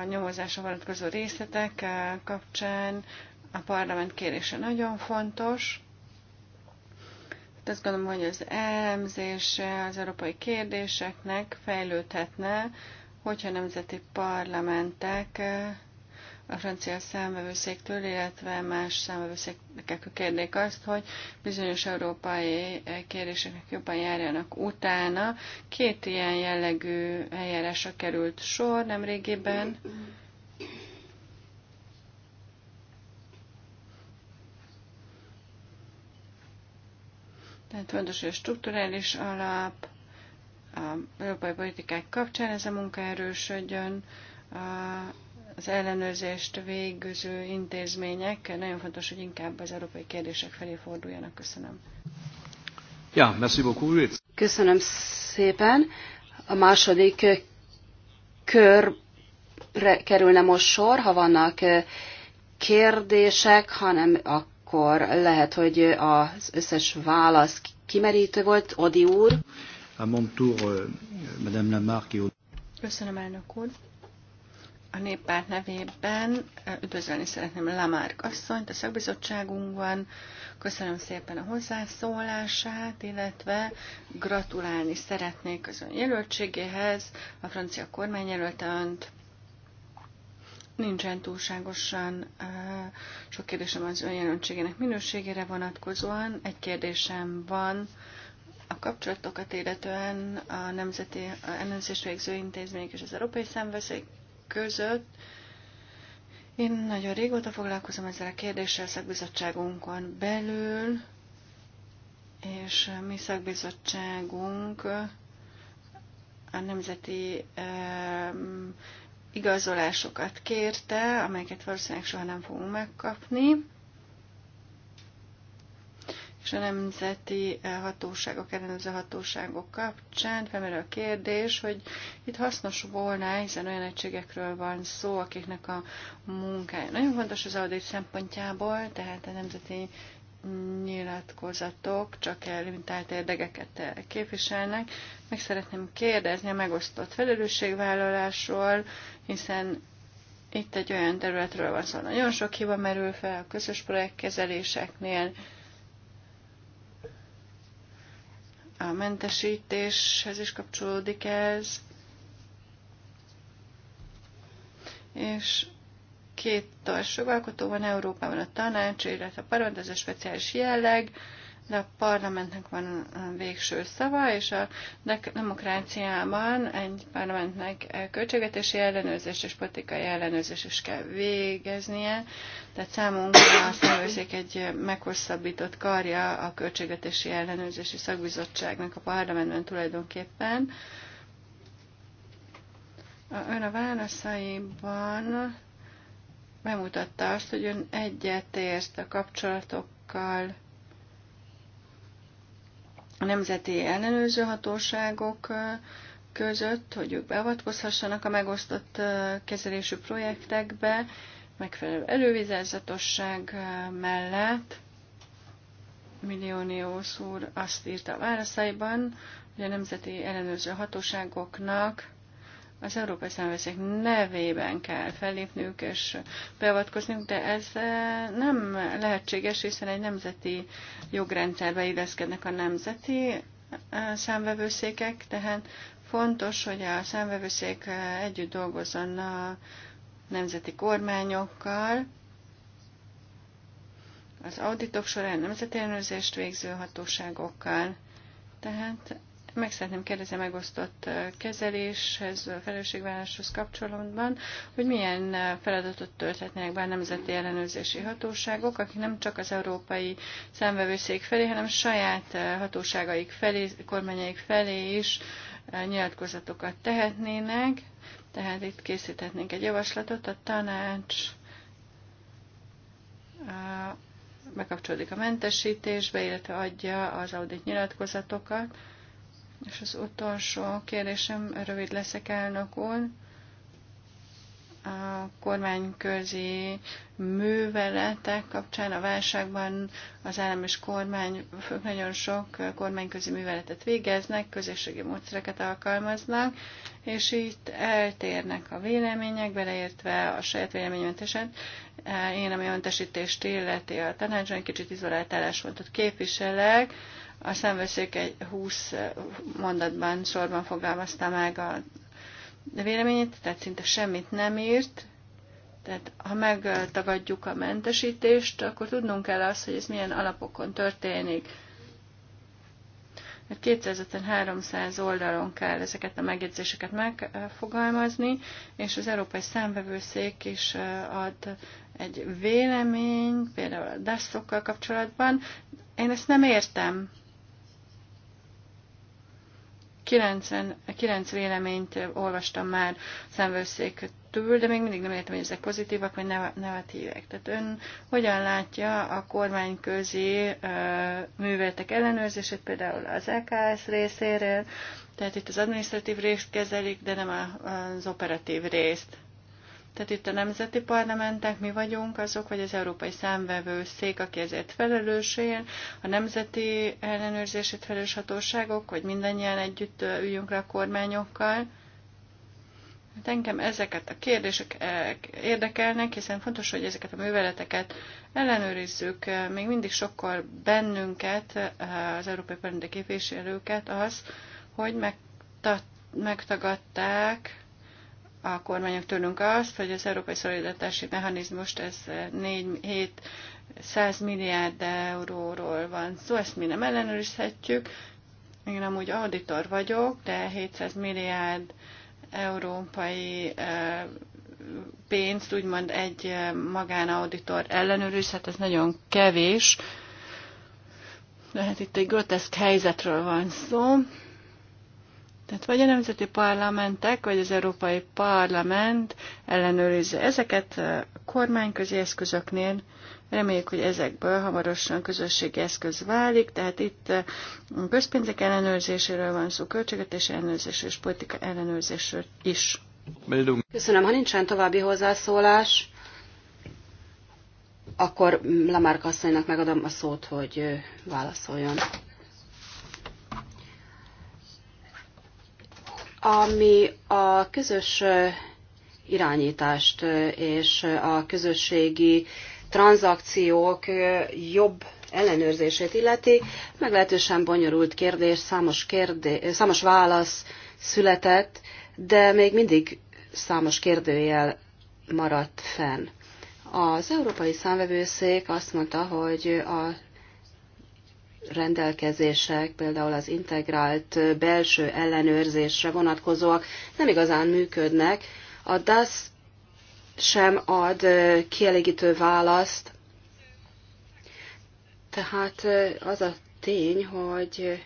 a nyomozásra vonatkozó részletek eh, kapcsán a parlament kérése nagyon fontos. Hát azt gondolom, hogy az elemzése az európai kérdéseknek fejlődhetne, hogyha nemzeti parlamentek eh, a francia számvevőszéktől, illetve más számvevőszékek kérdék azt, hogy bizonyos európai eh, kérdéseknek jobban járjanak utána. Két ilyen jellegű eljárásra került sor nemrégiben. Tehát fontos, hogy a strukturális alap, a európai politikák kapcsán ez a munka erősödjön, a az ellenőrzést végző intézmények, nagyon fontos, hogy inkább az európai kérdések felé forduljanak. Köszönöm. Ja, merci beaucoup. Köszönöm szépen. A második körre kerülne most sor, ha vannak eh, kérdések, hanem akkor lehet, hogy eh, az összes válasz kimerítő volt. Odi úr. A mon tour, euh, Madame Lamarck. Köszönöm, elnök úr. A néppárt nevében üdvözölni szeretném Lamárk asszonyt a szakbizottságunkban. Köszönöm szépen a hozzászólását, illetve gratulálni szeretnék az ön jelöltségéhez. A francia kormány jelölte önt. Nincsen túlságosan sok kérdésem az ön jelöltségének minőségére vonatkozóan. Egy kérdésem van a kapcsolatokat illetően a Nemzeti Ellenzés Végző Intézmények és az Európai Számveszék között. Én nagyon régóta foglalkozom ezzel a kérdéssel szakbizottságunkon belül, és mi szakbizottságunk a nemzeti igazolásokat kérte, amelyeket valószínűleg soha nem fogunk megkapni és a nemzeti eh, hatóságok, ellenőrző hatóságok kapcsán felmerül a kérdés, hogy itt hasznos volna, hiszen olyan egységekről van szó, akiknek a munkája nagyon fontos az audit szempontjából, tehát a nemzeti nyilatkozatok csak limitált érdegeket eh, képviselnek. Meg szeretném kérdezni a megosztott felelősségvállalásról, hiszen itt egy olyan területről van szó, nagyon sok hiba merül fel a közös projektkezeléseknél, kezeléseknél, a mentesítéshez is kapcsolódik ez, és két tartsogalkotó van Európában, a tanács, illetve a parlament, ez a speciális jelleg, de a parlamentnek van a végső szava, és a demokráciában egy parlamentnek költségvetési ellenőrzés és politikai ellenőrzés is kell végeznie, tehát számunkra a szervezék egy meghosszabbított karja a költségvetési ellenőrzési szakbizottságnak a parlamentben tulajdonképpen. a Ön a válaszaiban bemutatta azt, hogy ön egyetért a kapcsolatokkal, a nemzeti ellenőrző hatóságok között, hogy ők beavatkozhassanak a megosztott kezelésű projektekbe, megfelelő elővizelzatosság mellett. Millióniós úr azt írta a válaszaiban, hogy a nemzeti ellenőrző hatóságoknak az Európai Számveszék nevében kell fellépniük és beavatkozniuk, de ez eh, nem lehetséges, hiszen egy nemzeti jogrendszerbe illeszkednek a nemzeti eh, számvevőszékek, tehát fontos, hogy a számvevőszék eh, együtt dolgozzon a nemzeti kormányokkal, az auditok során nemzeti ellenőrzést végző hatóságokkal, tehát meg szeretném kérdezni megosztott kezeléshez, felelősségvállaláshoz kapcsolatban, hogy milyen feladatot tölthetnének be a nemzeti ellenőrzési hatóságok, akik nem csak az európai számvevőszék felé, hanem saját hatóságaik felé, kormányaik felé is nyilatkozatokat tehetnének, tehát itt készíthetnénk egy javaslatot, a tanács bekapcsolódik a mentesítésbe, illetve adja az audit nyilatkozatokat, és az utolsó kérdésem, rövid leszek elnök úr. A kormányközi műveletek kapcsán a válságban az állam és kormány nagyon sok kormányközi műveletet végeznek, közösségi módszereket alkalmaznak, és itt eltérnek a vélemények, beleértve a saját véleményönteset. Hát, eh, én, ami öntesítést illeti a tanácson, egy kicsit izolált álláspontot képviselek, a szemveszék egy húsz mondatban sorban fogalmazta meg a véleményét, tehát szinte semmit nem írt, tehát ha megtagadjuk a mentesítést, akkor tudnunk kell azt, hogy ez milyen alapokon történik. Mert 250 oldalon kell ezeket a megjegyzéseket megfogalmazni, és az Európai Számvevőszék is ad egy vélemény, például a dasz kapcsolatban. Én ezt nem értem kilenc véleményt olvastam már túl, de még mindig nem értem, hogy ezek pozitívak vagy negatívek. Tehát ön hogyan látja a kormányközi műveletek ellenőrzését, például az LKS részéről, tehát itt az administratív részt kezelik, de nem az operatív részt. Tehát itt a nemzeti parlamentek, mi vagyunk azok, vagy az Európai szék, aki ezért felelősél, a nemzeti ellenőrzését felelős hatóságok, hogy mindannyian együtt üljünk le a kormányokkal. Hát engem ezeket a kérdések e, érdekelnek, hiszen fontos, hogy ezeket a műveleteket ellenőrizzük. Még mindig sokkal bennünket, e, az Európai Parlamenti képviselőket az, hogy megtagadták a kormányok tőlünk azt, hogy az Európai Szolidaritási Mechanizmust ez 4-7 100 milliárd euróról van szó, szóval ezt mi nem ellenőrizhetjük. Én amúgy auditor vagyok, de 700 milliárd európai pénzt úgymond egy magánauditor ellenőrizhet, ez nagyon kevés. De hát itt egy groteszk helyzetről van szó. Tehát vagy a nemzeti parlamentek, vagy az Európai Parlament ellenőrizze ezeket a kormányközi eszközöknél. Reméljük, hogy ezekből hamarosan közösségi eszköz válik, tehát itt eh, közpénzek ellenőrzéséről van szó, költségetés ellenőrzésről és politika ellenőrzésről is. Köszönöm, ha nincsen további hozzászólás, akkor Lamarck asszonynak megadom a szót, hogy eh, válaszoljon. Ami a közös irányítást és a közösségi tranzakciók jobb ellenőrzését illeti, meglehetősen bonyolult kérdés, számos, kérdés, számos válasz született, de még mindig számos kérdőjel maradt fenn. Az Európai Számvevőszék azt mondta, hogy a rendelkezések, például az integrált belső ellenőrzésre vonatkozóak nem igazán működnek. A DASZ sem ad kielégítő választ, tehát az a tény, hogy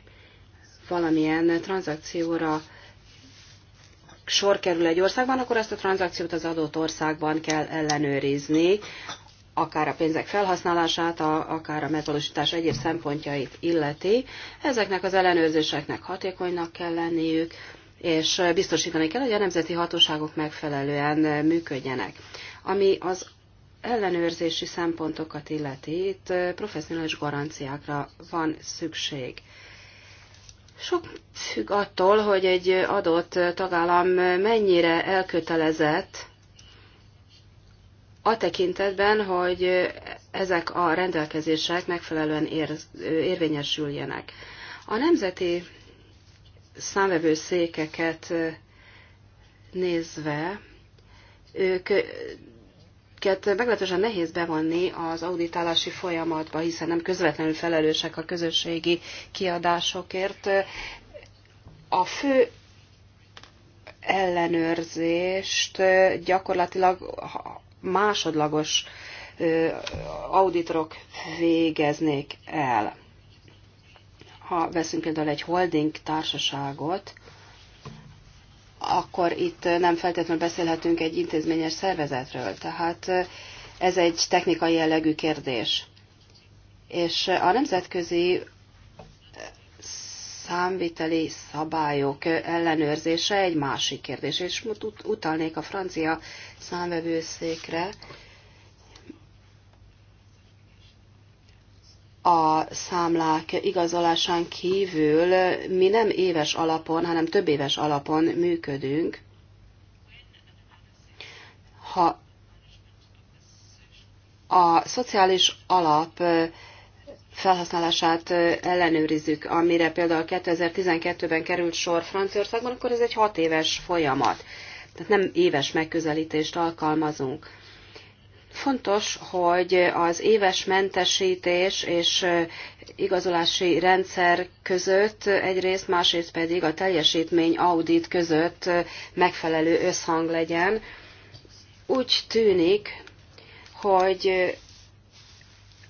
valamilyen tranzakcióra sor kerül egy országban, akkor ezt a tranzakciót az adott országban kell ellenőrizni akár a pénzek felhasználását, a, akár a megvalósítás egyéb szempontjait illeti. Ezeknek az ellenőrzéseknek hatékonynak kell lenniük, és biztosítani kell, hogy a nemzeti hatóságok megfelelően működjenek. Ami az ellenőrzési szempontokat illeti, itt professzionális garanciákra van szükség. Sok függ attól, hogy egy adott tagállam mennyire elkötelezett a tekintetben, hogy ezek a rendelkezések megfelelően ér, érvényesüljenek. A nemzeti számvevőszékeket nézve, ők meglehetősen nehéz bevonni az auditálási folyamatba, hiszen nem közvetlenül felelősek a közösségi kiadásokért. A fő ellenőrzést gyakorlatilag másodlagos auditorok végeznék el. Ha veszünk például egy holding társaságot, akkor itt nem feltétlenül beszélhetünk egy intézményes szervezetről. Tehát ez egy technikai jellegű kérdés. És a nemzetközi számviteli szabályok ellenőrzése egy másik kérdés, és most utalnék a francia számvevőszékre. A számlák igazolásán kívül mi nem éves alapon, hanem több éves alapon működünk. Ha a szociális alap felhasználását ellenőrizzük, amire például 2012-ben került sor Franciaországban, akkor ez egy hat éves folyamat. Tehát nem éves megközelítést alkalmazunk. Fontos, hogy az éves mentesítés és igazolási rendszer között egyrészt, másrészt pedig a teljesítmény audit között megfelelő összhang legyen. Úgy tűnik, hogy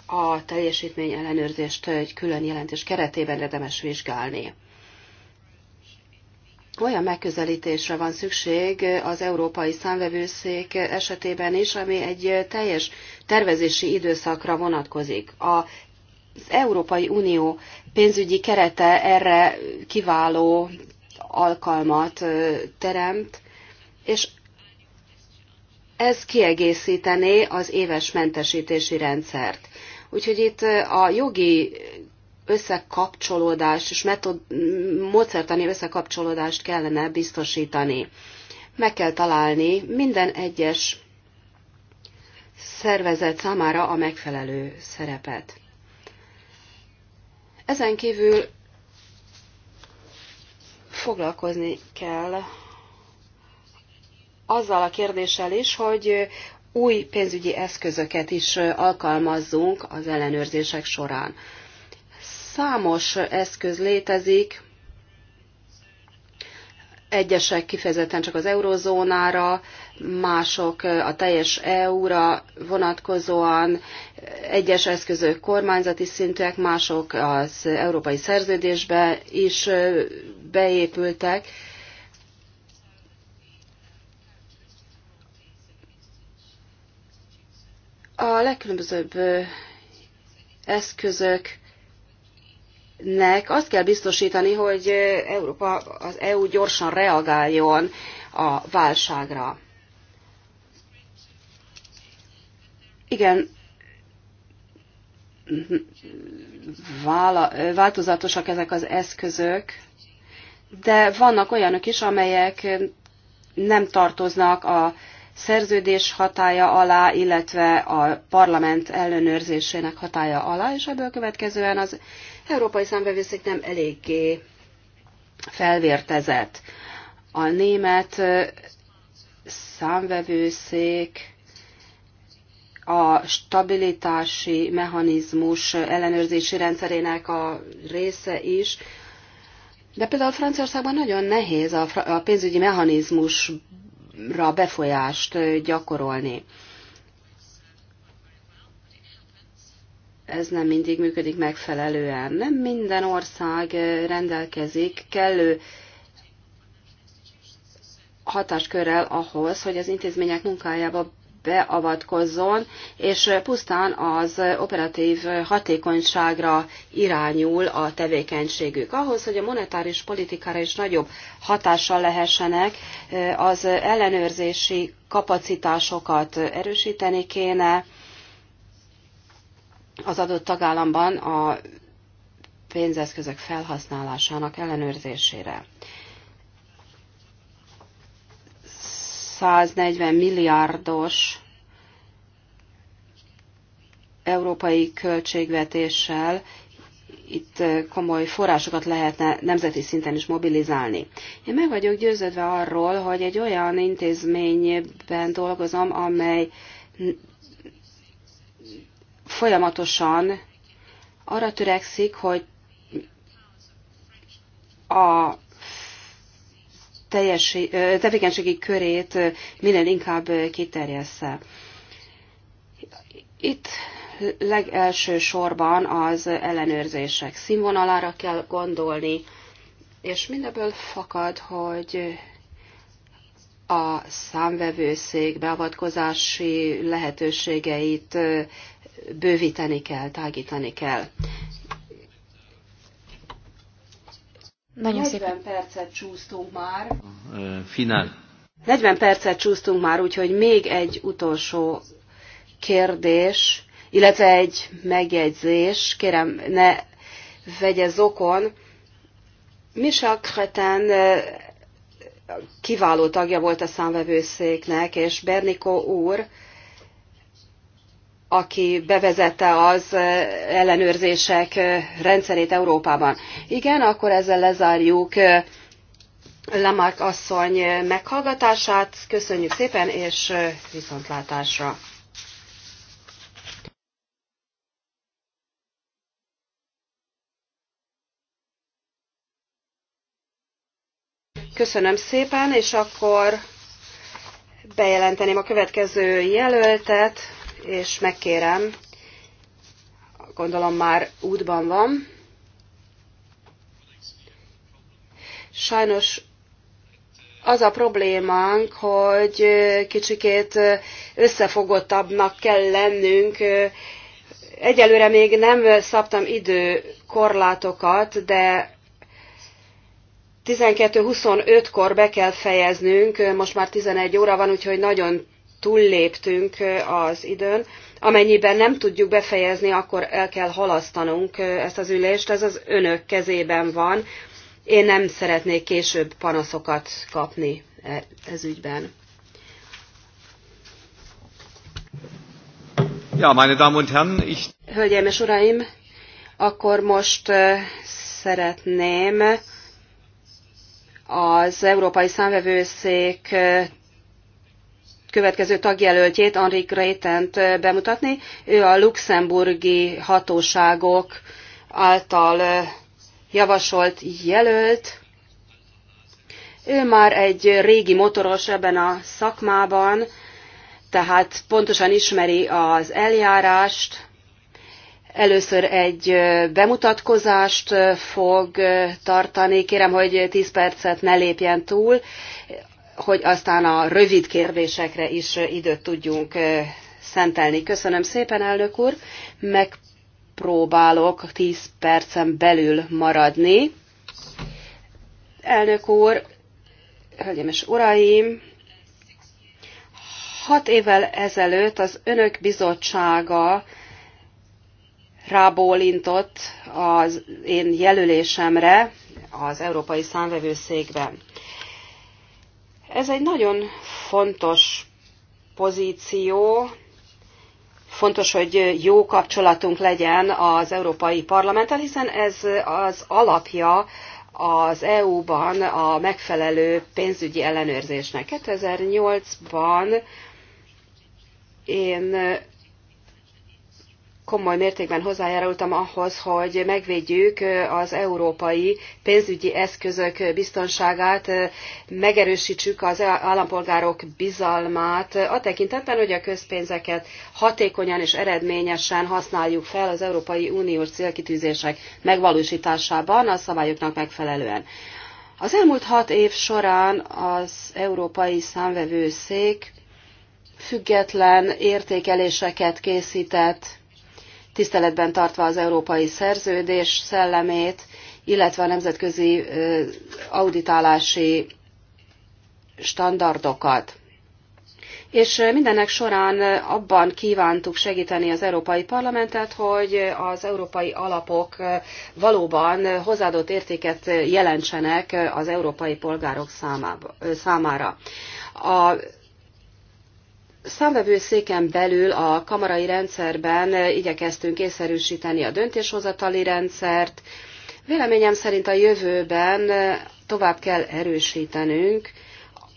a teljesítmény ellenőrzést egy külön jelentés keretében érdemes vizsgálni. Olyan megközelítésre van szükség az Európai Számvevőszék esetében is, ami egy teljes tervezési időszakra vonatkozik. A az Európai Unió pénzügyi kerete erre kiváló alkalmat teremt, és ez kiegészítené az éves mentesítési rendszert. Úgyhogy itt a jogi összekapcsolódást és metod, módszertani összekapcsolódást kellene biztosítani. Meg kell találni minden egyes szervezet számára a megfelelő szerepet. Ezen kívül foglalkozni kell azzal a kérdéssel is, hogy új pénzügyi eszközöket is alkalmazzunk az ellenőrzések során. Számos eszköz létezik, egyesek kifejezetten csak az eurozónára, mások a teljes EU-ra vonatkozóan, egyes eszközök kormányzati szintűek, mások az európai szerződésbe is beépültek, A legkülönbözőbb eszközöknek azt kell biztosítani, hogy Európa, az EU gyorsan reagáljon a válságra. Igen, vála, változatosak ezek az eszközök, de vannak olyanok is, amelyek nem tartoznak a szerződés hatája alá, illetve a parlament ellenőrzésének hatája alá, és ebből következően az európai számbevőszék nem eléggé felvértezett. A német számvevőszék a stabilitási mechanizmus ellenőrzési rendszerének a része is, de például Franciaországban nagyon nehéz a pénzügyi mechanizmus ra befolyást gyakorolni. Ez nem mindig működik megfelelően. Nem minden ország rendelkezik kellő hatáskörrel ahhoz, hogy az intézmények munkájába beavatkozzon, és pusztán az operatív hatékonyságra irányul a tevékenységük. Ahhoz, hogy a monetáris politikára is nagyobb hatással lehessenek, az ellenőrzési kapacitásokat erősíteni kéne az adott tagállamban a pénzeszközök felhasználásának ellenőrzésére. 140 milliárdos európai költségvetéssel itt eh, komoly forrásokat lehetne nemzeti szinten is mobilizálni. Én meg vagyok győződve arról, hogy egy olyan intézményben dolgozom, amely folyamatosan arra törekszik, hogy a teljesi, tevékenységi körét minél inkább kiterjessze. Itt legelső sorban az ellenőrzések színvonalára kell gondolni, és mindebből fakad, hogy a számvevőszék beavatkozási lehetőségeit bővíteni kell, tágítani kell. Nagyon 40 szépen. percet csúsztunk már. Finál. 40 percet csúsztunk már, úgyhogy még egy utolsó kérdés, illetve egy megjegyzés. Kérem, ne vegye zokon. Misha Kreten kiváló tagja volt a számvevőszéknek, és Bernikó úr aki bevezette az eh, ellenőrzések eh, rendszerét Európában. Igen, akkor ezzel lezárjuk eh, Lamarck asszony meghallgatását. Köszönjük szépen, és viszontlátásra! Köszönöm szépen, és akkor bejelenteném a következő jelöltet és megkérem, gondolom már útban van. Sajnos az a problémánk, hogy kicsikét összefogottabbnak kell lennünk. Egyelőre még nem szabtam idő korlátokat, de 1225 kor be kell fejeznünk, most már 11 óra van, úgyhogy nagyon túlléptünk az időn. Amennyiben nem tudjuk befejezni, akkor el kell halasztanunk ezt az ülést, ez az önök kezében van. Én nem szeretnék később panaszokat kapni e, ez ügyben. Ja, meine Damen und Herren, ich... Hölgyeim és uraim, akkor most szeretném az Európai Számvevőszék következő tagjelöltjét, Henri Reitent bemutatni. Ő a luxemburgi hatóságok által javasolt jelölt. Ő már egy régi motoros ebben a szakmában, tehát pontosan ismeri az eljárást. Először egy bemutatkozást fog tartani, kérem, hogy 10 percet ne lépjen túl hogy aztán a rövid kérdésekre is időt tudjunk szentelni. Köszönöm szépen, elnök úr. Megpróbálok 10 percen belül maradni. Elnök úr, hölgyeim és uraim, hat évvel ezelőtt az Önök Bizottsága rábólintott az én jelölésemre az Európai Számvevőszékben. Ez egy nagyon fontos pozíció, fontos, hogy jó kapcsolatunk legyen az Európai Parlamenttel, hiszen ez az alapja az EU-ban a megfelelő pénzügyi ellenőrzésnek. 2008-ban én komoly mértékben hozzájárultam ahhoz, hogy megvédjük az európai pénzügyi eszközök biztonságát, megerősítsük az állampolgárok bizalmát a tekintetben, hogy a közpénzeket hatékonyan és eredményesen használjuk fel az Európai Uniós célkitűzések megvalósításában a szabályoknak megfelelően. Az elmúlt hat év során az Európai Számvevőszék független értékeléseket készített tiszteletben tartva az európai szerződés szellemét, illetve a nemzetközi auditálási standardokat. És mindennek során abban kívántuk segíteni az Európai Parlamentet, hogy az európai alapok valóban hozzáadott értéket jelentsenek az európai polgárok számára. A számvevőszéken belül a kamarai rendszerben eh, igyekeztünk észszerűsíteni a döntéshozatali rendszert. Véleményem szerint a jövőben eh, tovább kell erősítenünk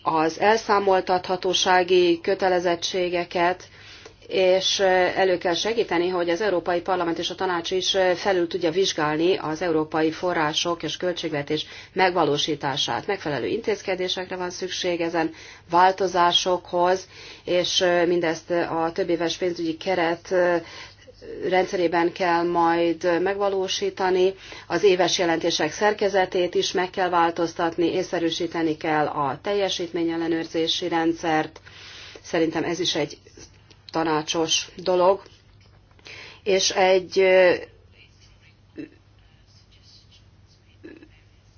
az elszámoltathatósági kötelezettségeket, és elő kell segíteni, hogy az Európai Parlament és a Tanács is felül tudja vizsgálni az európai források és költségvetés megvalósítását. Megfelelő intézkedésekre van szükség ezen változásokhoz, és mindezt a éves pénzügyi keret rendszerében kell majd megvalósítani, az éves jelentések szerkezetét is meg kell változtatni, észszerűsíteni kell a teljesítményellenőrzési rendszert. Szerintem ez is egy tanácsos dolog, és egy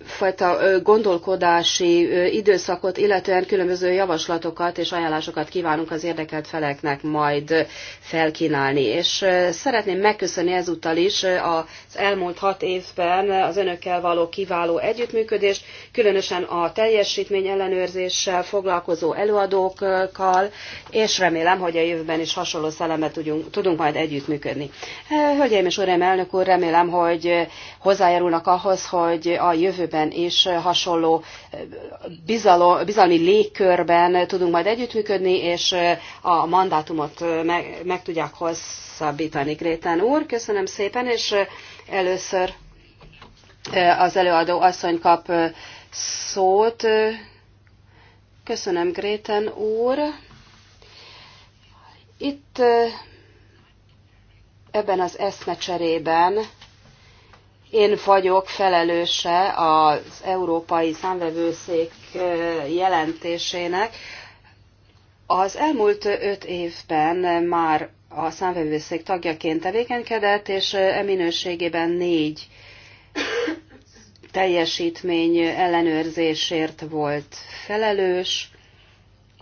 fajta gondolkodási időszakot, illetően különböző javaslatokat és ajánlásokat kívánunk az érdekelt feleknek majd felkínálni. És szeretném megköszönni ezúttal is az elmúlt hat évben az önökkel való kiváló együttműködést, különösen a teljesítmény ellenőrzéssel foglalkozó előadókkal, és remélem, hogy a jövőben is hasonló szellemet tudunk, tudunk majd együttműködni. Hölgyeim és Uraim, elnök úr, remélem, hogy hozzájárulnak ahhoz, hogy a jövőben jövőben is hasonló bizalom, bizalmi légkörben tudunk majd együttműködni, és a mandátumot meg, meg tudják hosszabbítani. Grétán úr, köszönöm szépen, és először az előadó asszony kap szót. Köszönöm, Gréten úr. Itt ebben az eszmecserében én vagyok felelőse az Európai Számvevőszék jelentésének. Az elmúlt öt évben már a számvevőszék tagjaként tevékenykedett, és e minőségében négy teljesítmény ellenőrzésért volt felelős.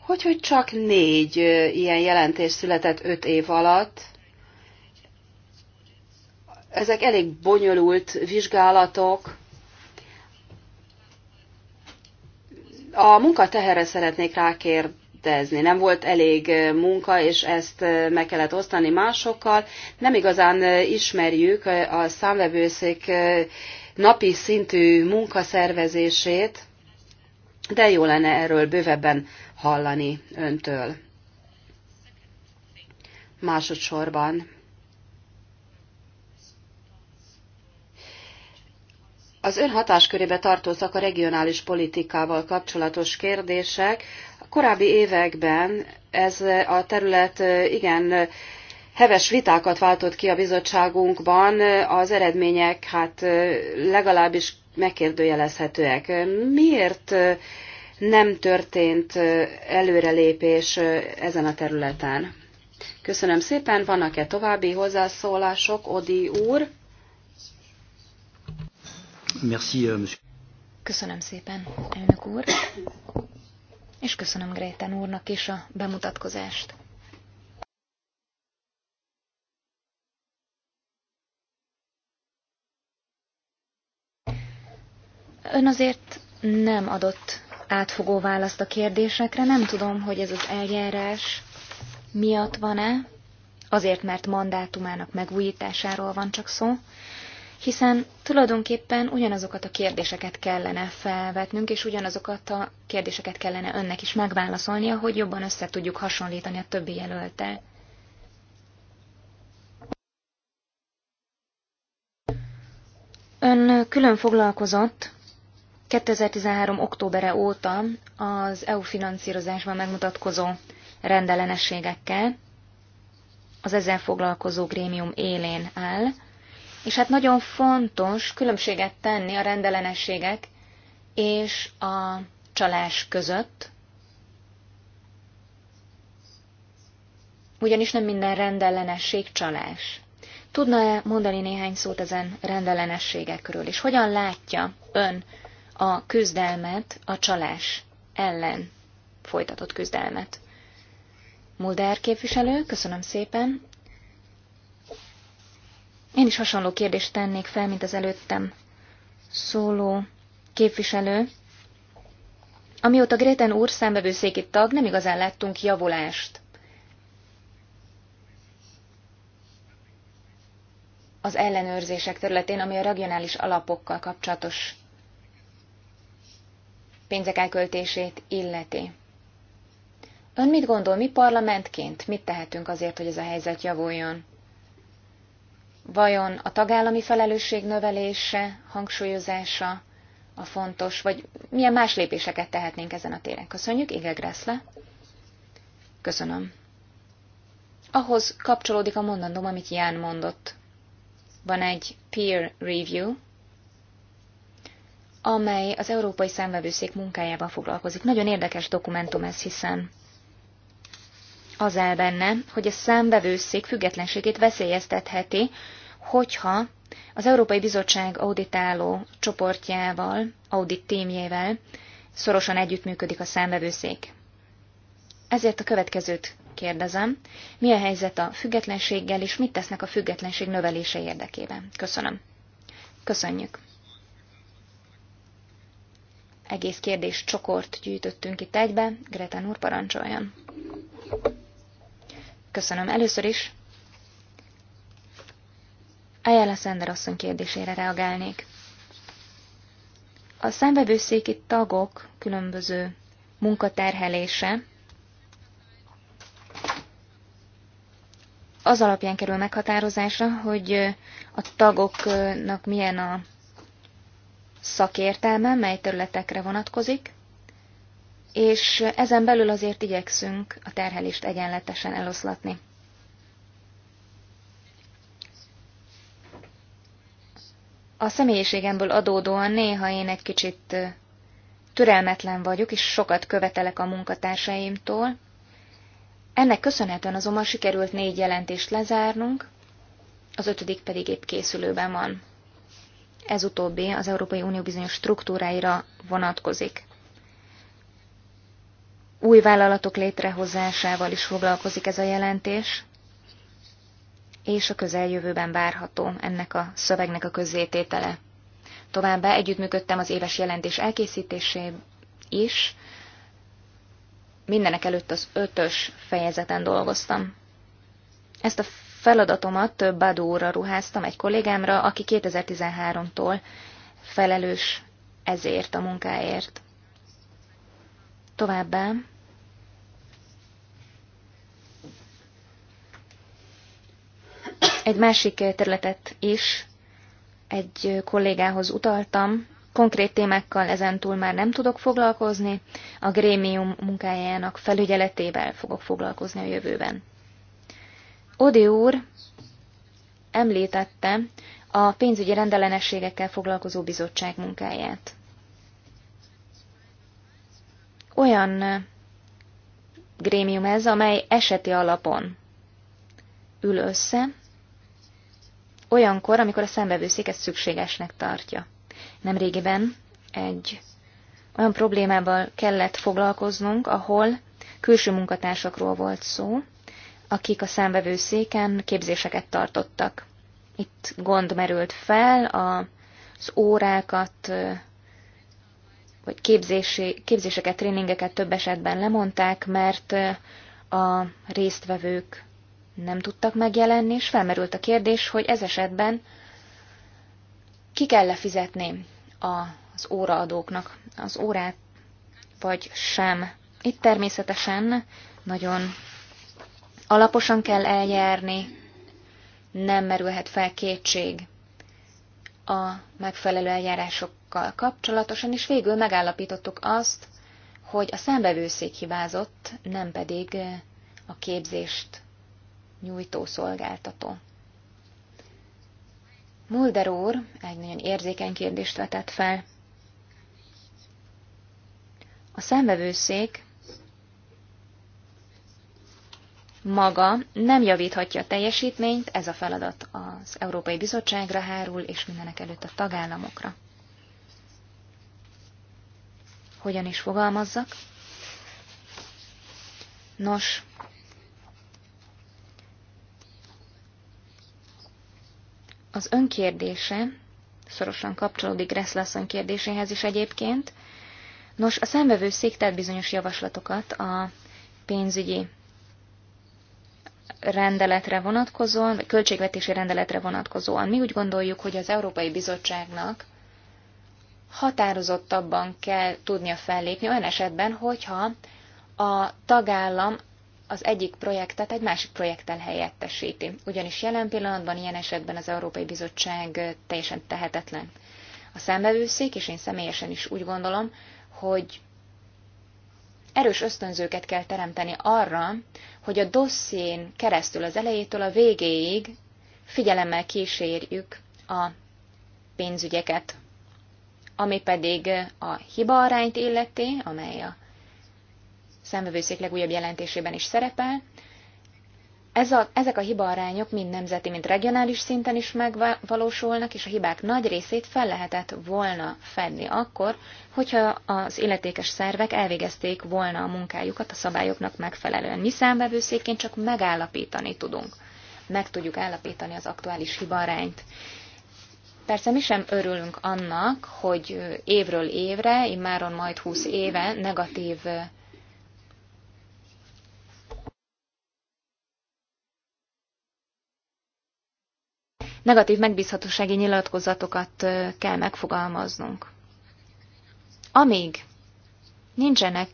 Hogy, hogy csak négy ilyen jelentés született öt év alatt, ezek elég bonyolult vizsgálatok. A munkateherre szeretnék rákérdezni. Nem volt elég munka, és ezt meg kellett osztani másokkal. Nem igazán ismerjük a számvevőszék napi szintű munkaszervezését, de jó lenne erről bővebben hallani öntől. Másodszorban Az ön hatáskörébe tartoznak a regionális politikával kapcsolatos kérdések. A korábbi években ez a terület igen heves vitákat váltott ki a bizottságunkban, az eredmények hát legalábbis megkérdőjelezhetőek. Miért nem történt előrelépés ezen a területen? Köszönöm szépen, vannak-e további hozzászólások, Odi úr? Merci, euh, monsieur. Köszönöm szépen, elnök úr, és köszönöm Gréten úrnak is a bemutatkozást. Ön azért nem adott átfogó választ a kérdésekre, nem tudom, hogy ez az eljárás miatt van-e, azért mert mandátumának megújításáról van csak szó, hiszen tulajdonképpen ugyanazokat a kérdéseket kellene felvetnünk, és ugyanazokat a kérdéseket kellene önnek is megválaszolnia, hogy jobban össze tudjuk hasonlítani a többi jelöltel. Ön külön foglalkozott 2013. októbere óta az EU finanszírozásban megmutatkozó rendellenességekkel, az ezzel foglalkozó grémium élén áll, és hát nagyon fontos különbséget tenni a rendellenességek és a csalás között, ugyanis nem minden rendellenesség csalás. Tudna-e mondani néhány szót ezen rendellenességekről, és hogyan látja ön a küzdelmet, a csalás ellen folytatott küzdelmet? Mulder képviselő, köszönöm szépen. Én is hasonló kérdést tennék fel, mint az előttem szóló képviselő. Amióta Gréten úr számbevőszéki tag, nem igazán láttunk javulást. Az ellenőrzések területén, ami a regionális alapokkal kapcsolatos pénzek elköltését illeti. Ön mit gondol, mi parlamentként mit tehetünk azért, hogy ez a helyzet javuljon? Vajon a tagállami felelősség növelése, hangsúlyozása a fontos, vagy milyen más lépéseket tehetnénk ezen a téren? Köszönjük, Ige Gressle. Köszönöm. Ahhoz kapcsolódik a mondandóm, amit Ján mondott. Van egy peer review, amely az Európai Szemvevőszék munkájában foglalkozik. Nagyon érdekes dokumentum ez, hiszen az áll benne, hogy a szemvevőszék függetlenségét veszélyeztetheti hogyha az Európai Bizottság auditáló csoportjával, audit témjével szorosan együttműködik a számbevőszék. Ezért a következőt kérdezem, mi a helyzet a függetlenséggel, és mit tesznek a függetlenség növelése érdekében? Köszönöm. Köszönjük. Egész kérdés csokort gyűjtöttünk itt egybe. Greta úr, parancsoljon. Köszönöm először is. Ayala Sander asszony kérdésére reagálnék. A szenvedőszéki tagok különböző munkaterhelése az alapján kerül meghatározásra, hogy a tagoknak milyen a szakértelme, mely területekre vonatkozik, és ezen belül azért igyekszünk a terhelést egyenletesen eloszlatni. a személyiségemből adódóan néha én egy kicsit türelmetlen vagyok, és sokat követelek a munkatársaimtól. Ennek köszönhetően azonban sikerült négy jelentést lezárnunk, az ötödik pedig épp készülőben van. Ez utóbbi az Európai Unió bizonyos struktúráira vonatkozik. Új vállalatok létrehozásával is foglalkozik ez a jelentés és a közeljövőben várható ennek a szövegnek a közzététele. Továbbá együttműködtem az éves jelentés elkészítésé is, mindenek előtt az ötös fejezeten dolgoztam. Ezt a feladatomat több Badóra ruháztam egy kollégámra, aki 2013-tól felelős ezért a munkáért. Továbbá Egy másik területet is egy kollégához utaltam, konkrét témákkal ezentúl már nem tudok foglalkozni, a grémium munkájának felügyeletével fogok foglalkozni a jövőben. Odi úr említette a pénzügyi rendellenességekkel foglalkozó bizottság munkáját. Olyan grémium ez, amely eseti alapon ül össze, olyankor, amikor a szembevőszék ezt szükségesnek tartja. Nemrégiben egy olyan problémával kellett foglalkoznunk, ahol külső munkatársakról volt szó, akik a szembevőszéken képzéseket tartottak. Itt gond merült fel, az órákat, vagy képzési, képzéseket, tréningeket több esetben lemondták, mert a résztvevők nem tudtak megjelenni, és felmerült a kérdés, hogy ez esetben ki kell fizetni az óraadóknak az órát, vagy sem. Itt természetesen nagyon alaposan kell eljárni, nem merülhet fel kétség a megfelelő eljárásokkal kapcsolatosan, és végül megállapítottuk azt, hogy a szembevőszék hibázott, nem pedig a képzést nyújtó szolgáltató. Mulder úr egy nagyon érzékeny kérdést vetett fel. A számvevőszék maga nem javíthatja a teljesítményt, ez a feladat az Európai Bizottságra hárul, és mindenek előtt a tagállamokra. Hogyan is fogalmazzak? Nos, Az önkérdése szorosan kapcsolódik Reszlasszony kérdéséhez is egyébként. Nos, a szék tett bizonyos javaslatokat a pénzügyi rendeletre vonatkozóan, vagy költségvetési rendeletre vonatkozóan. Mi úgy gondoljuk, hogy az Európai Bizottságnak határozottabban kell tudnia fellépni olyan esetben, hogyha a tagállam az egyik projektet egy másik projekttel helyettesíti. Ugyanis jelen pillanatban ilyen esetben az Európai Bizottság teljesen tehetetlen. A szembevőszék, és én személyesen is úgy gondolom, hogy erős ösztönzőket kell teremteni arra, hogy a dosszén keresztül az elejétől a végéig figyelemmel kísérjük a pénzügyeket. Ami pedig a hiba arányt illeti, amely a szemvevőszék legújabb jelentésében is szerepel. Ez a, ezek a hibaarányok mind nemzeti, mind regionális szinten is megvalósulnak, és a hibák nagy részét fel lehetett volna fedni akkor, hogyha az illetékes szervek elvégezték volna a munkájukat a szabályoknak megfelelően. Mi számbevőszékként csak megállapítani tudunk. Meg tudjuk állapítani az aktuális hibaarányt. Persze mi sem örülünk annak, hogy évről évre, immáron majd 20 éve negatív negatív megbízhatósági nyilatkozatokat kell megfogalmaznunk. Amíg nincsenek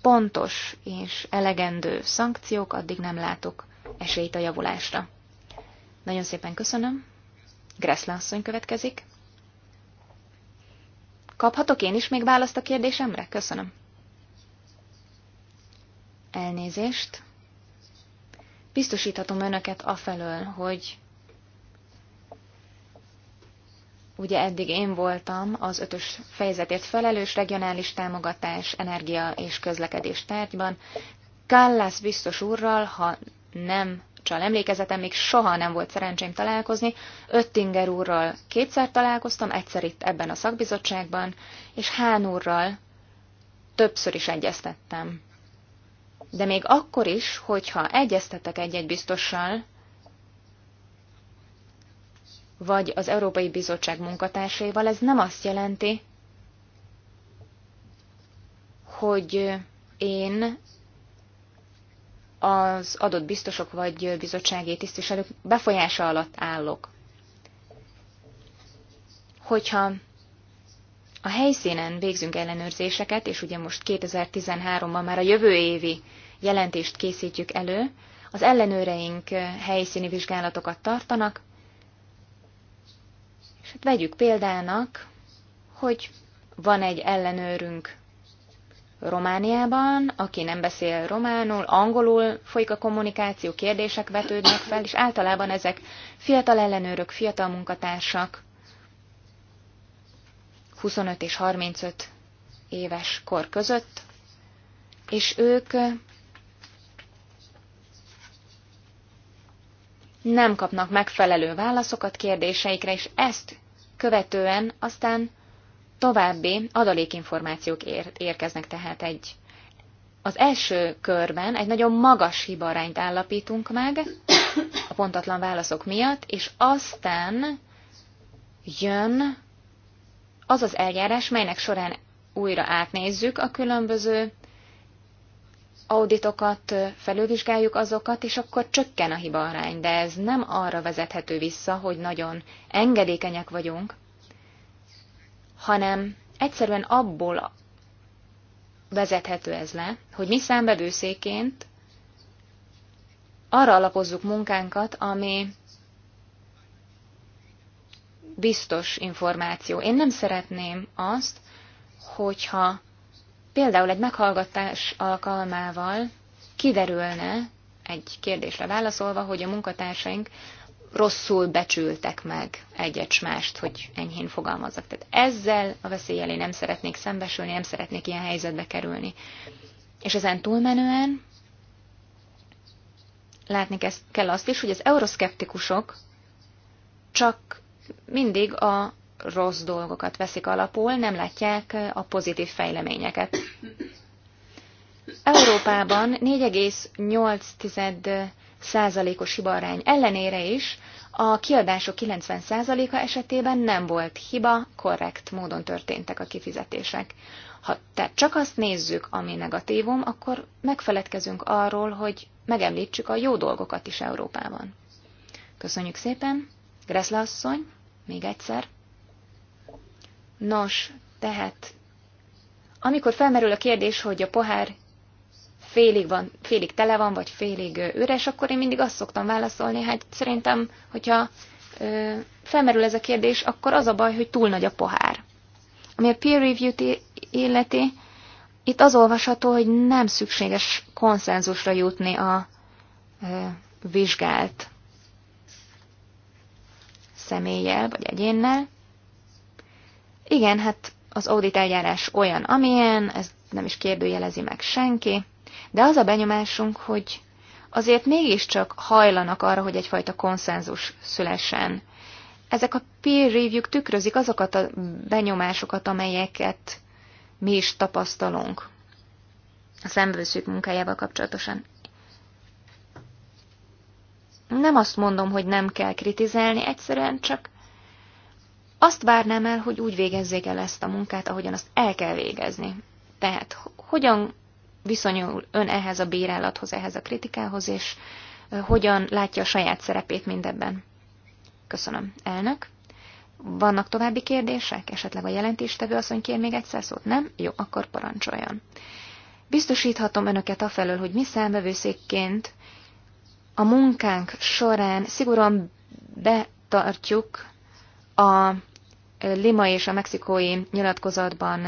pontos és elegendő szankciók, addig nem látok esélyt a javulásra. Nagyon szépen köszönöm. Gressle asszony következik. Kaphatok én is még választ a kérdésemre? Köszönöm. Elnézést. Biztosíthatom önöket afelől, hogy Ugye eddig én voltam az ötös fejezetért felelős regionális támogatás, energia és közlekedés tárgyban. Kállász biztos úrral, ha nem csal emlékezetem, még soha nem volt szerencsém találkozni. Öttinger úrral kétszer találkoztam, egyszer itt ebben a szakbizottságban, és Hán úrral többször is egyeztettem. De még akkor is, hogyha egyeztetek egy-egy biztossal, vagy az Európai Bizottság munkatársaival, ez nem azt jelenti, hogy én az adott biztosok vagy bizottsági tisztviselők befolyása alatt állok. Hogyha a helyszínen végzünk ellenőrzéseket, és ugye most 2013-ban már a jövő évi jelentést készítjük elő, az ellenőreink helyszíni vizsgálatokat tartanak, és hát vegyük példának, hogy van egy ellenőrünk Romániában, aki nem beszél románul, angolul folyik a kommunikáció, kérdések vetődnek fel, és általában ezek fiatal ellenőrök, fiatal munkatársak, 25 és 35 éves kor között, és ők nem kapnak megfelelő válaszokat kérdéseikre, és ezt követően aztán további adalékinformációk ér- érkeznek tehát egy. Az első körben egy nagyon magas hibarányt állapítunk meg a pontatlan válaszok miatt, és aztán jön az az eljárás, melynek során újra átnézzük a különböző auditokat, felülvizsgáljuk azokat, és akkor csökken a hiba arány, de ez nem arra vezethető vissza, hogy nagyon engedékenyek vagyunk, hanem egyszerűen abból vezethető ez le, hogy mi számbevőszéként arra alapozzuk munkánkat, ami biztos információ. Én nem szeretném azt, hogyha Például egy meghallgatás alkalmával kiderülne, egy kérdésre válaszolva, hogy a munkatársaink rosszul becsültek meg egyet mást, hogy enyhén fogalmazzak. Tehát ezzel a veszélyel én nem szeretnék szembesülni, nem szeretnék ilyen helyzetbe kerülni. És ezen túlmenően látni kell azt is, hogy az euroszkeptikusok csak mindig a rossz dolgokat veszik alapul, nem látják a pozitív fejleményeket. Európában 4,8 százalékos hibarány ellenére is a kiadások 90%-a esetében nem volt hiba, korrekt módon történtek a kifizetések. Ha tehát csak azt nézzük, ami negatívum, akkor megfeledkezünk arról, hogy megemlítsük a jó dolgokat is Európában. Köszönjük szépen! Greszle asszony, még egyszer! Nos, tehát amikor felmerül a kérdés, hogy a pohár félig, van, félig tele van, vagy félig üres, akkor én mindig azt szoktam válaszolni, hát szerintem, hogyha ö, felmerül ez a kérdés, akkor az a baj, hogy túl nagy a pohár. Ami a peer review illeti, itt az olvasható, hogy nem szükséges konszenzusra jutni a ö, vizsgált személlyel vagy egyénnel. Igen, hát az audit eljárás olyan, amilyen, ez nem is kérdőjelezi meg senki, de az a benyomásunk, hogy azért mégiscsak hajlanak arra, hogy egyfajta konszenzus szülessen. Ezek a peer review tükrözik azokat a benyomásokat, amelyeket mi is tapasztalunk a szemvőszűk munkájával kapcsolatosan. Nem azt mondom, hogy nem kell kritizálni, egyszerűen csak azt várnám el, hogy úgy végezzék el ezt a munkát, ahogyan azt el kell végezni. Tehát hogyan viszonyul ön ehhez a bírálathoz, ehhez a kritikához, és hogyan látja a saját szerepét mindebben? Köszönöm, elnök. Vannak további kérdések? Esetleg a jelentéstevő asszony kér még egyszer szót? Nem? Jó, akkor parancsoljon. Biztosíthatom önöket afelől, hogy mi számbevőszékként a munkánk során szigorúan betartjuk a Lima és a mexikói nyilatkozatban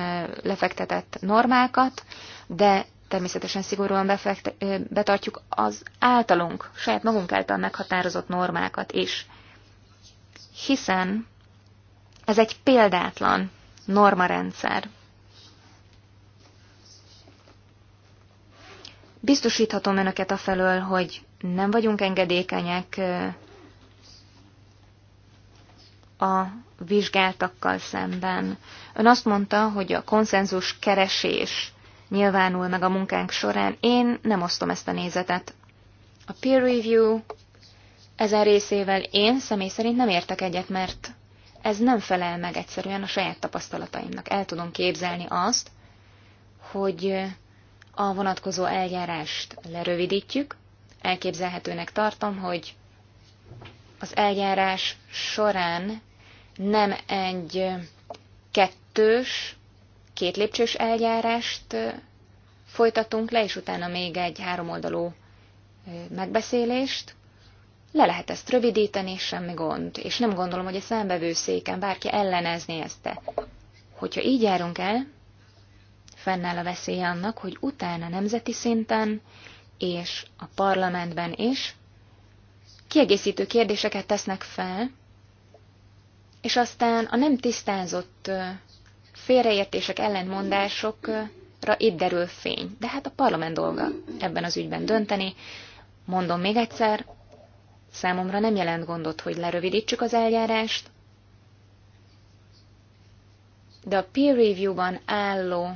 lefektetett normákat, de természetesen szigorúan befekte, betartjuk az általunk, saját magunk által meghatározott normákat is. Hiszen ez egy példátlan normarendszer. Biztosíthatom önöket a felől, hogy nem vagyunk engedékenyek a vizsgáltakkal szemben. Ön azt mondta, hogy a konszenzus keresés nyilvánul meg a munkánk során. Én nem osztom ezt a nézetet. A peer review ezen részével én személy szerint nem értek egyet, mert ez nem felel meg egyszerűen a saját tapasztalataimnak. El tudom képzelni azt, hogy a vonatkozó eljárást lerövidítjük. Elképzelhetőnek tartom, hogy az eljárás során nem egy kettős, két lépcsős eljárást folytatunk le, és utána még egy háromoldalú megbeszélést, le lehet ezt rövidíteni, és semmi gond. És nem gondolom, hogy a széken bárki ellenezné ezt. -e. Hogyha így járunk el, fennáll a veszély annak, hogy utána nemzeti szinten és a parlamentben is kiegészítő kérdéseket tesznek fel, és aztán a nem tisztázott félreértések, ellentmondásokra itt derül fény. De hát a parlament dolga ebben az ügyben dönteni. Mondom még egyszer, számomra nem jelent gondot, hogy lerövidítsük az eljárást, de a peer review-ban álló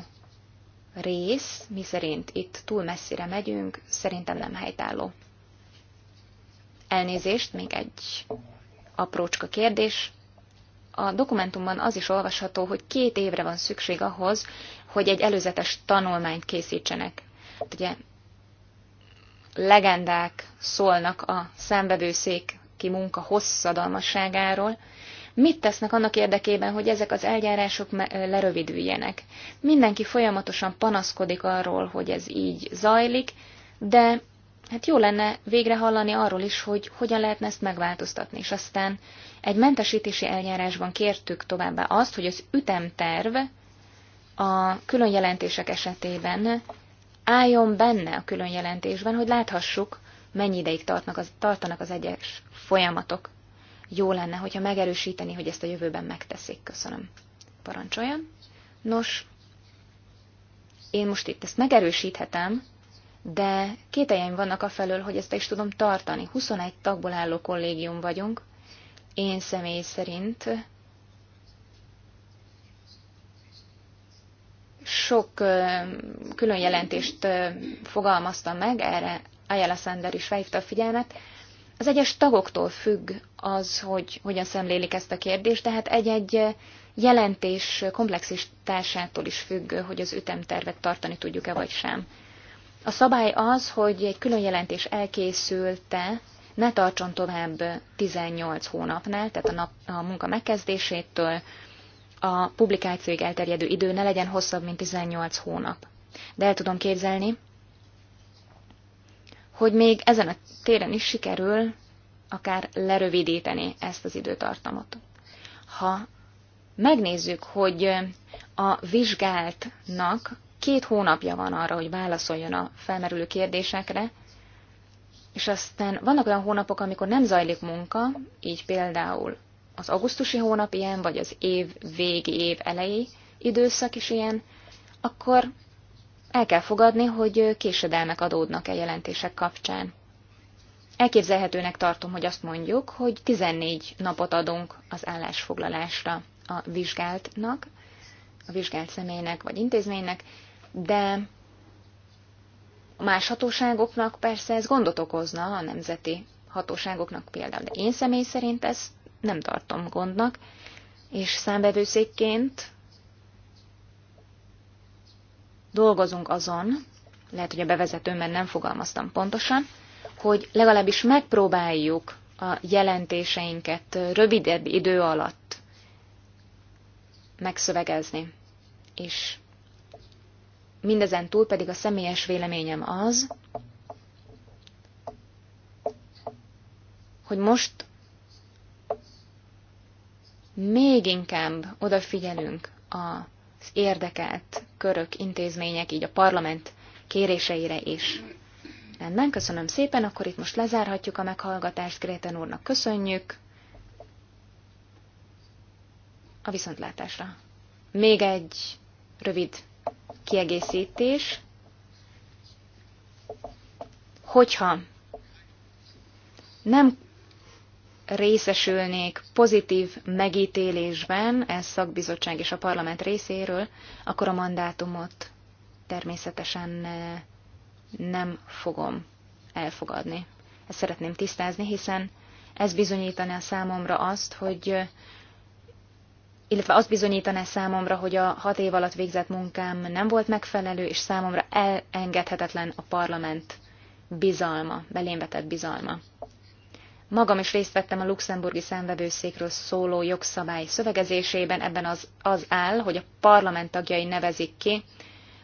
rész, miszerint itt túl messzire megyünk, szerintem nem helytálló. Elnézést, még egy aprócska kérdés a dokumentumban az is olvasható, hogy két évre van szükség ahhoz, hogy egy előzetes tanulmányt készítsenek. Ugye legendák szólnak a szenvedőszék ki munka hosszadalmasságáról, mit tesznek annak érdekében, hogy ezek az eljárások lerövidüljenek. Mindenki folyamatosan panaszkodik arról, hogy ez így zajlik, de hát jó lenne végre hallani arról is, hogy hogyan lehetne ezt megváltoztatni, és aztán egy mentesítési eljárásban kértük továbbá azt, hogy az ütemterv a különjelentések esetében álljon benne a különjelentésben, hogy láthassuk, mennyi ideig tartnak az, tartanak az egyes folyamatok. Jó lenne, hogyha megerősíteni, hogy ezt a jövőben megteszik. Köszönöm. Parancsoljon. Nos, én most itt ezt megerősíthetem, de kételjeim vannak afelől, hogy ezt is tudom tartani. 21 tagból álló kollégium vagyunk, én személy szerint sok külön jelentést fogalmaztam meg, erre Ayala Sander is felhívta a figyelmet. Az egyes tagoktól függ az, hogy hogyan szemlélik ezt a kérdést, tehát egy-egy jelentés komplexitásától is függ, hogy az ütemtervet tartani tudjuk-e vagy sem. A szabály az, hogy egy külön jelentés elkészülte, ne tartson tovább 18 hónapnál, tehát a, nap, a munka megkezdésétől a publikációig elterjedő idő ne legyen hosszabb, mint 18 hónap. De el tudom képzelni, hogy még ezen a téren is sikerül akár lerövidíteni ezt az időtartamot. Ha megnézzük, hogy a vizsgáltnak Két hónapja van arra, hogy válaszoljon a felmerülő kérdésekre, és aztán vannak olyan hónapok, amikor nem zajlik munka, így például az augusztusi hónap ilyen, vagy az év végi, év elejé időszak is ilyen, akkor el kell fogadni, hogy késedelmek adódnak-e jelentések kapcsán. Elképzelhetőnek tartom, hogy azt mondjuk, hogy 14 napot adunk az állásfoglalásra a vizsgáltnak, a vizsgált személynek vagy intézménynek, de más hatóságoknak persze ez gondot okozna, a nemzeti hatóságoknak például, de én személy szerint ezt nem tartom gondnak, és számbevőszékként dolgozunk azon, lehet, hogy a bevezetőmben nem fogalmaztam pontosan, hogy legalábbis megpróbáljuk a jelentéseinket rövidebb idő alatt megszövegezni, és Mindezen túl pedig a személyes véleményem az, hogy most még inkább odafigyelünk az érdekelt körök, intézmények, így a parlament kéréseire is. Rendben, köszönöm szépen, akkor itt most lezárhatjuk a meghallgatást, Gréten úrnak köszönjük. A viszontlátásra. Még egy rövid kiegészítés, hogyha nem részesülnék pozitív megítélésben, ez szakbizottság és a parlament részéről, akkor a mandátumot természetesen e, nem fogom elfogadni. Ezt szeretném tisztázni, hiszen ez bizonyítaná számomra azt, hogy illetve azt bizonyítaná számomra, hogy a hat év alatt végzett munkám nem volt megfelelő, és számomra elengedhetetlen a parlament bizalma, belém vetett bizalma. Magam is részt vettem a luxemburgi szenvedőszékről szóló jogszabály szövegezésében, ebben az, az áll, hogy a parlament tagjai nevezik ki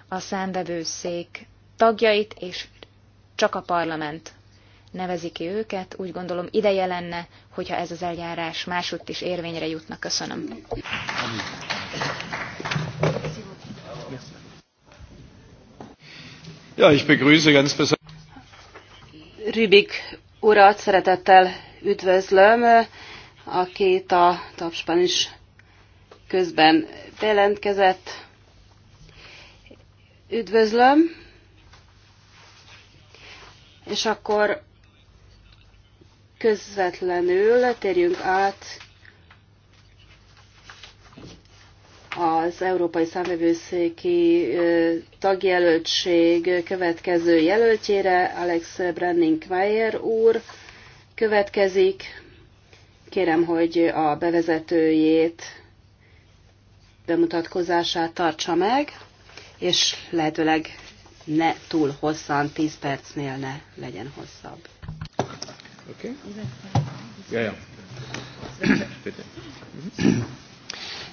a szenvedőszék tagjait, és csak a parlament nevezi ki őket. Úgy gondolom ideje lenne, hogyha ez az eljárás másutt is érvényre jutna. Köszönöm. Ja, ich begrüße ganz Rübik urat szeretettel üdvözlöm, két a tapsban is közben bejelentkezett. Üdvözlöm. És akkor közvetlenül térjünk át az Európai Számvevőszéki tagjelöltség következő jelöltjére, Alex Brenning Weyer úr következik. Kérem, hogy a bevezetőjét, bemutatkozását tartsa meg, és lehetőleg ne túl hosszan, 10 percnél ne legyen hosszabb. Okay? Ja, ja. Bitte.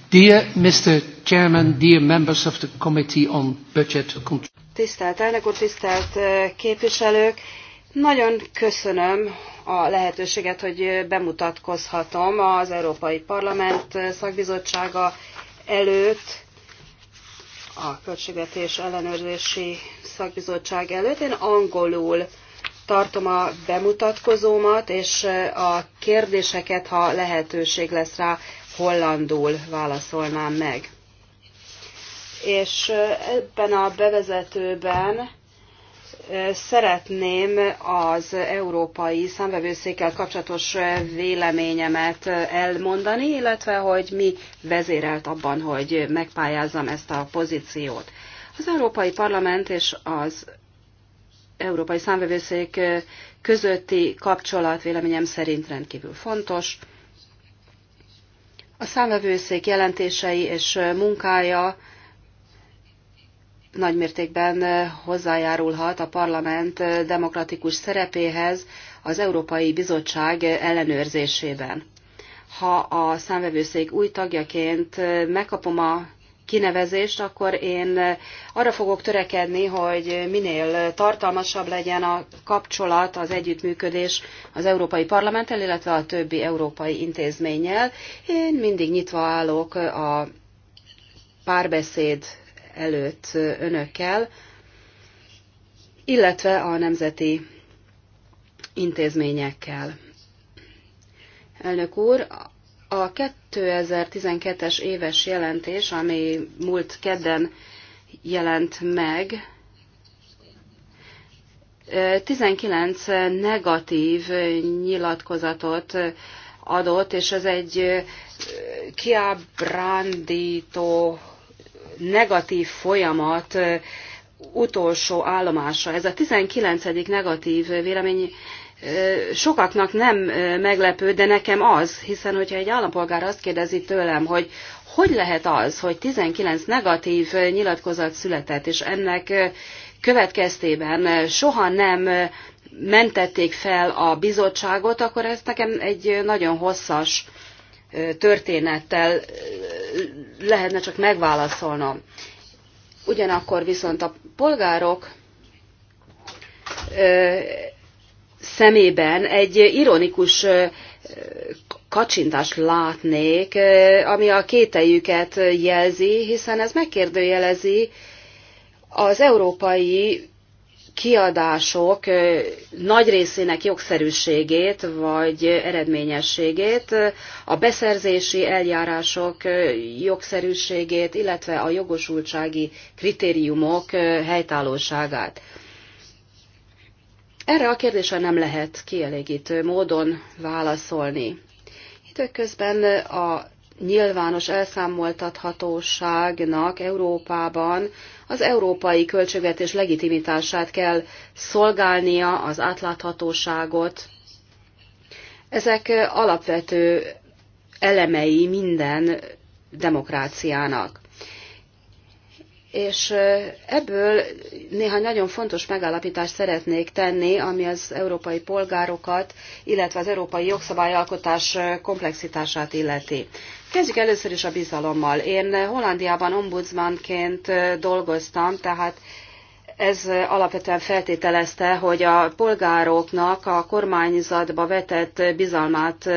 Dear Mr. Chairman, dear members of the Committee on Budget Control. Tisztelt elnök úr, tisztelt képviselők! Nagyon köszönöm a lehetőséget, hogy bemutatkozhatom az Európai Parlament szakbizottsága előtt, a Költségvetés Ellenőrzési Szakbizottság előtt. Én angolul tartom a bemutatkozómat, és eh, a kérdéseket, ha lehetőség lesz rá, hollandul válaszolnám meg. És eh, ebben a bevezetőben eh, szeretném az európai számvevőszékkel kapcsolatos véleményemet elmondani, illetve hogy mi vezérelt abban, hogy megpályázzam ezt a pozíciót. Az Európai Parlament és az Európai Számvevőszék közötti kapcsolat véleményem szerint rendkívül fontos. A számvevőszék jelentései és munkája nagymértékben hozzájárulhat a parlament demokratikus szerepéhez az Európai Bizottság ellenőrzésében. Ha a számvevőszék új tagjaként megkapom a kinevezést, akkor én arra fogok törekedni, hogy minél tartalmasabb legyen a kapcsolat, az együttműködés az Európai Parlamenttel, illetve a többi európai intézménnyel. Én mindig nyitva állok a párbeszéd előtt önökkel, illetve a nemzeti intézményekkel. Elnök úr, a 2012-es éves jelentés, ami múlt kedden jelent meg, 19 negatív nyilatkozatot adott, és ez egy kiábrándító negatív folyamat utolsó állomása. Ez a 19. negatív vélemény sokaknak nem meglepő, de nekem az, hiszen hogyha egy állampolgár azt kérdezi tőlem, hogy hogy lehet az, hogy 19 negatív nyilatkozat született, és ennek következtében soha nem mentették fel a bizottságot, akkor ez nekem egy nagyon hosszas történettel lehetne csak megválaszolnom. Ugyanakkor viszont a polgárok szemében egy ironikus kacsintást látnék, ami a kételjüket jelzi, hiszen ez megkérdőjelezi az európai kiadások nagy részének jogszerűségét vagy eredményességét, a beszerzési eljárások jogszerűségét, illetve a jogosultsági kritériumok helytállóságát. Erre a kérdésre nem lehet kielégítő módon válaszolni. Időközben a nyilvános elszámoltathatóságnak Európában az európai költségvetés legitimitását kell szolgálnia, az átláthatóságot. Ezek alapvető elemei minden demokráciának. És ebből néhány nagyon fontos megállapítást szeretnék tenni, ami az európai polgárokat, illetve az európai jogszabályalkotás komplexitását illeti. Kezdjük először is a bizalommal. Én Hollandiában ombudsmanként dolgoztam, tehát ez alapvetően feltételezte, hogy a polgároknak a kormányzatba vetett bizalmát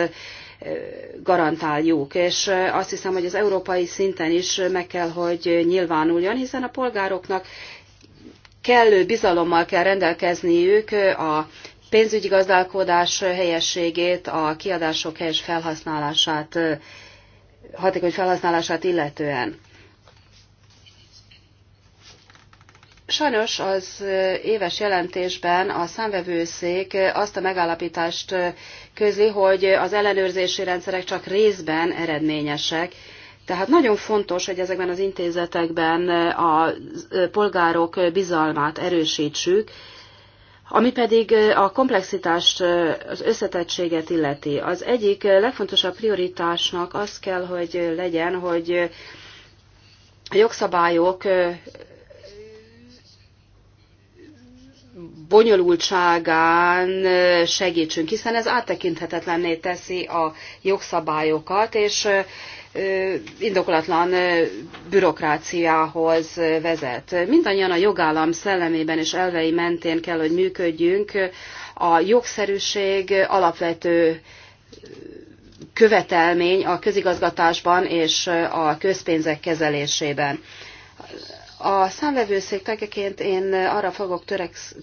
garantáljuk. És azt hiszem, hogy az európai szinten is meg kell, hogy nyilvánuljon, hiszen a polgároknak kellő bizalommal kell rendelkezniük a pénzügyi gazdálkodás helyességét, a kiadások helyes felhasználását, hatékony felhasználását illetően. Sajnos az éves jelentésben a számvevőszék azt a megállapítást közli, hogy az ellenőrzési rendszerek csak részben eredményesek, tehát nagyon fontos, hogy ezekben az intézetekben a polgárok bizalmát erősítsük, ami pedig a komplexitást, az összetettséget illeti. Az egyik legfontosabb prioritásnak az kell, hogy legyen, hogy a jogszabályok bonyolultságán segítsünk, hiszen ez áttekinthetetlenné teszi a jogszabályokat, és indokolatlan bürokráciához vezet. Mindannyian a jogállam szellemében és elvei mentén kell, hogy működjünk. A jogszerűség alapvető követelmény a közigazgatásban és a közpénzek kezelésében a számvevőszék tagjaként én arra fogok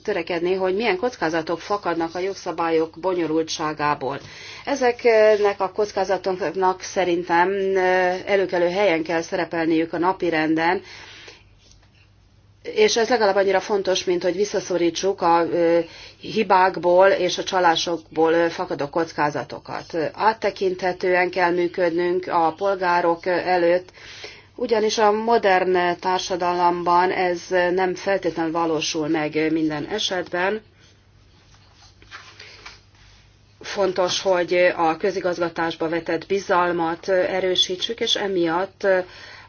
törekedni, hogy milyen kockázatok fakadnak a jogszabályok bonyolultságából. Ezeknek a kockázatoknak szerintem eh, előkelő helyen kell szerepelniük a napi renden, és ez legalább annyira fontos, mint hogy visszaszorítsuk a eh, hibákból és a csalásokból eh, fakadó kockázatokat. Áttekinthetően kell működnünk a polgárok előtt, ugyanis a modern társadalomban ez nem feltétlenül valósul meg minden esetben. Fontos, hogy a közigazgatásba vetett bizalmat erősítsük, és emiatt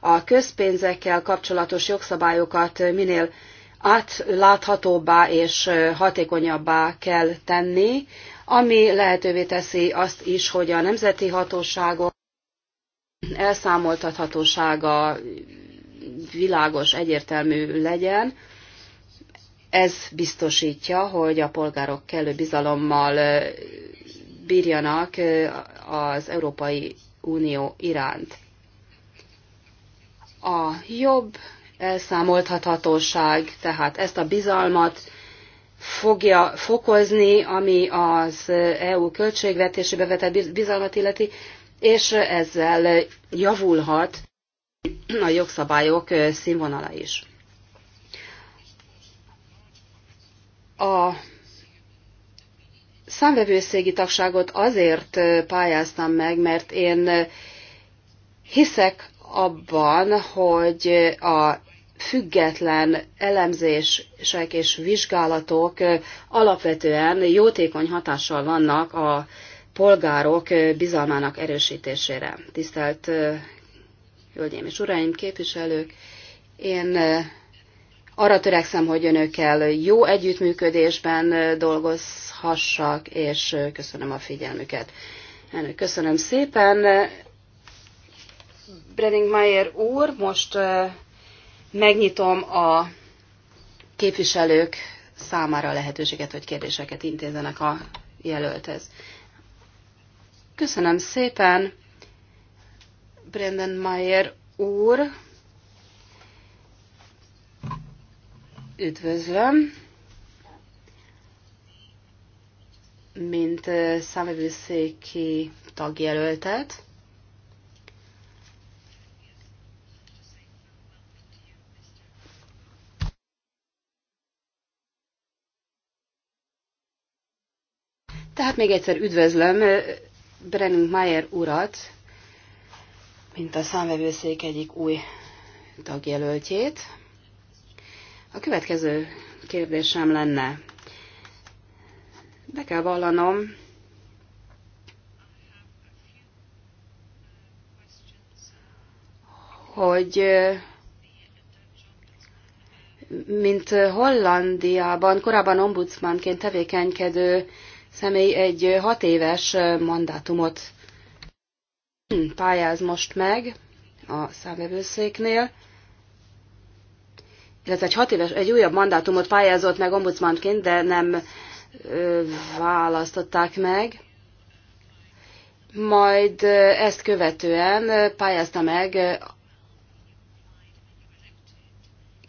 a közpénzekkel kapcsolatos jogszabályokat minél átláthatóbbá és hatékonyabbá kell tenni, ami lehetővé teszi azt is, hogy a nemzeti hatóságok elszámoltathatósága világos, egyértelmű legyen, ez biztosítja, hogy a polgárok kellő bizalommal bírjanak az Európai Unió iránt. A jobb elszámoltathatóság, tehát ezt a bizalmat fogja fokozni, ami az EU költségvetésébe vetett bizalmat illeti, és ezzel javulhat a jogszabályok színvonala is. A számvevőszégi tagságot azért pályáztam meg, mert én hiszek abban, hogy a független elemzések és vizsgálatok alapvetően jótékony hatással vannak a polgárok bizalmának erősítésére. Tisztelt Hölgyeim és Uraim, képviselők, én arra törekszem, hogy önökkel jó együttműködésben dolgozhassak, és köszönöm a figyelmüket. Önök, köszönöm szépen. Brenning Mayer úr, most megnyitom a képviselők számára a lehetőséget, hogy kérdéseket intézzenek a jelölthez. Köszönöm szépen, Brendan Mayer úr. Üdvözlöm. Mint számvevőszéki tagjelöltet. Tehát még egyszer üdvözlöm Brenning Mayer urat, mint a számvevőszék egyik új tagjelöltjét. A következő kérdésem lenne, be kell vallanom, hogy mint Hollandiában korábban ombudsmanként tevékenykedő személy egy hat éves mandátumot hmm, pályáz most meg a számvevőszéknél, illetve egy hat éves, egy újabb mandátumot pályázott meg ombudsmanként, de nem ö, választották meg. Majd ezt követően pályázta meg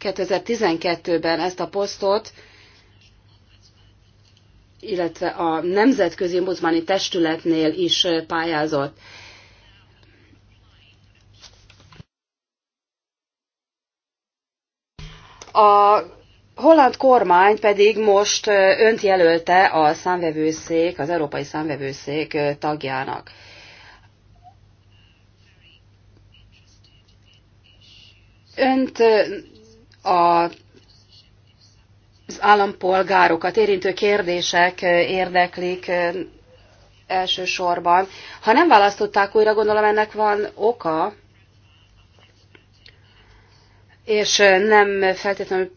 2012-ben ezt a posztot, illetve a Nemzetközi Ombudsmani Testületnél is pályázott. A holland kormány pedig most önt jelölte a számvevőszék, az Európai Számvevőszék tagjának. Önt a az állampolgárokat érintő kérdések érdeklik elsősorban. Ha nem választották újra, gondolom ennek van oka, és nem feltétlenül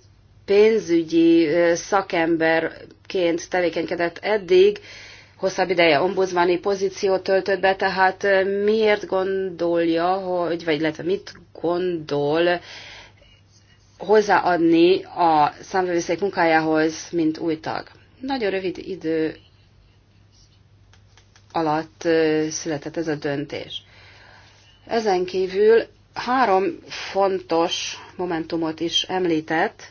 pénzügyi szakemberként tevékenykedett eddig, hosszabb ideje ombudsmani pozíciót töltött be, tehát miért gondolja, hogy, vagy illetve mit gondol hozzáadni a számvevőszék munkájához, mint új tag. Nagyon rövid idő alatt született ez a döntés. Ezen kívül három fontos momentumot is említett.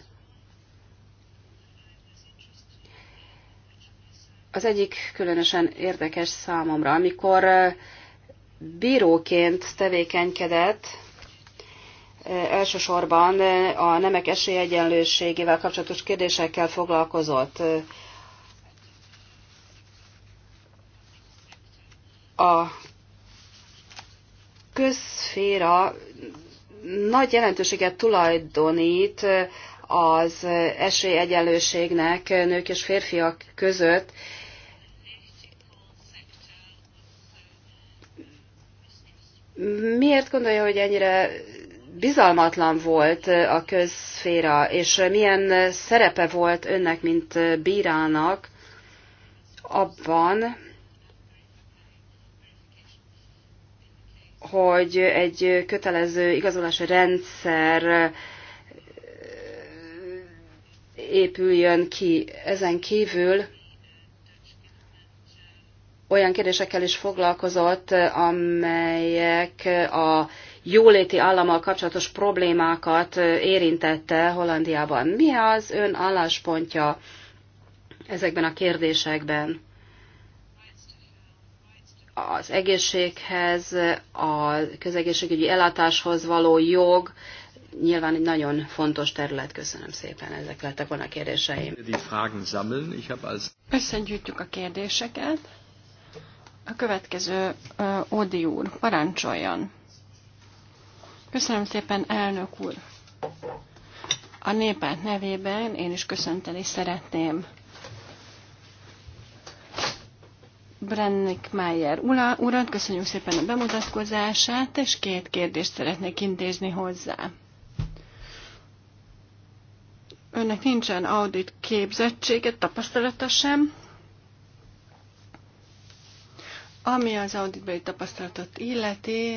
Az egyik különösen érdekes számomra, amikor bíróként tevékenykedett, elsősorban a nemek esélyegyenlőségével kapcsolatos kérdésekkel foglalkozott. A közféra nagy jelentőséget tulajdonít az esélyegyenlőségnek nők és férfiak között, Miért gondolja, hogy ennyire bizalmatlan volt a közszféra, és milyen szerepe volt önnek, mint bírának abban, hogy egy kötelező igazolási rendszer épüljön ki. Ezen kívül olyan kérdésekkel is foglalkozott, amelyek a jóléti állammal kapcsolatos problémákat érintette Hollandiában. Mi az ön álláspontja ezekben a kérdésekben? Az egészséghez, a közegészségügyi ellátáshoz való jog, nyilván egy nagyon fontos terület. Köszönöm szépen, ezek lettek volna a kérdéseim. Összegyűjtjük a kérdéseket. A következő Ódi úr, parancsoljon. Köszönöm szépen, elnök úr! A népát nevében én is köszönteni szeretném Brennick Meyer urat, köszönjük szépen a bemutatkozását, és két kérdést szeretnék intézni hozzá. Önnek nincsen audit képzettséget, tapasztalata sem. Ami az auditbeli tapasztalatot illeti,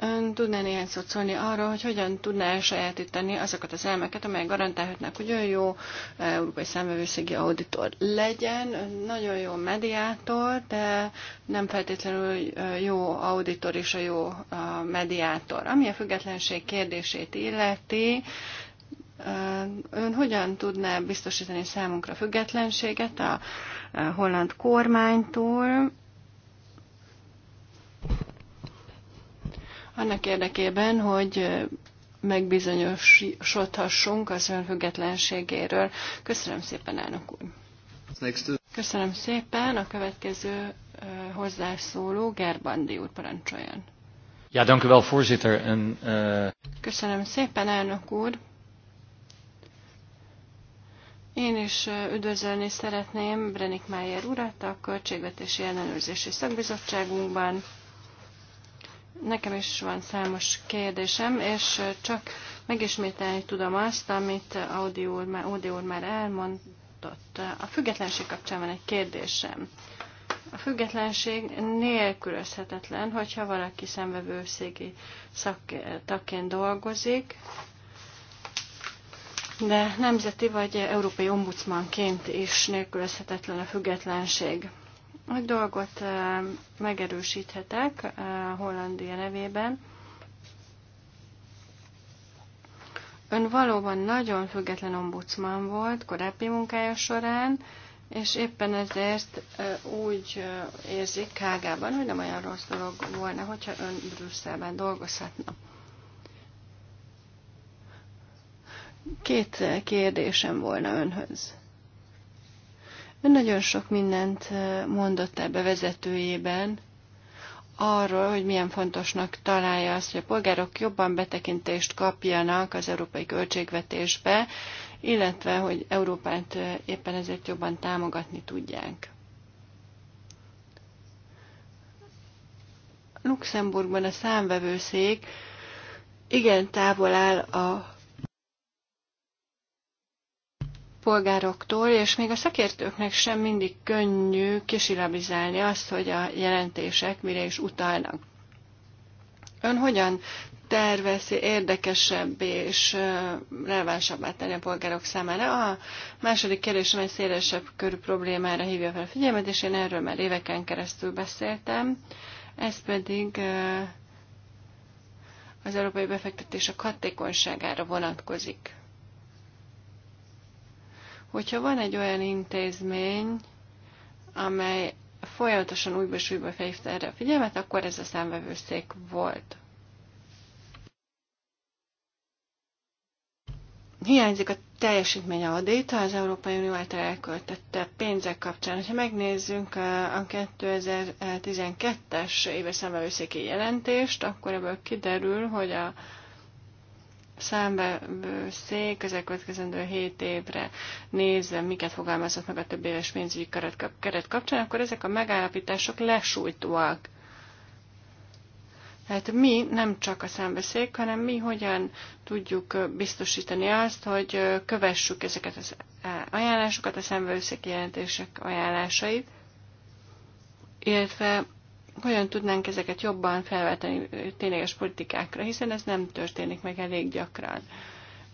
Ön tudná néhány szót szólni arról, hogy hogyan tudná elsajátítani azokat az elmeket, amelyek garantálhatnak, hogy olyan jó e, európai számvevőszegi auditor legyen, nagyon jó mediátor, de nem feltétlenül e, jó auditor és a jó e, mediátor. Ami a függetlenség kérdését illeti, Ön hogyan tudná biztosítani számunkra függetlenséget a holland kormánytól, Annak érdekében, hogy megbizonyosodhassunk az önfüggetlenségéről. Köszönöm szépen, elnök úr. Köszönöm szépen. A következő hozzászóló Gerbandi úr parancsoljon. Ja, dank u wel, voorzitter. En, uh... Köszönöm szépen, elnök úr. Én is üdvözölni szeretném Brenik Májer urat a Költségvetési Ellenőrzési Szakbizottságunkban. Nekem is van számos kérdésem, és csak megismételni tudom azt, amit Audi úr már, Audi úr már elmondott. A függetlenség kapcsán van egy kérdésem. A függetlenség nélkülözhetetlen, hogyha valaki szembevőszégi szaktaként dolgozik, de nemzeti vagy európai ombudsmanként is nélkülözhetetlen a függetlenség. Egy dolgot megerősíthetek Hollandia nevében. Ön valóban nagyon független ombudsman volt korábbi munkája során, és éppen ezért úgy érzik Kágában, hogy nem olyan rossz dolog volna, hogyha ön Brüsszelben dolgozhatna. Két kérdésem volna önhöz. Ön nagyon sok mindent mondott ebbe vezetőjében, arról, hogy milyen fontosnak találja azt, hogy a polgárok jobban betekintést kapjanak az európai költségvetésbe, illetve hogy Európát éppen ezért jobban támogatni tudják. Luxemburgban a számvevőszék igen távol áll a polgároktól, és még a szakértőknek sem mindig könnyű kisilabizálni azt, hogy a jelentések mire is utalnak. Ön hogyan tervezi érdekesebb és relevánsabbá tenni a polgárok számára? A második kérdésem egy szélesebb körű problémára hívja fel a figyelmet, és én erről már éveken keresztül beszéltem. Ez pedig az európai befektetések hatékonyságára vonatkozik. Hogyha van egy olyan intézmény, amely folyamatosan újba és újba felhívta erre a figyelmet, akkor ez a számvevőszék volt. Hiányzik a teljesítmény audita az Európai Unió által elköltette pénzek kapcsán. Ha megnézzünk a 2012-es éves számvevőszéki jelentést, akkor ebből kiderül, hogy a számbevőszék az elkövetkezendő 7 évre nézve, miket fogalmazott meg a több éves pénzügyi keret kapcsán, akkor ezek a megállapítások lesújtóak. Tehát mi nem csak a számbeszék, hanem mi hogyan tudjuk biztosítani azt, hogy kövessük ezeket az ajánlásokat, a számbevőszék jelentések ajánlásait, illetve hogyan tudnánk ezeket jobban felváltani tényleges politikákra, hiszen ez nem történik meg elég gyakran.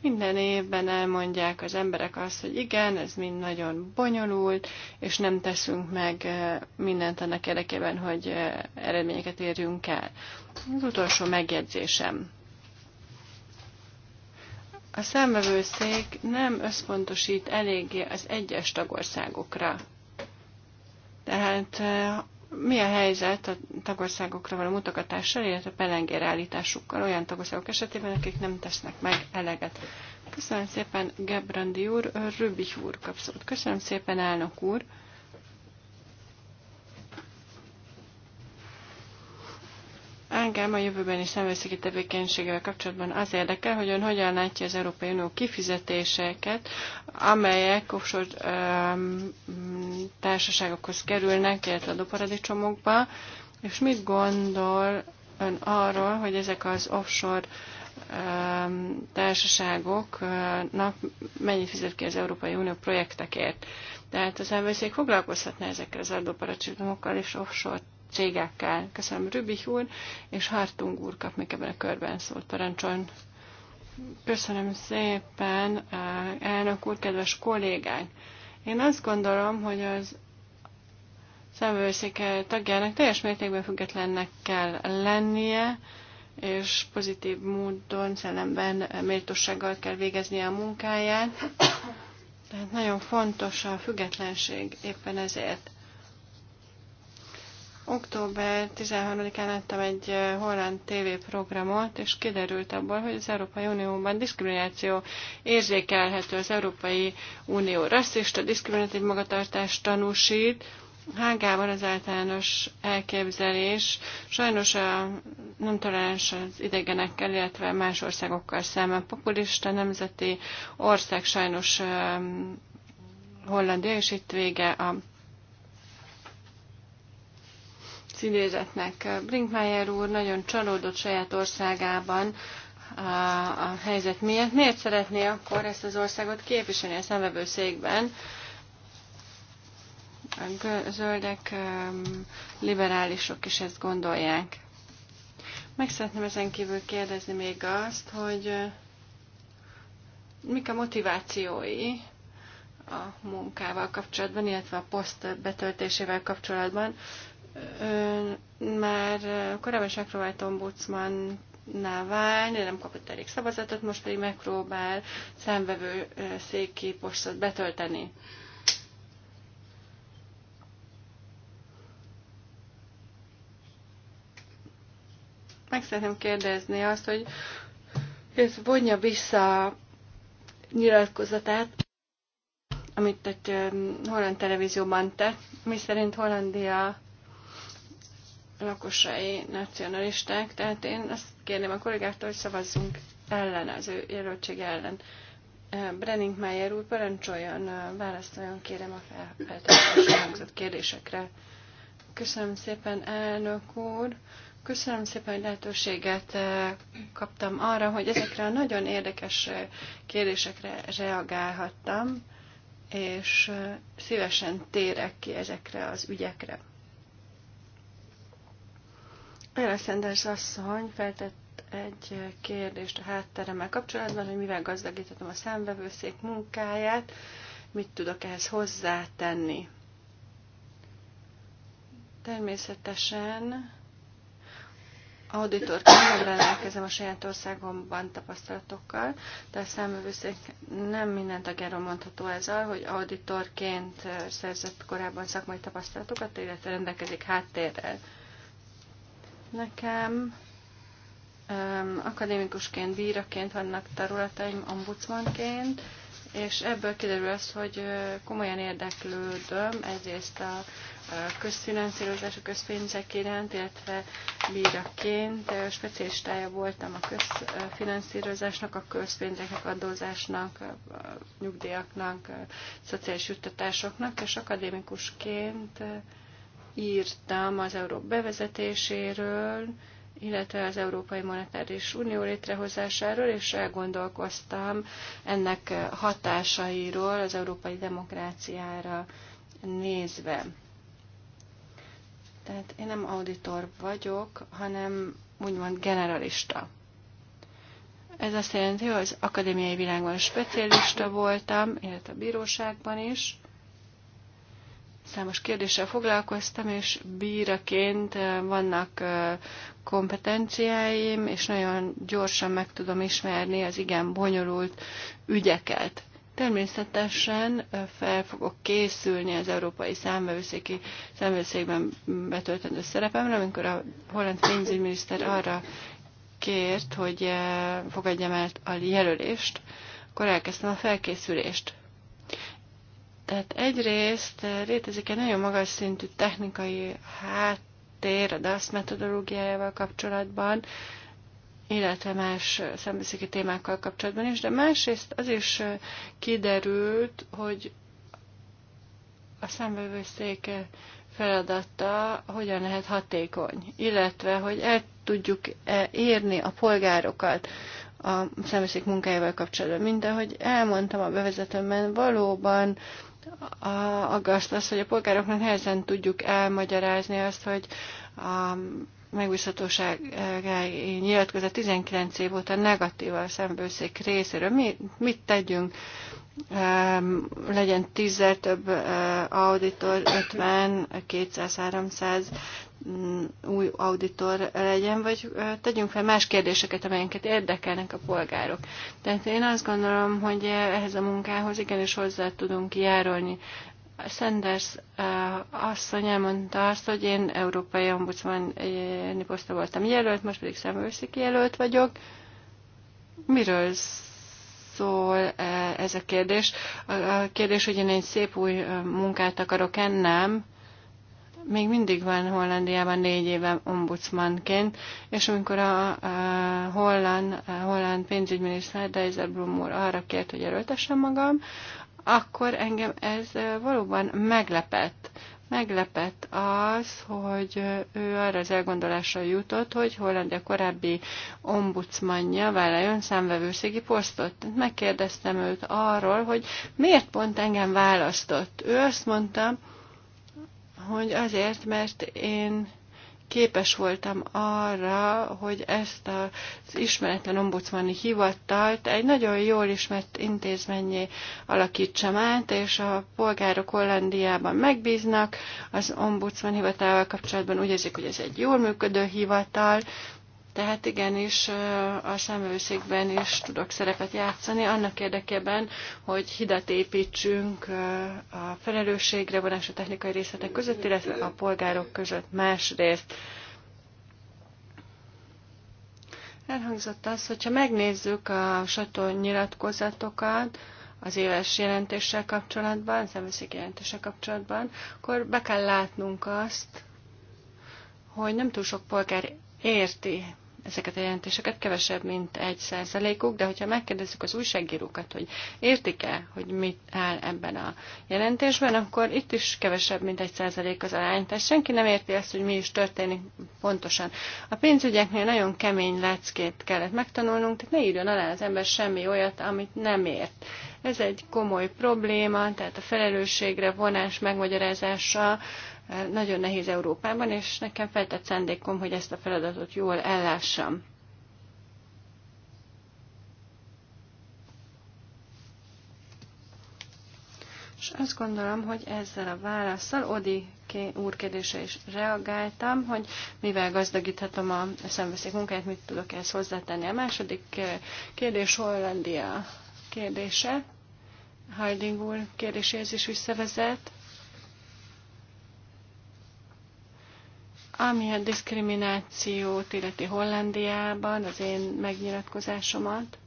Minden évben elmondják az emberek azt, hogy igen, ez mind nagyon bonyolult, és nem teszünk meg eh, mindent annak érdekében, hogy eh, eredményeket érjünk el. Az utolsó megjegyzésem. A számvevőszék nem összpontosít eléggé az egyes tagországokra. Tehát eh, mi a helyzet a tagországokra való mutogatással, illetve pelengér állításukkal olyan tagországok esetében, akik nem tesznek meg eleget? Köszönöm szépen, Gebrandi úr, Rübich úr kapszott. Köszönöm szépen, elnök úr. Engem a jövőbeni szemvészeti tevékenységgel kapcsolatban az érdekel, hogy ön hogyan látja az Európai Unió kifizetéseket, amelyek offshore um, társaságokhoz kerülnek, illetve doparadicsomokba, és mit gondol ön arról, hogy ezek az offshore um, társaságoknak mennyit fizet ki az Európai Unió projektekért? Tehát az emberiség foglalkozhatna ezekkel az adóparadicsomokkal és offshore cégekkel. Köszönöm Rübich úr, és Hartung úr kap még ebben a körben szólt parancsoljon. Köszönöm szépen, eh, elnök úr, kedves kollégák! Én azt gondolom, hogy az szemvőszéke tagjának teljes mértékben függetlennek kell lennie, és pozitív módon, szellemben, eh, méltósággal kell végeznie a munkáját. Tehát nagyon fontos a függetlenség éppen ezért. Október 13-án láttam egy holland tévéprogramot, és kiderült abból, hogy az Európai Unióban diszkrimináció érzékelhető. Az Európai Unió rasszista, diszkriminatív magatartást tanúsít, Hágában az általános elképzelés sajnos a, nem toleráns az idegenekkel, illetve más országokkal szemben. Populista nemzeti ország sajnos um, Hollandia, és itt vége a az idézetnek. Brinkmeyer úr nagyon csalódott saját országában a, a helyzet miatt. Miért szeretné akkor ezt az országot képviselni a szemvevőszékben? A zöldek, liberálisok is ezt gondolják. Meg szeretném ezen kívül kérdezni még azt, hogy mik a motivációi a munkával kapcsolatban, illetve a poszt betöltésével kapcsolatban már korábban is megpróbált ombudsmannál válni, nem kapott elég szavazatot, most pedig megpróbál számvevő széki betölteni. Meg szeretném kérdezni azt, hogy ez vonja vissza a nyilatkozatát, amit egy holland televízióban tett, miszerint Hollandia lakosai nacionalisták, tehát én azt kérném a kollégáktól, hogy szavazzunk ellen, az ő jelöltség ellen. Brenning Meyer úr, parancsoljon, válaszoljon kérem a feltehetősen hangzott kérdésekre. Köszönöm szépen, elnök úr. Köszönöm szépen, hogy lehetőséget kaptam arra, hogy ezekre a nagyon érdekes kérdésekre reagálhattam, és szívesen térek ki ezekre az ügyekre. Ella Sanders asszony feltett egy kérdést a hátteremmel kapcsolatban, hogy mivel gazdagíthatom a számvevőszék munkáját, mit tudok ehhez hozzátenni. Természetesen auditorként nem rendelkezem a saját országomban tapasztalatokkal, de a számövőszék nem minden tagjáról mondható ezzel, hogy auditorként szerzett korábban szakmai tapasztalatokat, illetve rendelkezik háttérrel. Nekem um, akadémikusként, bíraként vannak területeim, ombudsmanként, és ebből kiderül az, hogy komolyan érdeklődöm egyrészt a közfinanszírozás, a közpénzek iránt, illetve bíraként specialistája voltam a közfinanszírozásnak, a közpénzeknek, adózásnak, a nyugdíjaknak, a szociális juttatásoknak, és akadémikusként írtam az euró bevezetéséről, illetve az Európai Monetáris Unió létrehozásáról, és elgondolkoztam ennek hatásairól az európai demokráciára nézve. Tehát én nem auditor vagyok, hanem úgymond generalista. Ez azt jelenti, hogy az akadémiai világban specialista voltam, illetve a bíróságban is, Számos kérdéssel foglalkoztam, és bíraként eh, vannak eh, kompetenciáim, és nagyon gyorsan meg tudom ismerni az igen bonyolult ügyeket. Természetesen eh, fel fogok készülni az európai számvevőszéki számvevőszékben betöltendő szerepemre, amikor a holland pénzügyminiszter arra kért, hogy fogadjam el a jelölést, akkor elkezdtem a felkészülést. Tehát egyrészt eh, létezik egy nagyon magas szintű technikai háttér a DASZ metodológiájával kapcsolatban, illetve más eh, szembeszéki témákkal kapcsolatban is, de másrészt az is eh, kiderült, hogy a számvevőszék feladata hogyan lehet hatékony, illetve hogy el tudjuk -e érni a polgárokat a szembeszék munkájával kapcsolatban. Mint ahogy elmondtam a bevezetőmben, valóban a, aggaszt az, hogy a polgároknak nehezen tudjuk elmagyarázni azt, hogy a megbízhatósági nyilatkozat 19 év óta negatív a szembőszék részéről. Mi, mit tegyünk? Um, legyen tízzel több uh, auditor, 50, 200, 300 Mm, új auditor legyen, vagy tegyünk fel más kérdéseket, amelyeket érdekelnek a polgárok. Tehát én azt gondolom, hogy ehhez a munkához igenis hozzá tudunk járulni. Sanders asszony elmondta azt, hogy én európai ombudsman niposzta voltam jelölt, most pedig szemőszik jelölt vagyok. Miről szól ez a kérdés? A kérdés, hogy én egy szép új munkát akarok ennem, még mindig van Hollandiában négy éve ombudsmanként, és amikor a, a holland, a holland pénzügyminiszter Dijsselbloem úr arra kért, hogy erőltessem magam, akkor engem ez valóban meglepett. Meglepett az, hogy ő arra az elgondolásra jutott, hogy Hollandia korábbi ombudsmanja vállaljon számvevőszégi posztot. Megkérdeztem őt arról, hogy miért pont engem választott. Ő azt mondta, hogy azért, mert én képes voltam arra, hogy ezt az ismeretlen ombudsmani hivatalt egy nagyon jól ismert intézményé alakítsam át, és a polgárok Hollandiában megbíznak, az ombudsman hivatalával kapcsolatban úgy érzik, hogy ez egy jól működő hivatal, tehát igenis a számvevőszékben is tudok szerepet játszani, annak érdekében, hogy hidat építsünk a felelősségre vonás a technikai részletek között, illetve a polgárok között másrészt. Elhangzott az, hogyha megnézzük a sató nyilatkozatokat, az éves jelentéssel kapcsolatban, szemveszik jelentéssel kapcsolatban, akkor be kell látnunk azt, hogy nem túl sok polgár érti ezeket a jelentéseket, kevesebb, mint egy százalékuk, de hogyha megkérdezzük az újságírókat, hogy értik-e, hogy mit áll ebben a jelentésben, akkor itt is kevesebb, mint egy százalék az arány. Tehát senki nem érti azt, hogy mi is történik pontosan. A pénzügyeknél nagyon kemény leckét kellett megtanulnunk, tehát ne írjon alá az ember semmi olyat, amit nem ért. Ez egy komoly probléma, tehát a felelősségre vonás megmagyarázása, nagyon nehéz Európában, és nekem feltett szándékom, hogy ezt a feladatot jól ellássam. És azt gondolom, hogy ezzel a válaszsal Odi úr kérdése is reagáltam, hogy mivel gazdagíthatom a szemveszék munkáját, mit tudok ehhez hozzátenni. A második eh, kérdés Hollandia kérdése. Harding úr kérdéséhez is visszavezet. Ami a diszkriminációt illeti Hollandiában, az én megnyilatkozásomat,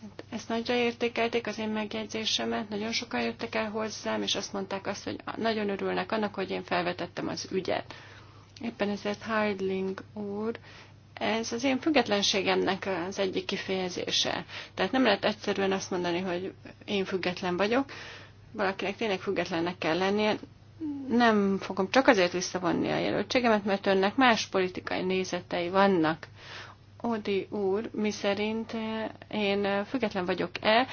hát Ezt nagyra értékelték, az én megjegyzésemet, nagyon sokan jöttek el hozzám, és azt mondták azt, hogy nagyon örülnek annak, hogy én felvetettem az ügyet. Éppen ezért Heidling úr, ez az én függetlenségemnek az egyik kifejezése. Tehát nem lehet egyszerűen azt mondani, hogy én független vagyok, valakinek tényleg függetlennek kell lennie, nem fogom csak azért visszavonni a jelöltségemet, mert önnek más politikai nézetei vannak. Odi úr, mi szerint eh, én eh, független vagyok-e?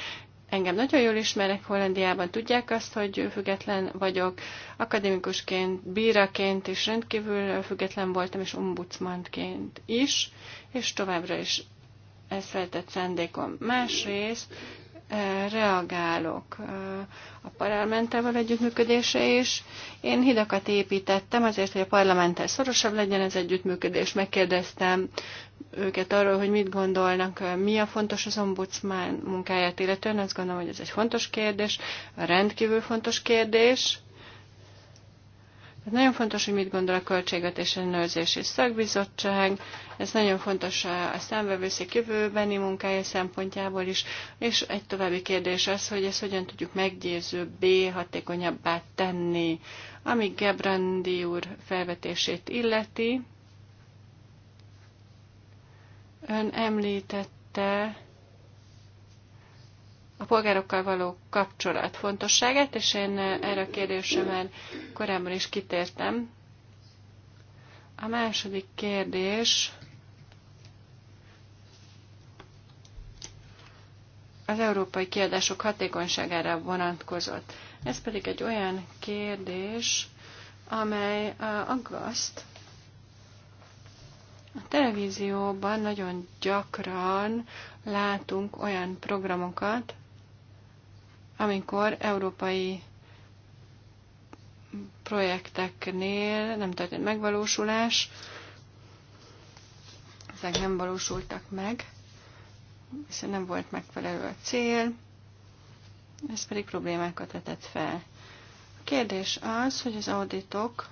Engem nagyon jól ismernek Hollandiában, tudják azt, hogy független vagyok. Akadémikusként, bíraként és rendkívül független voltam, és ombudsmanként is, és továbbra is ez feltett szándékom. Másrészt reagálok a parlamenttel együttműködése is. Én hidakat építettem azért, hogy a parlamenttel szorosabb legyen ez együttműködés. Megkérdeztem őket arról, hogy mit gondolnak, mi a fontos az ombudsman munkáját illetően. Azt gondolom, hogy ez egy fontos kérdés, rendkívül fontos kérdés Hát nagyon fontos, hogy mit gondol a Költségvetés Ellenőrzési Szakbizottság, ez nagyon fontos a számvevőszék jövőbeni munkája szempontjából is, és egy további kérdés az, hogy ezt hogyan tudjuk meggyőzőbbé, hatékonyabbá tenni, ami Gebrandi úr felvetését illeti. Ön említette, a polgárokkal való kapcsolat fontosságát, és én eh, erre a kérdésre már korábban is kitértem. A második kérdés az európai kiadások hatékonyságára vonatkozott. Ez pedig egy olyan kérdés, amely eh, aggaszt. A televízióban nagyon gyakran látunk olyan programokat, amikor európai projekteknél nem történt megvalósulás, ezek nem valósultak meg, hiszen nem volt megfelelő a cél, ez pedig problémákat vetett fel. A kérdés az, hogy az auditok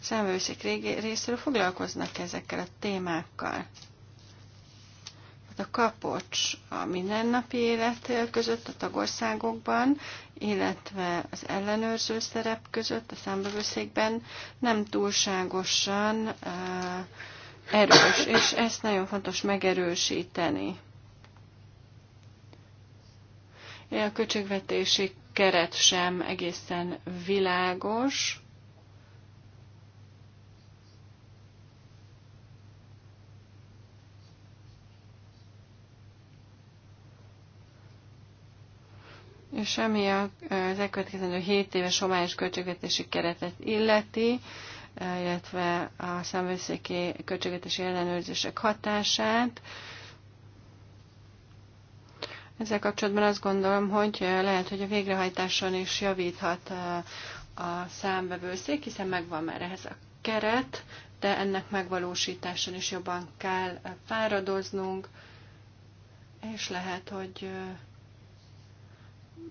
számvőszék részéről foglalkoznak ezekkel a témákkal. Hát a kapocs a mindennapi élet között a tagországokban, illetve az ellenőrző szerep között a számbevőszékben nem túlságosan eh, erős, és ezt nagyon fontos megerősíteni. A költségvetési keret sem egészen világos, És ami az elkövetkezendő 7 éves homályos költségvetési keretet illeti, eh, illetve a számvőszéki költségvetési ellenőrzések hatását, ezzel kapcsolatban azt gondolom, hogy eh, lehet, hogy a végrehajtáson is javíthat eh, a számbevőszék, hiszen megvan már ehhez a keret, de ennek megvalósításon is jobban kell fáradoznunk, és lehet, hogy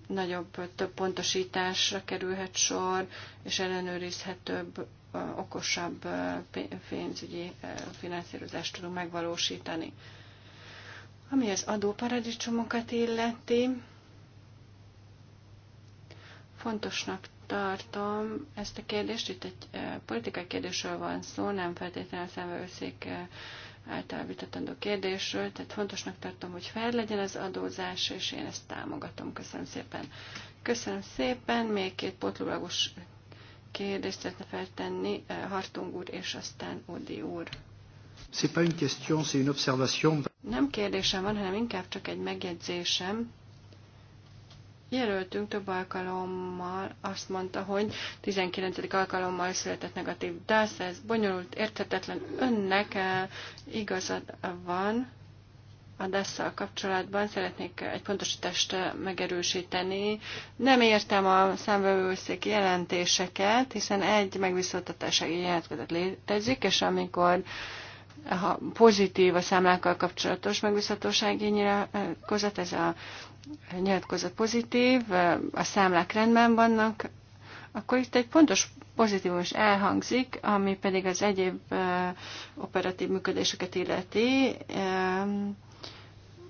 nagyobb, több pontosításra kerülhet sor, és ellenőrizhetőbb, okosabb pénzügyi finanszírozást tudunk megvalósítani. Ami az adóparadicsomokat illeti, fontosnak tartom ezt a kérdést, itt egy politikai kérdésről van szó, nem feltétlenül a szemvőszék által vitatandó kérdésről, tehát fontosnak tartom, hogy fel legyen az adózás, és én ezt támogatom. Köszönöm szépen. Köszönöm szépen. Még két potlulagos kérdést szeretne feltenni eh, Hartung úr és aztán Odi úr. Nem kérdésem van, hanem inkább csak egy megjegyzésem jelöltünk több alkalommal azt mondta, hogy 19. alkalommal született negatív DASZ, ez bonyolult, érthetetlen. Önnek eh, igazad van a dasz kapcsolatban, szeretnék egy pontosítást eh, megerősíteni. Nem értem a számvevőszéki jelentéseket, hiszen egy megbiztoltatásági jelentkezet létezik, és amikor uh, ha pozitív a számlákkal kapcsolatos megbízhatósági nyilatkozat, ez a nyilatkozat pozitív, a számlák rendben vannak, akkor itt egy pontos pozitívum is elhangzik, ami pedig az egyéb operatív működéseket illeti.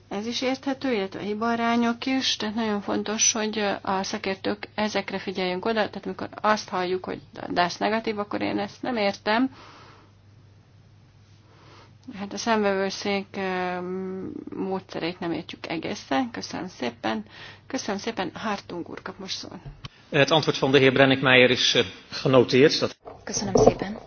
Ez is érthető, illetve a hibarányok is, tehát nagyon fontos, hogy a szakértők ezekre figyeljünk oda, tehát amikor azt halljuk, hogy a DASZ negatív, akkor én ezt nem értem, Hát a szemvevőszék módszerét nem értjük egészen. Köszönöm szépen. Köszönöm szépen. Hartung úr kap most szól. Het antwoord van de heer Brennickmeijer is eh, genoteerd. Dat... Köszönöm szépen.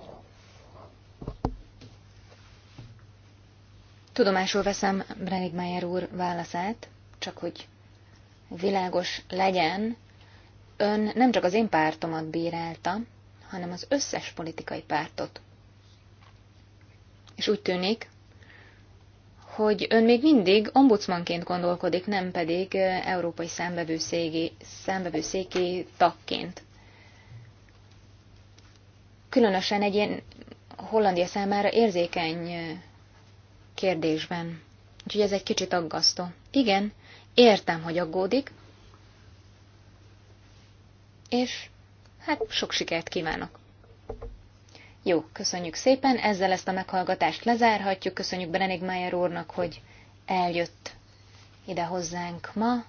Tudomásul veszem Brennickmeijer úr válaszát, csak hogy világos legyen, ön nem csak az én pártomat bírálta, hanem az összes politikai pártot és úgy tűnik, hogy ön még mindig ombudsmanként gondolkodik, nem pedig európai szembevőszéki szembevőszéki tagként. Különösen egy ilyen Hollandia számára érzékeny kérdésben. Úgyhogy ez egy kicsit aggasztó. Igen, értem, hogy aggódik, és hát sok sikert kívánok. Jó, köszönjük szépen, ezzel ezt a meghallgatást lezárhatjuk. Köszönjük Berenik Májer úrnak, hogy eljött ide hozzánk ma.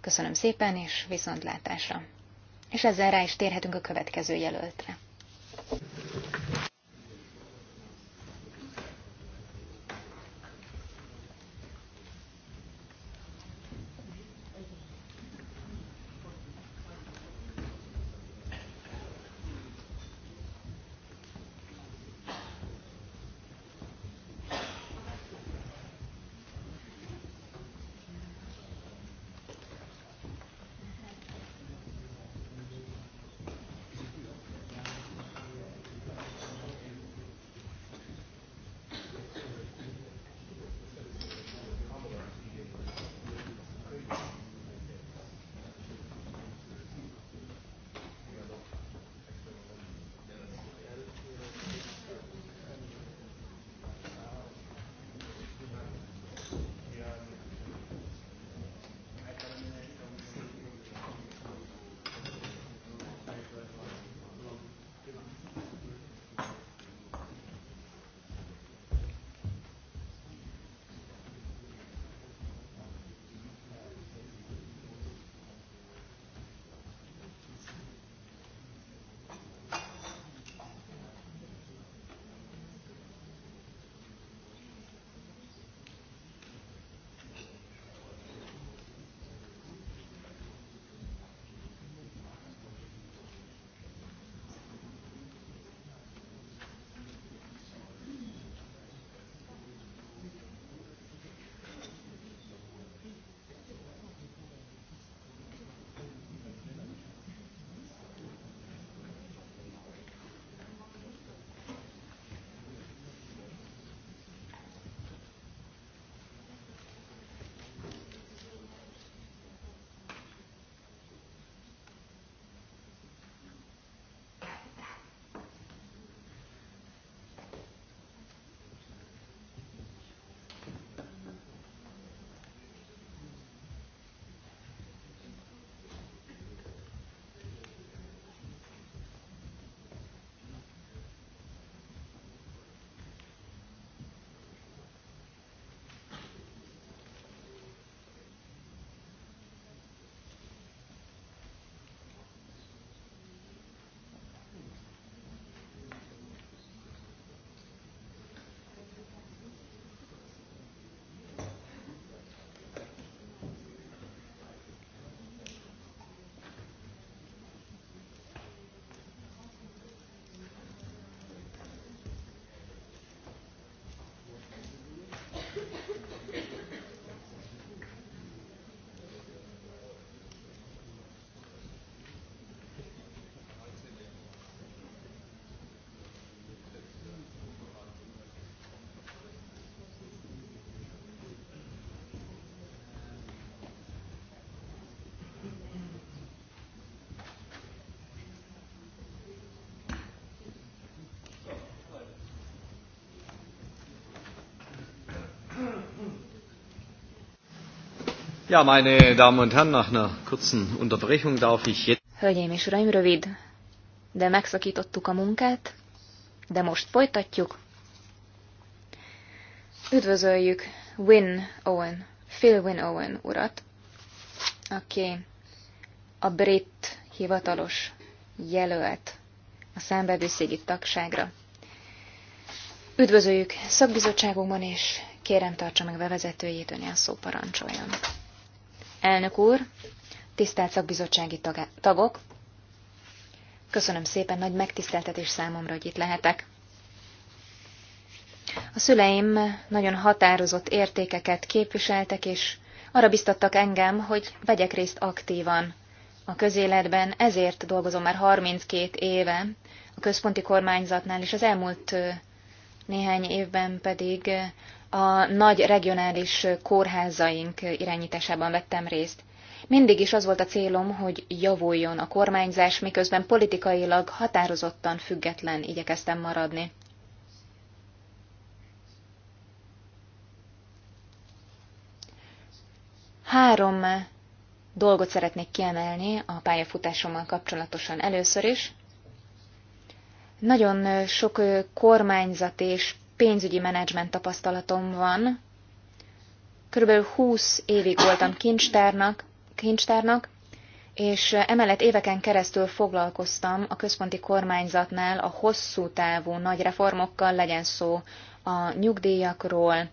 Köszönöm szépen, és viszontlátásra. És ezzel rá is térhetünk a következő jelöltre. Ja, meine Damen und Herren, nach einer kurzen Unterbrechung darf ich jetzt... Hölgyeim és uraim, rövid, de megszakítottuk a munkát, de most folytatjuk. Üdvözöljük Win Owen, Phil Win Owen urat, aki a brit hivatalos jelölt a számbevőszégi tagságra. Üdvözöljük szakbizottságunkban, és kérem tartsa meg bevezetőjét, ön szó parancsoljon. Elnök úr, tisztelt szakbizottsági tagok, köszönöm szépen, nagy megtiszteltetés számomra, hogy itt lehetek. A szüleim nagyon határozott értékeket képviseltek, és arra biztattak engem, hogy vegyek részt aktívan a közéletben, ezért dolgozom már 32 éve a központi kormányzatnál, és az elmúlt néhány évben pedig a nagy regionális kórházaink irányításában vettem részt. Mindig is az volt a célom, hogy javuljon a kormányzás, miközben politikailag határozottan független igyekeztem maradni. Három dolgot szeretnék kiemelni a pályafutásommal kapcsolatosan először is. Nagyon sok kormányzat és pénzügyi menedzsment tapasztalatom van. Körülbelül 20 évig voltam kincstárnak, kincstárnak, és emellett éveken keresztül foglalkoztam a központi kormányzatnál a hosszú távú nagy reformokkal, legyen szó a nyugdíjakról, eh,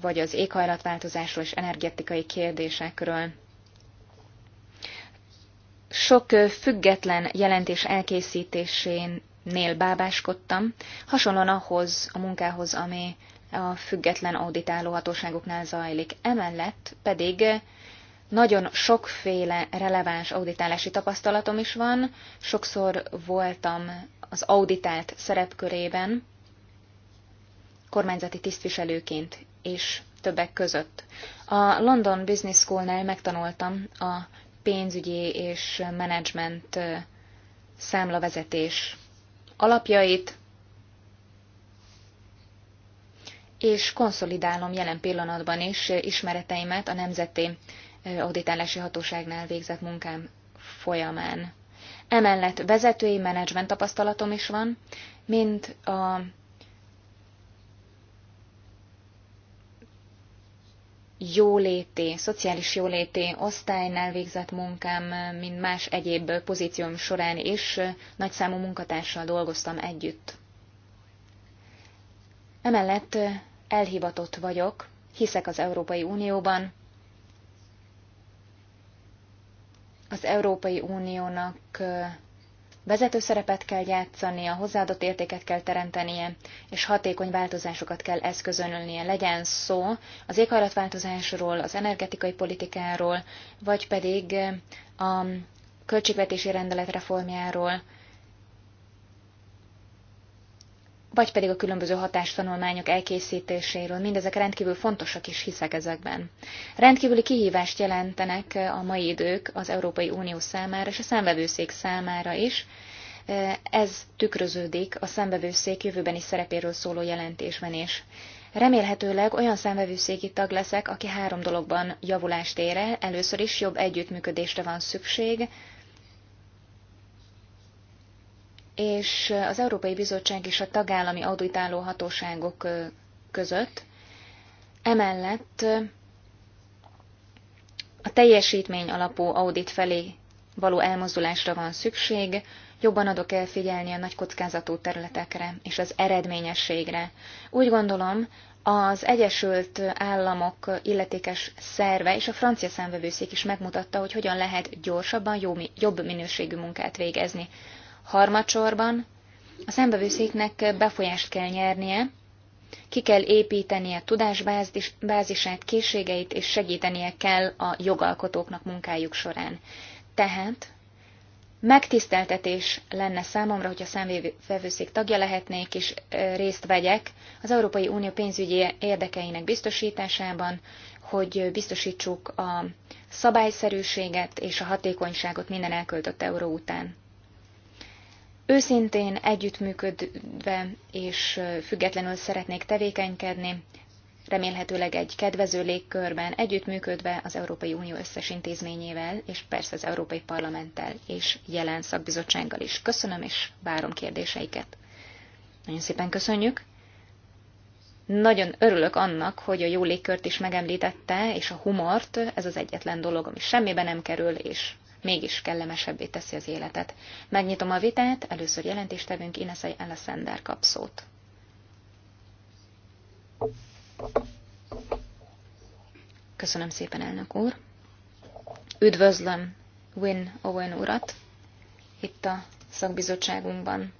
vagy az éghajlatváltozásról és energetikai kérdésekről. Sok eh, független jelentés elkészítésén nél bábáskodtam, hasonlóan ahhoz a munkához, ami a független auditáló hatóságoknál zajlik. Emellett pedig nagyon sokféle releváns auditálási tapasztalatom is van, sokszor voltam az auditált szerepkörében, kormányzati tisztviselőként és többek között. A London Business Schoolnál megtanultam a pénzügyi és menedzsment számlavezetés alapjait, és konszolidálom jelen pillanatban is ismereteimet a Nemzeti Auditálási Hatóságnál végzett munkám folyamán. Emellett vezetői menedzsment tapasztalatom is van, mint a jóléti, szociális jóléti osztálynál végzett munkám, mint más egyéb pozícióm során is nagyszámú munkatársal dolgoztam együtt. Emellett elhivatott vagyok, hiszek az Európai Unióban, az Európai Uniónak Vezető szerepet kell játszania, hozzáadott értéket kell teremtenie, és hatékony változásokat kell eszközönölnie. Legyen szó az éghajlatváltozásról, az energetikai politikáról, vagy pedig eh, a költségvetési rendelet reformjáról, vagy pedig a különböző hatástanulmányok elkészítéséről. Mindezek rendkívül fontosak is hiszek ezekben. Rendkívüli kihívást jelentenek a mai idők az Európai Unió számára és a számvevőszék számára is. Ez tükröződik a számvevőszék jövőbeni szerepéről szóló jelentésben is. Remélhetőleg olyan számvevőszéki tag leszek, aki három dologban javulást ér el. Először is jobb együttműködésre van szükség és az Európai Bizottság és a tagállami auditáló hatóságok között. Emellett a teljesítmény alapú audit felé való elmozdulásra van szükség, jobban adok el figyelni a nagy kockázatú területekre és az eredményességre. Úgy gondolom, az Egyesült Államok illetékes szerve és a francia számvevőszék is megmutatta, hogy hogyan lehet gyorsabban jobb minőségű munkát végezni. Harmadsorban a szembevőszéknek befolyást kell nyernie, ki kell építenie tudásbázisát, készségeit, és segítenie kell a jogalkotóknak munkájuk során. Tehát megtiszteltetés lenne számomra, hogy a számvevőszék tagja lehetnék, és részt vegyek az Európai Unió pénzügyi érdekeinek biztosításában, hogy biztosítsuk a szabályszerűséget és a hatékonyságot minden elköltött euró után. Őszintén együttműködve és függetlenül szeretnék tevékenykedni, remélhetőleg egy kedvező légkörben együttműködve az Európai Unió összes intézményével, és persze az Európai Parlamenttel és jelen szakbizottsággal is. Köszönöm, és várom kérdéseiket. Nagyon szépen köszönjük. Nagyon örülök annak, hogy a jó légkört is megemlítette, és a humort, ez az egyetlen dolog, ami semmibe nem kerül, és mégis kellemesebbé teszi az életet. Megnyitom a vitát, először jelentéstevünk Ineszai Alessander kap szót. Köszönöm szépen, elnök úr. Üdvözlöm Win Owen urat itt a szakbizottságunkban.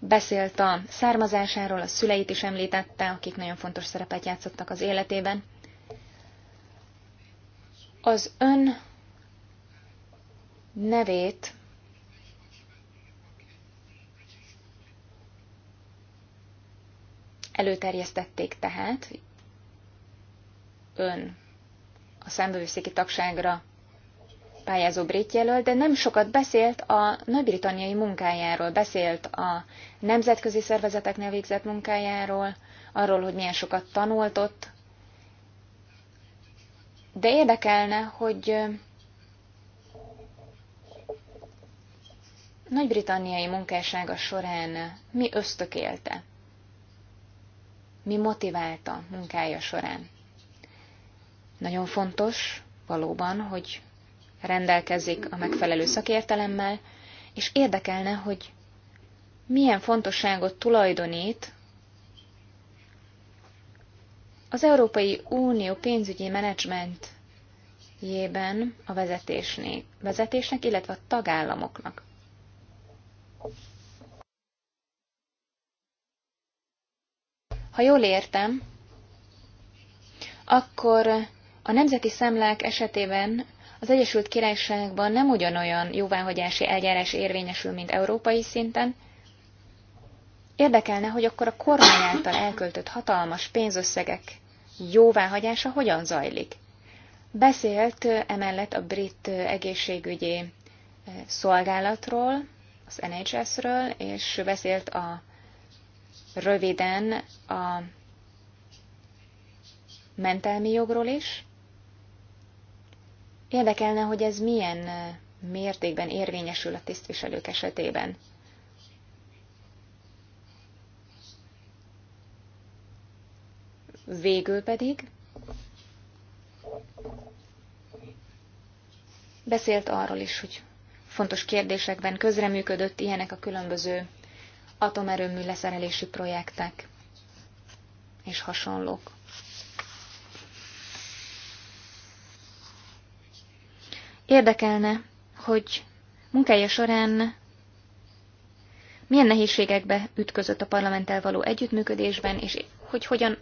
Beszélt a származásáról, a szüleit is említette, akik nagyon fontos szerepet játszottak az életében. Az ön nevét előterjesztették tehát ön a szembevőszéki tagságra pályázó brit jelölt, de nem sokat beszélt a nagy-britanniai munkájáról, beszélt a nemzetközi szervezeteknél végzett munkájáról, arról, hogy milyen sokat tanult ott. De érdekelne, hogy nagy-britanniai munkássága során mi ösztökélte, mi motiválta munkája során. Nagyon fontos valóban, hogy rendelkezik a megfelelő szakértelemmel, és érdekelne, hogy milyen fontosságot tulajdonít az Európai Unió pénzügyi menedzsmentjében a vezetésnek, vezetésnek, illetve a tagállamoknak. Ha jól értem, akkor a nemzeti szemlák esetében az Egyesült Királyságban nem ugyanolyan jóváhagyási eljárás érvényesül, mint európai szinten. Érdekelne, hogy akkor a kormány által elköltött hatalmas pénzösszegek jóváhagyása hogyan zajlik. Beszélt emellett a brit egészségügyi szolgálatról, az NHS-ről, és beszélt a röviden a mentelmi jogról is. Érdekelne, hogy ez milyen mértékben érvényesül a tisztviselők esetében. Végül pedig beszélt arról is, hogy fontos kérdésekben közreműködött ilyenek a különböző atomerőmű leszerelési projektek és hasonlók. Érdekelne, hogy munkája során milyen nehézségekbe ütközött a parlamenttel való együttműködésben, és hogy hogyan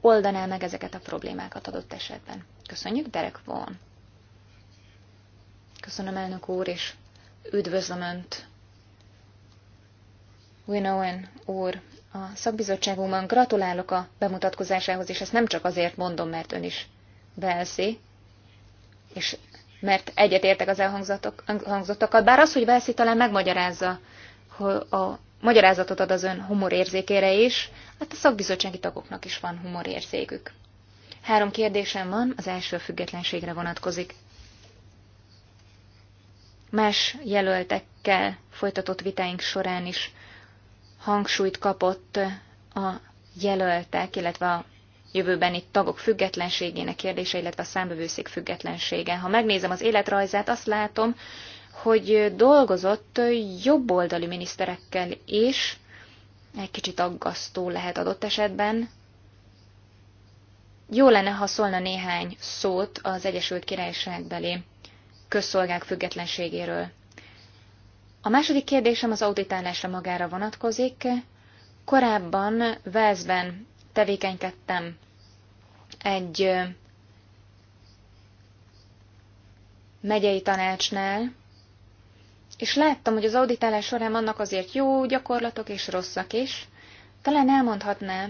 oldaná meg ezeket a problémákat adott esetben. Köszönjük, Derek Vaughan. Köszönöm, elnök úr, és üdvözlöm Önt. Winowen úr, a szakbizottságunkban gratulálok a bemutatkozásához, és ezt nem csak azért mondom, mert Ön is belszi, és mert egyetértek az elhangzottakkal, bár az, hogy Velszi talán megmagyarázza a magyarázatot ad az ön humorérzékére is, hát a szakbizottsági tagoknak is van humorérzékük. Három kérdésem van, az első a függetlenségre vonatkozik. Más jelöltekkel folytatott vitáink során is hangsúlyt kapott a jelöltek, illetve a jövőben itt tagok függetlenségének kérdése, illetve a számbevőszék függetlensége. Ha megnézem az életrajzát, azt látom, hogy dolgozott jobboldali miniszterekkel is, egy kicsit aggasztó lehet adott esetben. Jó lenne, ha szólna néhány szót az Egyesült belé közszolgák függetlenségéről. A második kérdésem az auditálásra magára vonatkozik. Korábban Velszben tevékenykedtem egy megyei tanácsnál, és láttam, hogy az auditálás során vannak azért jó gyakorlatok és rosszak is. Talán elmondhatná,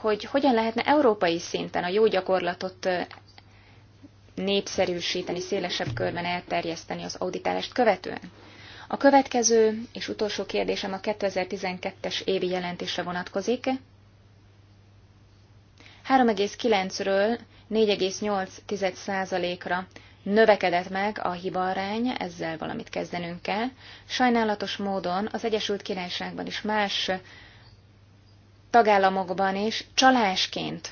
hogy hogyan lehetne európai szinten a jó gyakorlatot népszerűsíteni, szélesebb körben elterjeszteni az auditálást követően. A következő és utolsó kérdésem a 2012-es évi jelentésre vonatkozik. 3,9-ről 4,8%-ra növekedett meg a hibaarány, ezzel valamit kezdenünk kell. Sajnálatos módon az Egyesült Királyságban is más tagállamokban is csalásként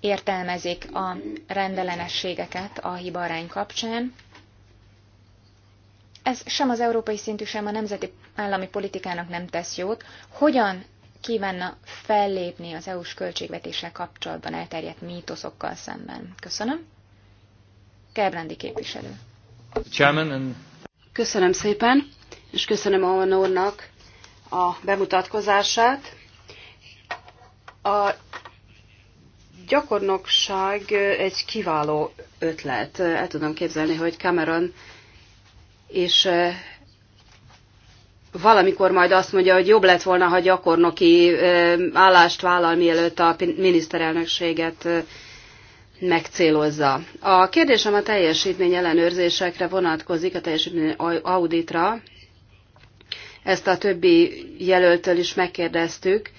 értelmezik a rendellenességeket a hibarány kapcsán. Ez sem az európai szintű, sem a nemzeti állami politikának nem tesz jót. Hogyan kívánna fellépni az EU-s költségvetéssel kapcsolatban elterjedt mítoszokkal szemben. Köszönöm. Gerbrandi képviselő. Köszönöm szépen, és köszönöm a honornak a bemutatkozását. A gyakornokság egy kiváló ötlet. El tudom képzelni, hogy Cameron és valamikor majd azt mondja, hogy jobb lett volna, ha gyakornoki állást vállal, mielőtt a miniszterelnökséget megcélozza. A kérdésem a teljesítmény ellenőrzésekre vonatkozik, a teljesítmény auditra. Ezt a többi jelöltől is megkérdeztük.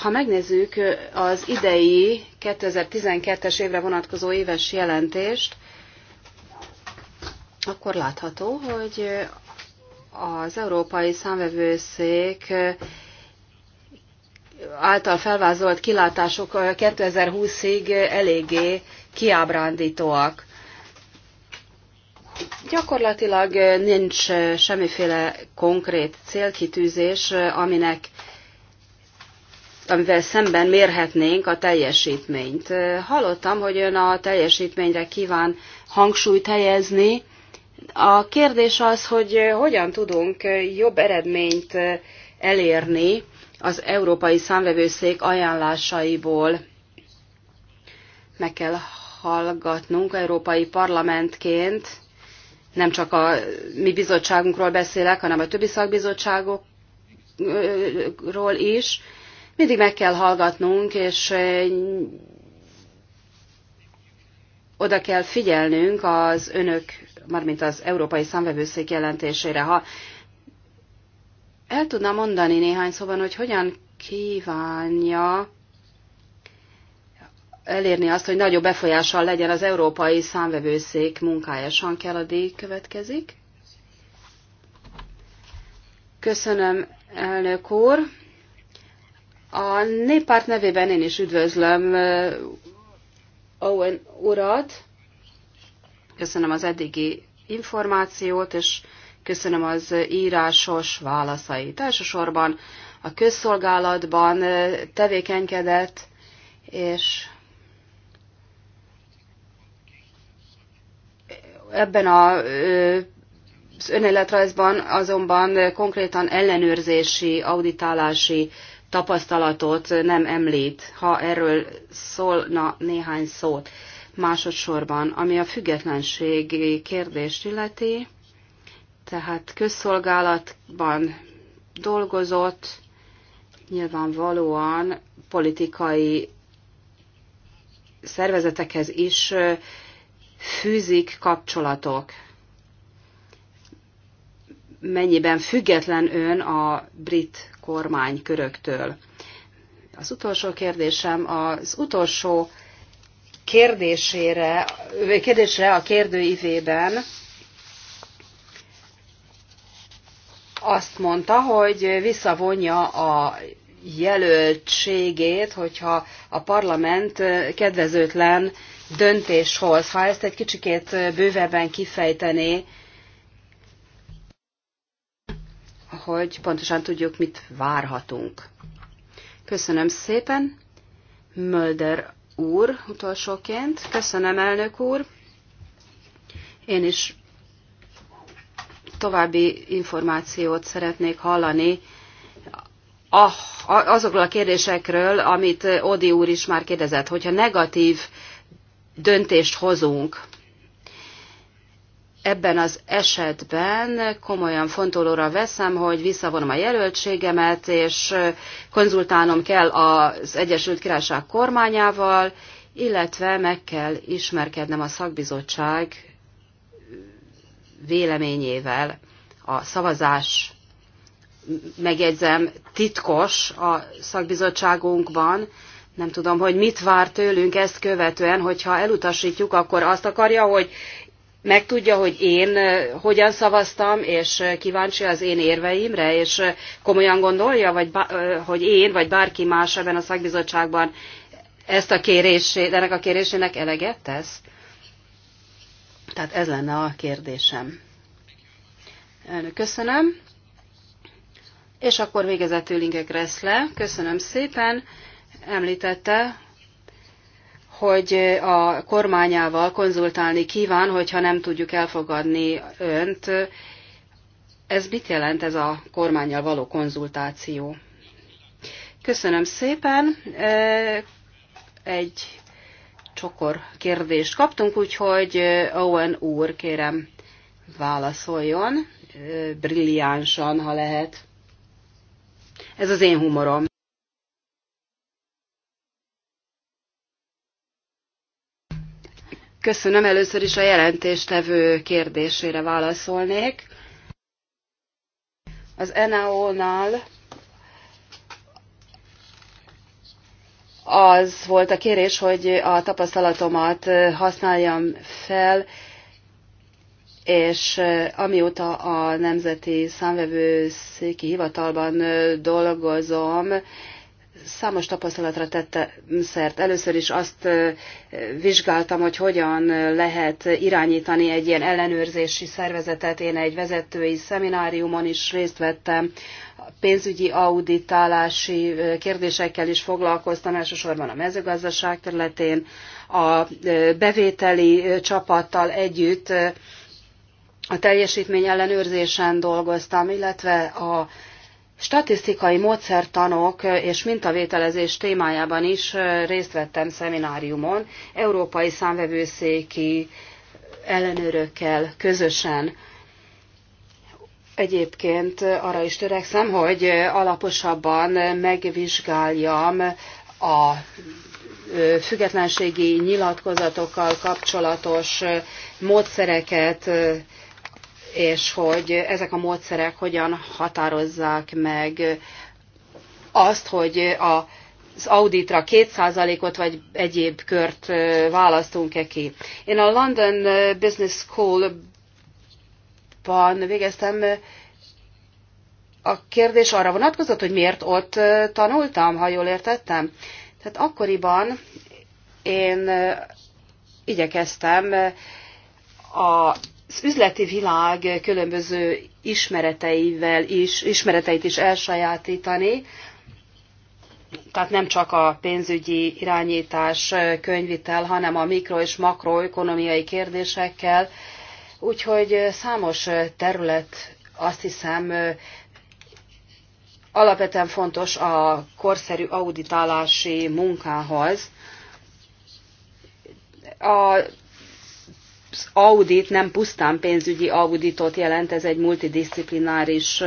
Ha megnézzük az idei 2012-es évre vonatkozó éves jelentést, akkor látható, hogy az Európai Számvevőszék által felvázolt kilátások 2020-ig eléggé kiábrándítóak. Gyakorlatilag nincs semmiféle konkrét célkitűzés, aminek amivel szemben mérhetnénk a teljesítményt. Hallottam, hogy ön a teljesítményre kíván hangsúlyt helyezni, a kérdés az, hogy hogyan tudunk jobb eredményt elérni az Európai Számvevőszék ajánlásaiból. Meg kell hallgatnunk Európai Parlamentként, nem csak a mi bizottságunkról beszélek, hanem a többi szakbizottságokról is. Mindig meg kell hallgatnunk, és oda kell figyelnünk az önök mármint az Európai Számvevőszék jelentésére. Ha el tudna mondani néhány szóban, hogy hogyan kívánja elérni azt, hogy nagyobb befolyással legyen az Európai Számvevőszék munkája. Sankeladi következik. Köszönöm, elnök úr. A néppárt nevében én is üdvözlöm Owen urat. Köszönöm az eddigi információt, és köszönöm az írásos válaszait. Elsősorban a közszolgálatban tevékenykedett, és ebben a, az önéletrajzban azonban konkrétan ellenőrzési, auditálási tapasztalatot nem említ, ha erről szólna néhány szót. Másodszorban, ami a függetlenségi kérdést illeti, tehát közszolgálatban dolgozott, nyilvánvalóan politikai szervezetekhez is fűzik kapcsolatok. Mennyiben független ön a brit kormány köröktől? Az utolsó kérdésem az utolsó kérdésére, kérdésre a kérdőívében azt mondta, hogy visszavonja a jelöltségét, hogyha a parlament kedvezőtlen döntés hoz. Ha ezt egy kicsikét bővebben kifejtené, hogy pontosan tudjuk, mit várhatunk. Köszönöm szépen. Mölder úr utolsóként. Köszönöm, elnök úr. Én is további információt szeretnék hallani azokról a kérdésekről, amit Odi úr is már kérdezett, hogyha negatív döntést hozunk, ebben az esetben komolyan fontolóra veszem, hogy visszavonom a jelöltségemet, és konzultálnom kell az Egyesült Királyság kormányával, illetve meg kell ismerkednem a szakbizottság véleményével a szavazás megjegyzem, titkos a szakbizottságunkban, nem tudom, hogy mit vár tőlünk ezt követően, hogyha elutasítjuk, akkor azt akarja, hogy megtudja, hogy én hogyan szavaztam, és kíváncsi az én érveimre, és komolyan gondolja, vagy hogy én, vagy bárki más ebben a szakbizottságban ezt a kérését, ennek a kérésének eleget tesz? Tehát ez lenne a kérdésem. Elnök, köszönöm. És akkor végezetül Inge Kreszle. Köszönöm szépen. Említette, hogy a kormányával konzultálni kíván, hogyha nem tudjuk elfogadni önt. Ez mit jelent ez a kormányjal való konzultáció? Köszönöm szépen. E, egy csokor kérdést kaptunk, úgyhogy e, Owen úr, kérem, válaszoljon e, brilliánsan, ha lehet. Ez az én humorom. Köszönöm, először is a jelentéstevő kérdésére válaszolnék. Az NAO-nál az volt a kérés, hogy a tapasztalatomat használjam fel, és amióta a Nemzeti Számvevőszéki Hivatalban dolgozom, Számos tapasztalatra tette szert. Először is azt vizsgáltam, hogy hogyan lehet irányítani egy ilyen ellenőrzési szervezetet. Én egy vezetői szemináriumon is részt vettem, pénzügyi auditálási kérdésekkel is foglalkoztam, elsősorban a mezőgazdaság területén, a bevételi csapattal együtt a teljesítmény ellenőrzésen dolgoztam, illetve a Statisztikai módszertanok és mintavételezés témájában is részt vettem szemináriumon, európai számvevőszéki ellenőrökkel közösen. Egyébként arra is törekszem, hogy alaposabban megvizsgáljam a függetlenségi nyilatkozatokkal kapcsolatos módszereket, és hogy ezek a módszerek hogyan határozzák meg azt, hogy a az auditra 2%-ot vagy egyéb kört választunk-e ki. Én a London Business School-ban végeztem, a kérdés arra vonatkozott, hogy miért ott tanultam, ha jól értettem. Tehát akkoriban én igyekeztem a az üzleti világ különböző ismereteivel is, ismereteit is elsajátítani, tehát nem csak a pénzügyi irányítás könyvitel, hanem a mikro- és makroökonomiai kérdésekkel. Úgyhogy számos terület azt hiszem alapvetően fontos a korszerű auditálási munkához. A audit nem pusztán pénzügyi auditot jelent, ez egy multidisziplináris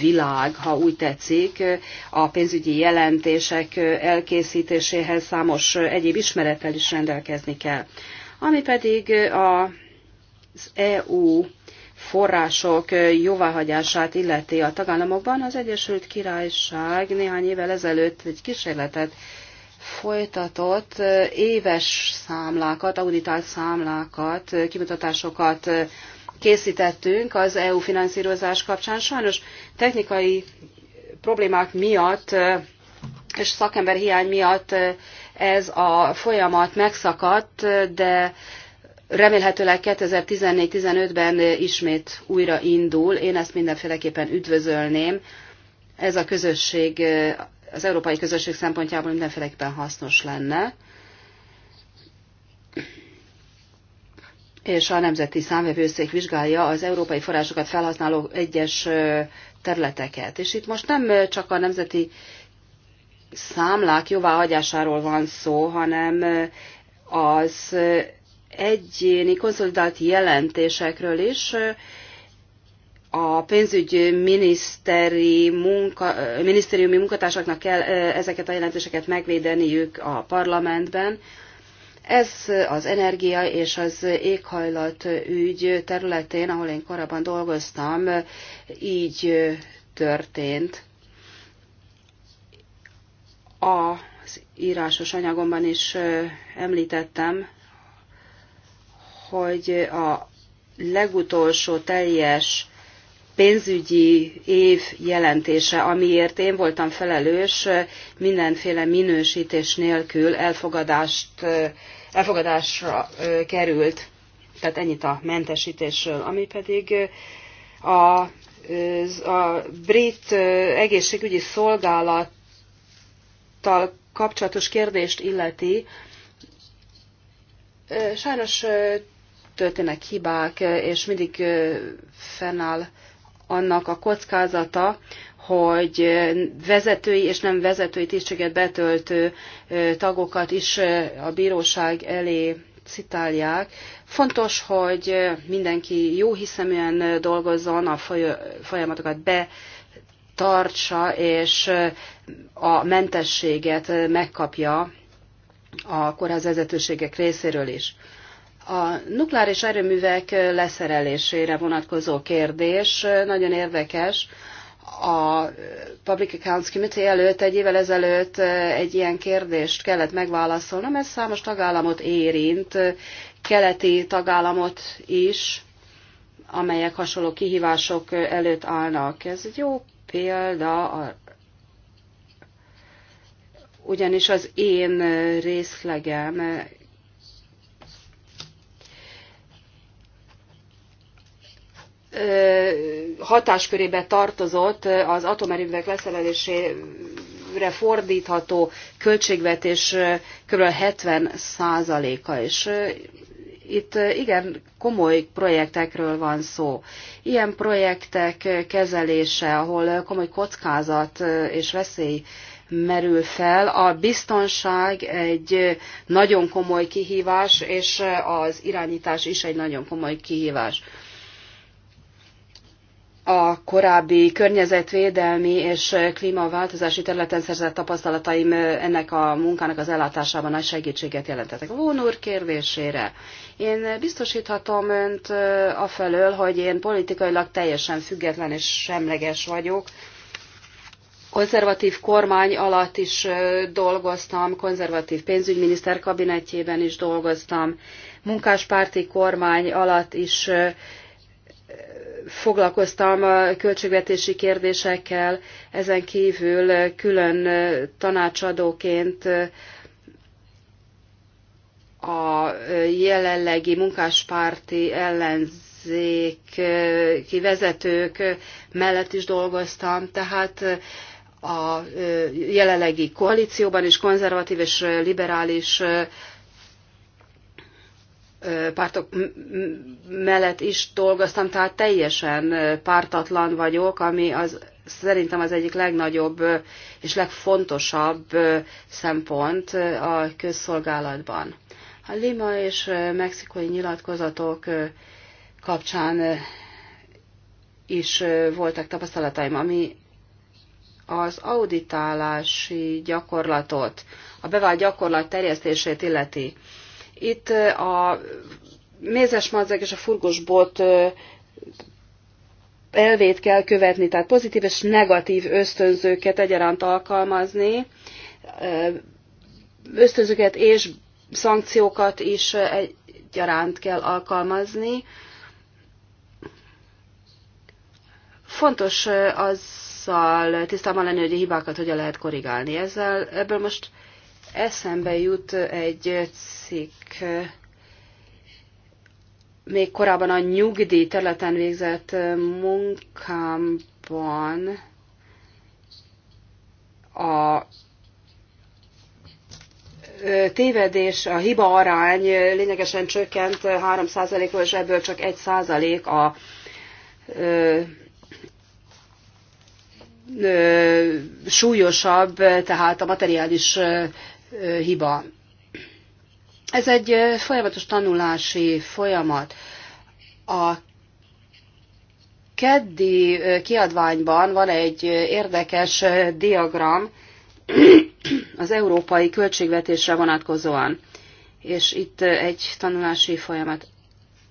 világ, ha úgy tetszik, a pénzügyi jelentések elkészítéséhez számos egyéb ismerettel is rendelkezni kell. Ami pedig az EU források jóváhagyását illeti a tagállamokban, az Egyesült Királyság néhány évvel ezelőtt egy kísérletet folytatott éves számlákat, auditált számlákat, kimutatásokat készítettünk az EU finanszírozás kapcsán. Sajnos technikai problémák miatt és szakember hiány miatt ez a folyamat megszakadt, de remélhetőleg 2014-15-ben ismét újra indul. Én ezt mindenféleképpen üdvözölném. Ez a közösség az európai közösség szempontjából mindenféleképpen hasznos lenne. És a Nemzeti Számvevőszék vizsgálja az európai forrásokat felhasználó egyes területeket. És itt most nem csak a nemzeti számlák jóváhagyásáról van szó, hanem az egyéni konszolidált jelentésekről is, a pénzügyminiszteri munka, minisztériumi munkatársaknak kell ezeket a jelentéseket megvédeniük a parlamentben. Ez az energia és az éghajlat ügy területén, ahol én korábban dolgoztam, így történt. Az írásos anyagomban is említettem, hogy a legutolsó teljes pénzügyi év jelentése, amiért én voltam felelős, mindenféle minősítés nélkül elfogadást, elfogadásra került. Tehát ennyit a mentesítésről, ami pedig a, a brit egészségügyi szolgálattal kapcsolatos kérdést illeti. Sajnos történnek hibák, és mindig fennáll annak a kockázata, hogy vezetői és nem vezetői tisztséget betöltő tagokat is a bíróság elé citálják. Fontos, hogy mindenki jó hiszeműen dolgozzon, a folyamatokat betartsa, és a mentességet megkapja a kórház vezetőségek részéről is. A nukleáris erőművek leszerelésére vonatkozó kérdés nagyon érdekes. A Public Accounts Committee előtt egy évvel ezelőtt egy ilyen kérdést kellett megválaszolnom. Ez számos tagállamot érint, keleti tagállamot is, amelyek hasonló kihívások előtt állnak. Ez egy jó példa a ugyanis az én részlegem hatáskörébe tartozott az atomerőművek leszerelésére fordítható költségvetés kb. 70%-a, és itt igen komoly projektekről van szó. Ilyen projektek kezelése, ahol komoly kockázat és veszély merül fel. A biztonság egy nagyon komoly kihívás, és az irányítás is egy nagyon komoly kihívás a korábbi környezetvédelmi és klímaváltozási területen szerzett tapasztalataim ennek a munkának az ellátásában nagy segítséget jelentettek. Vón úr kérdésére én biztosíthatom önt afelől, hogy én politikailag teljesen független és semleges vagyok. Konzervatív kormány alatt is dolgoztam, konzervatív pénzügyminiszter kabinetjében is dolgoztam, munkáspárti kormány alatt is foglalkoztam a költségvetési kérdésekkel, ezen kívül külön tanácsadóként a jelenlegi munkáspárti ellenzéki vezetők mellett is dolgoztam, tehát a jelenlegi koalícióban is konzervatív és liberális pártok mellett is dolgoztam, tehát teljesen pártatlan vagyok, ami az szerintem az egyik legnagyobb és legfontosabb szempont a közszolgálatban. A Lima és mexikai nyilatkozatok kapcsán is voltak tapasztalataim, ami az auditálási gyakorlatot, a bevált gyakorlat terjesztését illeti. Itt a mézes madzag és a furgos bot elvét kell követni, tehát pozitív és negatív ösztönzőket egyaránt alkalmazni, ösztönzőket és szankciókat is egyaránt kell alkalmazni. Fontos azzal tisztában lenni, hogy a hibákat hogyan lehet korrigálni. Ezzel ebből most eszembe jut egy cikk még korábban a nyugdíj területen végzett munkámban a tévedés, a hiba arány lényegesen csökkent 3%-ról, és ebből csak 1% a súlyosabb, tehát a materiális hiba. Ez egy folyamatos tanulási folyamat. A keddi kiadványban van egy érdekes diagram az európai költségvetésre vonatkozóan. És itt egy tanulási folyamat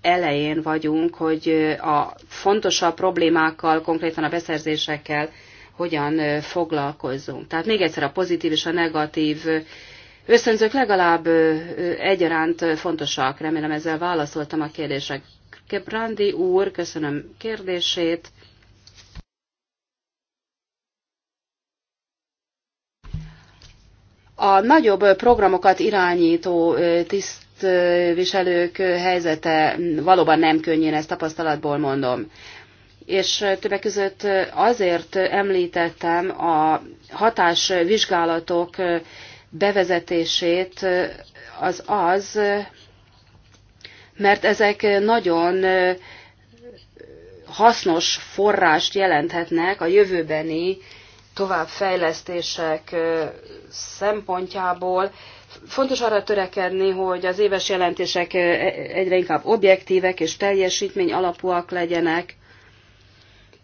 elején vagyunk, hogy a fontosabb problémákkal, konkrétan a beszerzésekkel hogyan foglalkozzunk. Tehát még egyszer a pozitív és a negatív ösztönzők legalább egyaránt fontosak. Remélem ezzel válaszoltam a kérdések. Brandi úr, köszönöm kérdését. A nagyobb programokat irányító tisztviselők helyzete valóban nem könnyű, ezt tapasztalatból mondom. És többek között azért említettem a hatásvizsgálatok bevezetését az az, mert ezek nagyon hasznos forrást jelenthetnek a jövőbeni továbbfejlesztések szempontjából. Fontos arra törekedni, hogy az éves jelentések e, egyre inkább objektívek és teljesítmény alapúak legyenek,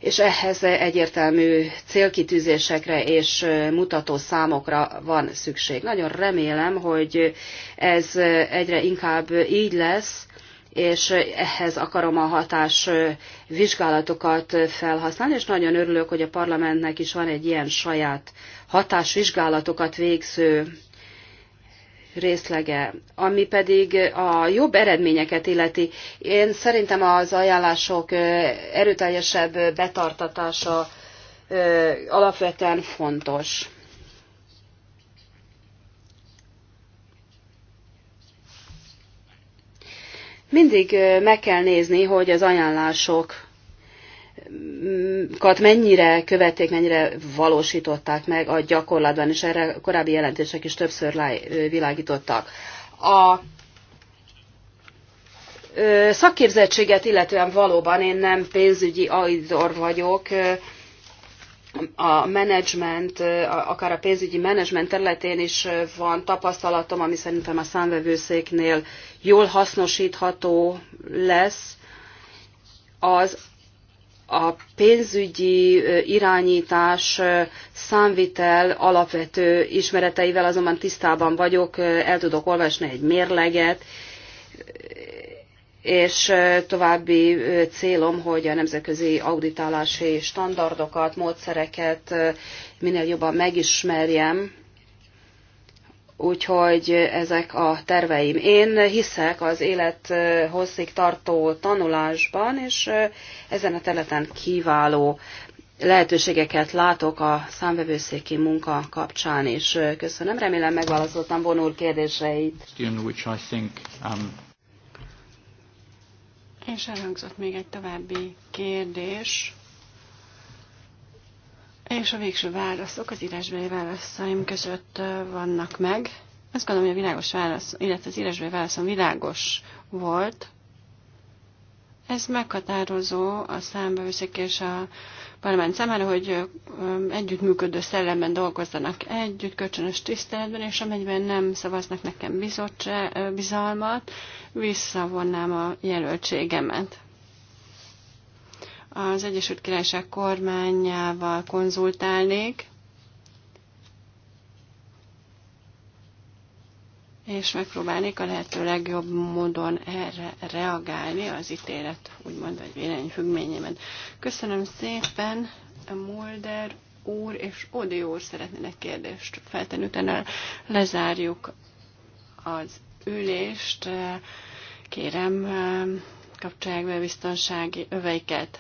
és ehhez egyértelmű célkitűzésekre és mutató számokra van szükség. Nagyon remélem, hogy ez egyre inkább így lesz, és ehhez akarom a hatás vizsgálatokat felhasználni, és nagyon örülök, hogy a parlamentnek is van egy ilyen saját hatásvizsgálatokat végző részlege, ami pedig a jobb eredményeket illeti. Én szerintem az ajánlások erőteljesebb betartatása alapvetően fontos. Mindig meg kell nézni, hogy az ajánlások kat mennyire követték, mennyire valósították meg a gyakorlatban, és erre korábbi jelentések is többször világítottak. A szakképzettséget illetően valóban én nem pénzügyi aidor vagyok, a menedzsment, akár a pénzügyi menedzsment területén is van tapasztalatom, ami szerintem a számvevőszéknél jól hasznosítható lesz. Az a pénzügyi irányítás számvitel alapvető ismereteivel azonban tisztában vagyok, el tudok olvasni egy mérleget, és további célom, hogy a nemzetközi auditálási standardokat, módszereket minél jobban megismerjem, Úgyhogy ezek a terveim. Én hiszek az élet hosszig tartó tanulásban, és ezen a területen kiváló lehetőségeket látok a számvevőszéki munka kapcsán is. Köszönöm, remélem megválaszoltam vonul kérdéseit. Um, és elhangzott még egy további kérdés. És a végső válaszok az írásbeli válaszaim között vannak meg. Azt gondolom, hogy a világos válasz, illetve az írásbeli válaszom világos volt. Ez meghatározó a számbevőszék és a parlament számára, hogy együttműködő szellemben dolgozzanak együtt, kölcsönös tiszteletben, és amennyiben nem szavaznak nekem bizalmat, visszavonnám a jelöltségemet. Az Egyesült Királyság kormányával konzultálnék, és megpróbálnék a lehető legjobb módon erre reagálni az ítélet, úgymond, vagy függményében. Köszönöm szépen, Mulder úr és Odi úr szeretnének kérdést feltenni, utána lezárjuk az ülést. Kérem, kapcsolják be biztonsági öveiket.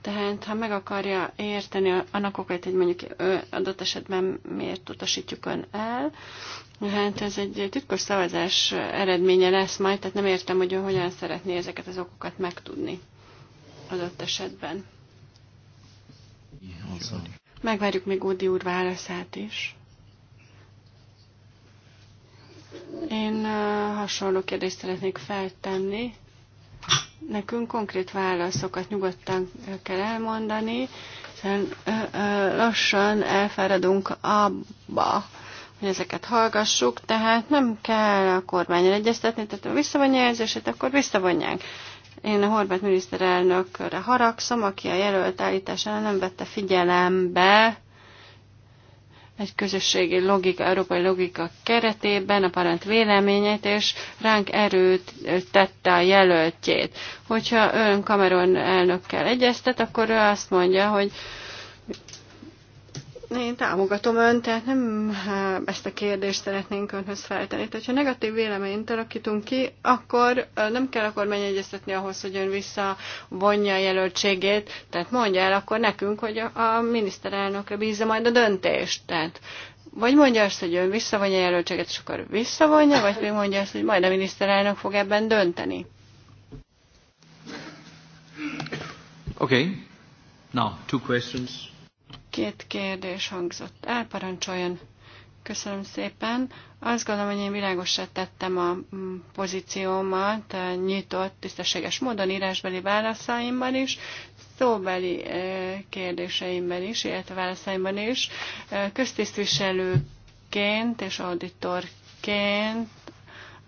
Tehát, ha meg akarja érteni annak okait, hogy mondjuk adott esetben miért utasítjuk ön el, hát ez egy titkos szavazás eredménye lesz majd, tehát nem értem, hogy ön hogyan szeretné ezeket az okokat megtudni adott esetben. Megvárjuk még Ódi úr válaszát is. Én hasonló kérdést szeretnék feltenni. Nekünk konkrét válaszokat nyugodtan kell elmondani, hiszen lassan elfáradunk abba, hogy ezeket hallgassuk, tehát nem kell a kormányra egyeztetni, tehát ha visszavonja jelzését, akkor visszavonják. Én a horvát miniszterelnökre haragszom, aki a jelölt állítására nem vette figyelembe egy közösségi logika, európai logika keretében a parent véleményét, és ránk erőt tette a jelöltjét. Hogyha ön Cameron elnökkel egyeztet, akkor ő azt mondja, hogy én támogatom önt, tehát nem ezt a kérdést szeretnénk önhöz feltenni. Tehát, ha negatív véleményt alakítunk ki, akkor nem kell akkor megjegyeztetni ahhoz, hogy ön visszavonja a jelöltségét. Tehát mondja el akkor nekünk, hogy a miniszterelnökre bízza majd a döntést. Tehát vagy mondja azt, hogy ön visszavonja a jelöltséget, és akkor visszavonja, vagy még mondja azt, hogy majd a miniszterelnök fog ebben dönteni. Oké. Okay. Now, two questions. Két kérdés hangzott el, parancsoljon. Köszönöm szépen. Azt gondolom, hogy én világosra tettem a mm, pozíciómat eh, nyitott, tisztességes módon írásbeli válaszaimban is, szóbeli eh, kérdéseimben is, illetve válaszaimban is. Eh, köztisztviselőként és auditorként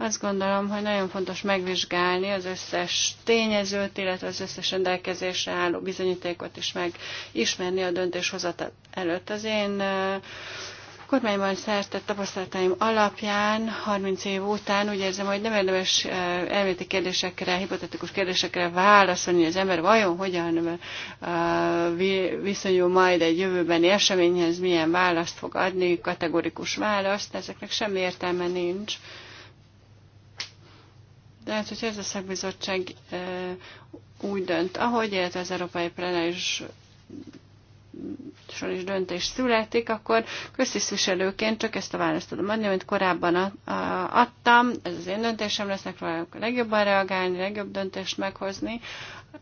azt gondolom, hogy nagyon fontos megvizsgálni az összes tényezőt, illetve az összes rendelkezésre álló bizonyítékot is megismerni a döntéshozat előtt. Az én kormányban szertett tapasztalataim alapján 30 év után úgy érzem, hogy nem érdemes elméleti kérdésekre, hipotetikus kérdésekre válaszolni, az ember vajon hogyan viszonyul majd egy jövőbeni eseményhez, milyen választ fog adni, kategorikus választ, ezeknek semmi értelme nincs. Lehet, hogy ez a szakbizottság úgy dönt, ahogy, élt az Európai Plenáris is döntés születik, akkor köztisztviselőként csak ezt a választ tudom adni, amit korábban adtam, ez az én döntésem lesz, megpróbálok legjobban reagálni, legjobb döntést meghozni,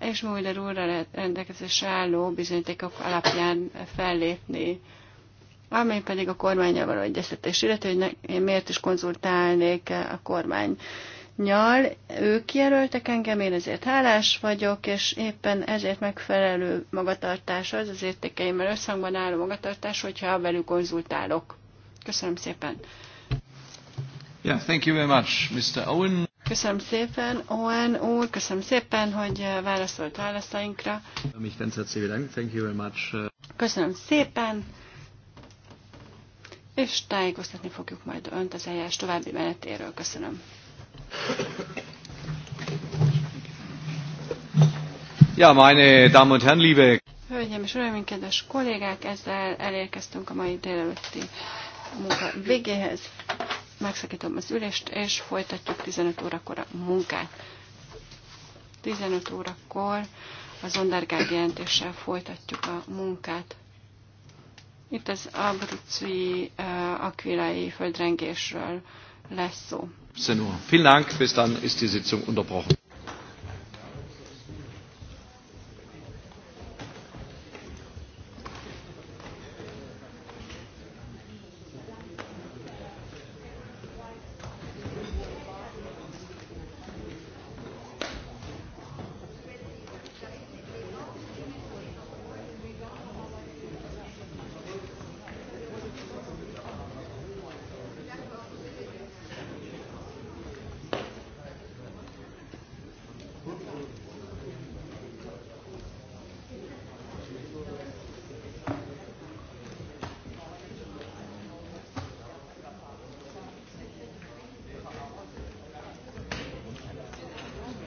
és Mulder úrra rendelkezésre álló bizonyítékok alapján fellépni. Ami pedig a kormányjal való egyeztetés, illetve hogy én miért is konzultálnék a kormány nyal, ők jelöltek engem, én ezért hálás vagyok, és éppen ezért megfelelő magatartás az az értékeimmel összhangban álló magatartás, hogyha velük konzultálok. Köszönöm szépen. Yeah, thank you very much, Mr. Owen. Köszönöm szépen, Owen úr, köszönöm szépen, hogy válaszolt válaszainkra. Uh, köszönöm szépen, és tájékoztatni fogjuk majd önt az eljárás további menetéről. Köszönöm. Ja, meine Damen und Herren, liebe Hölgyeim és Uraim, kedves kollégák, ezzel elérkeztünk a mai délelőtti munka végéhez. Megszakítom az ülést, és folytatjuk 15 órakor a munkát. 15 órakor az Zondergárd jelentéssel folytatjuk a munkát. Itt az Abruzzi uh, eh, akvilai földrengésről lesz szó. Vielen Dank, bis dann ist die Sitzung unterbrochen.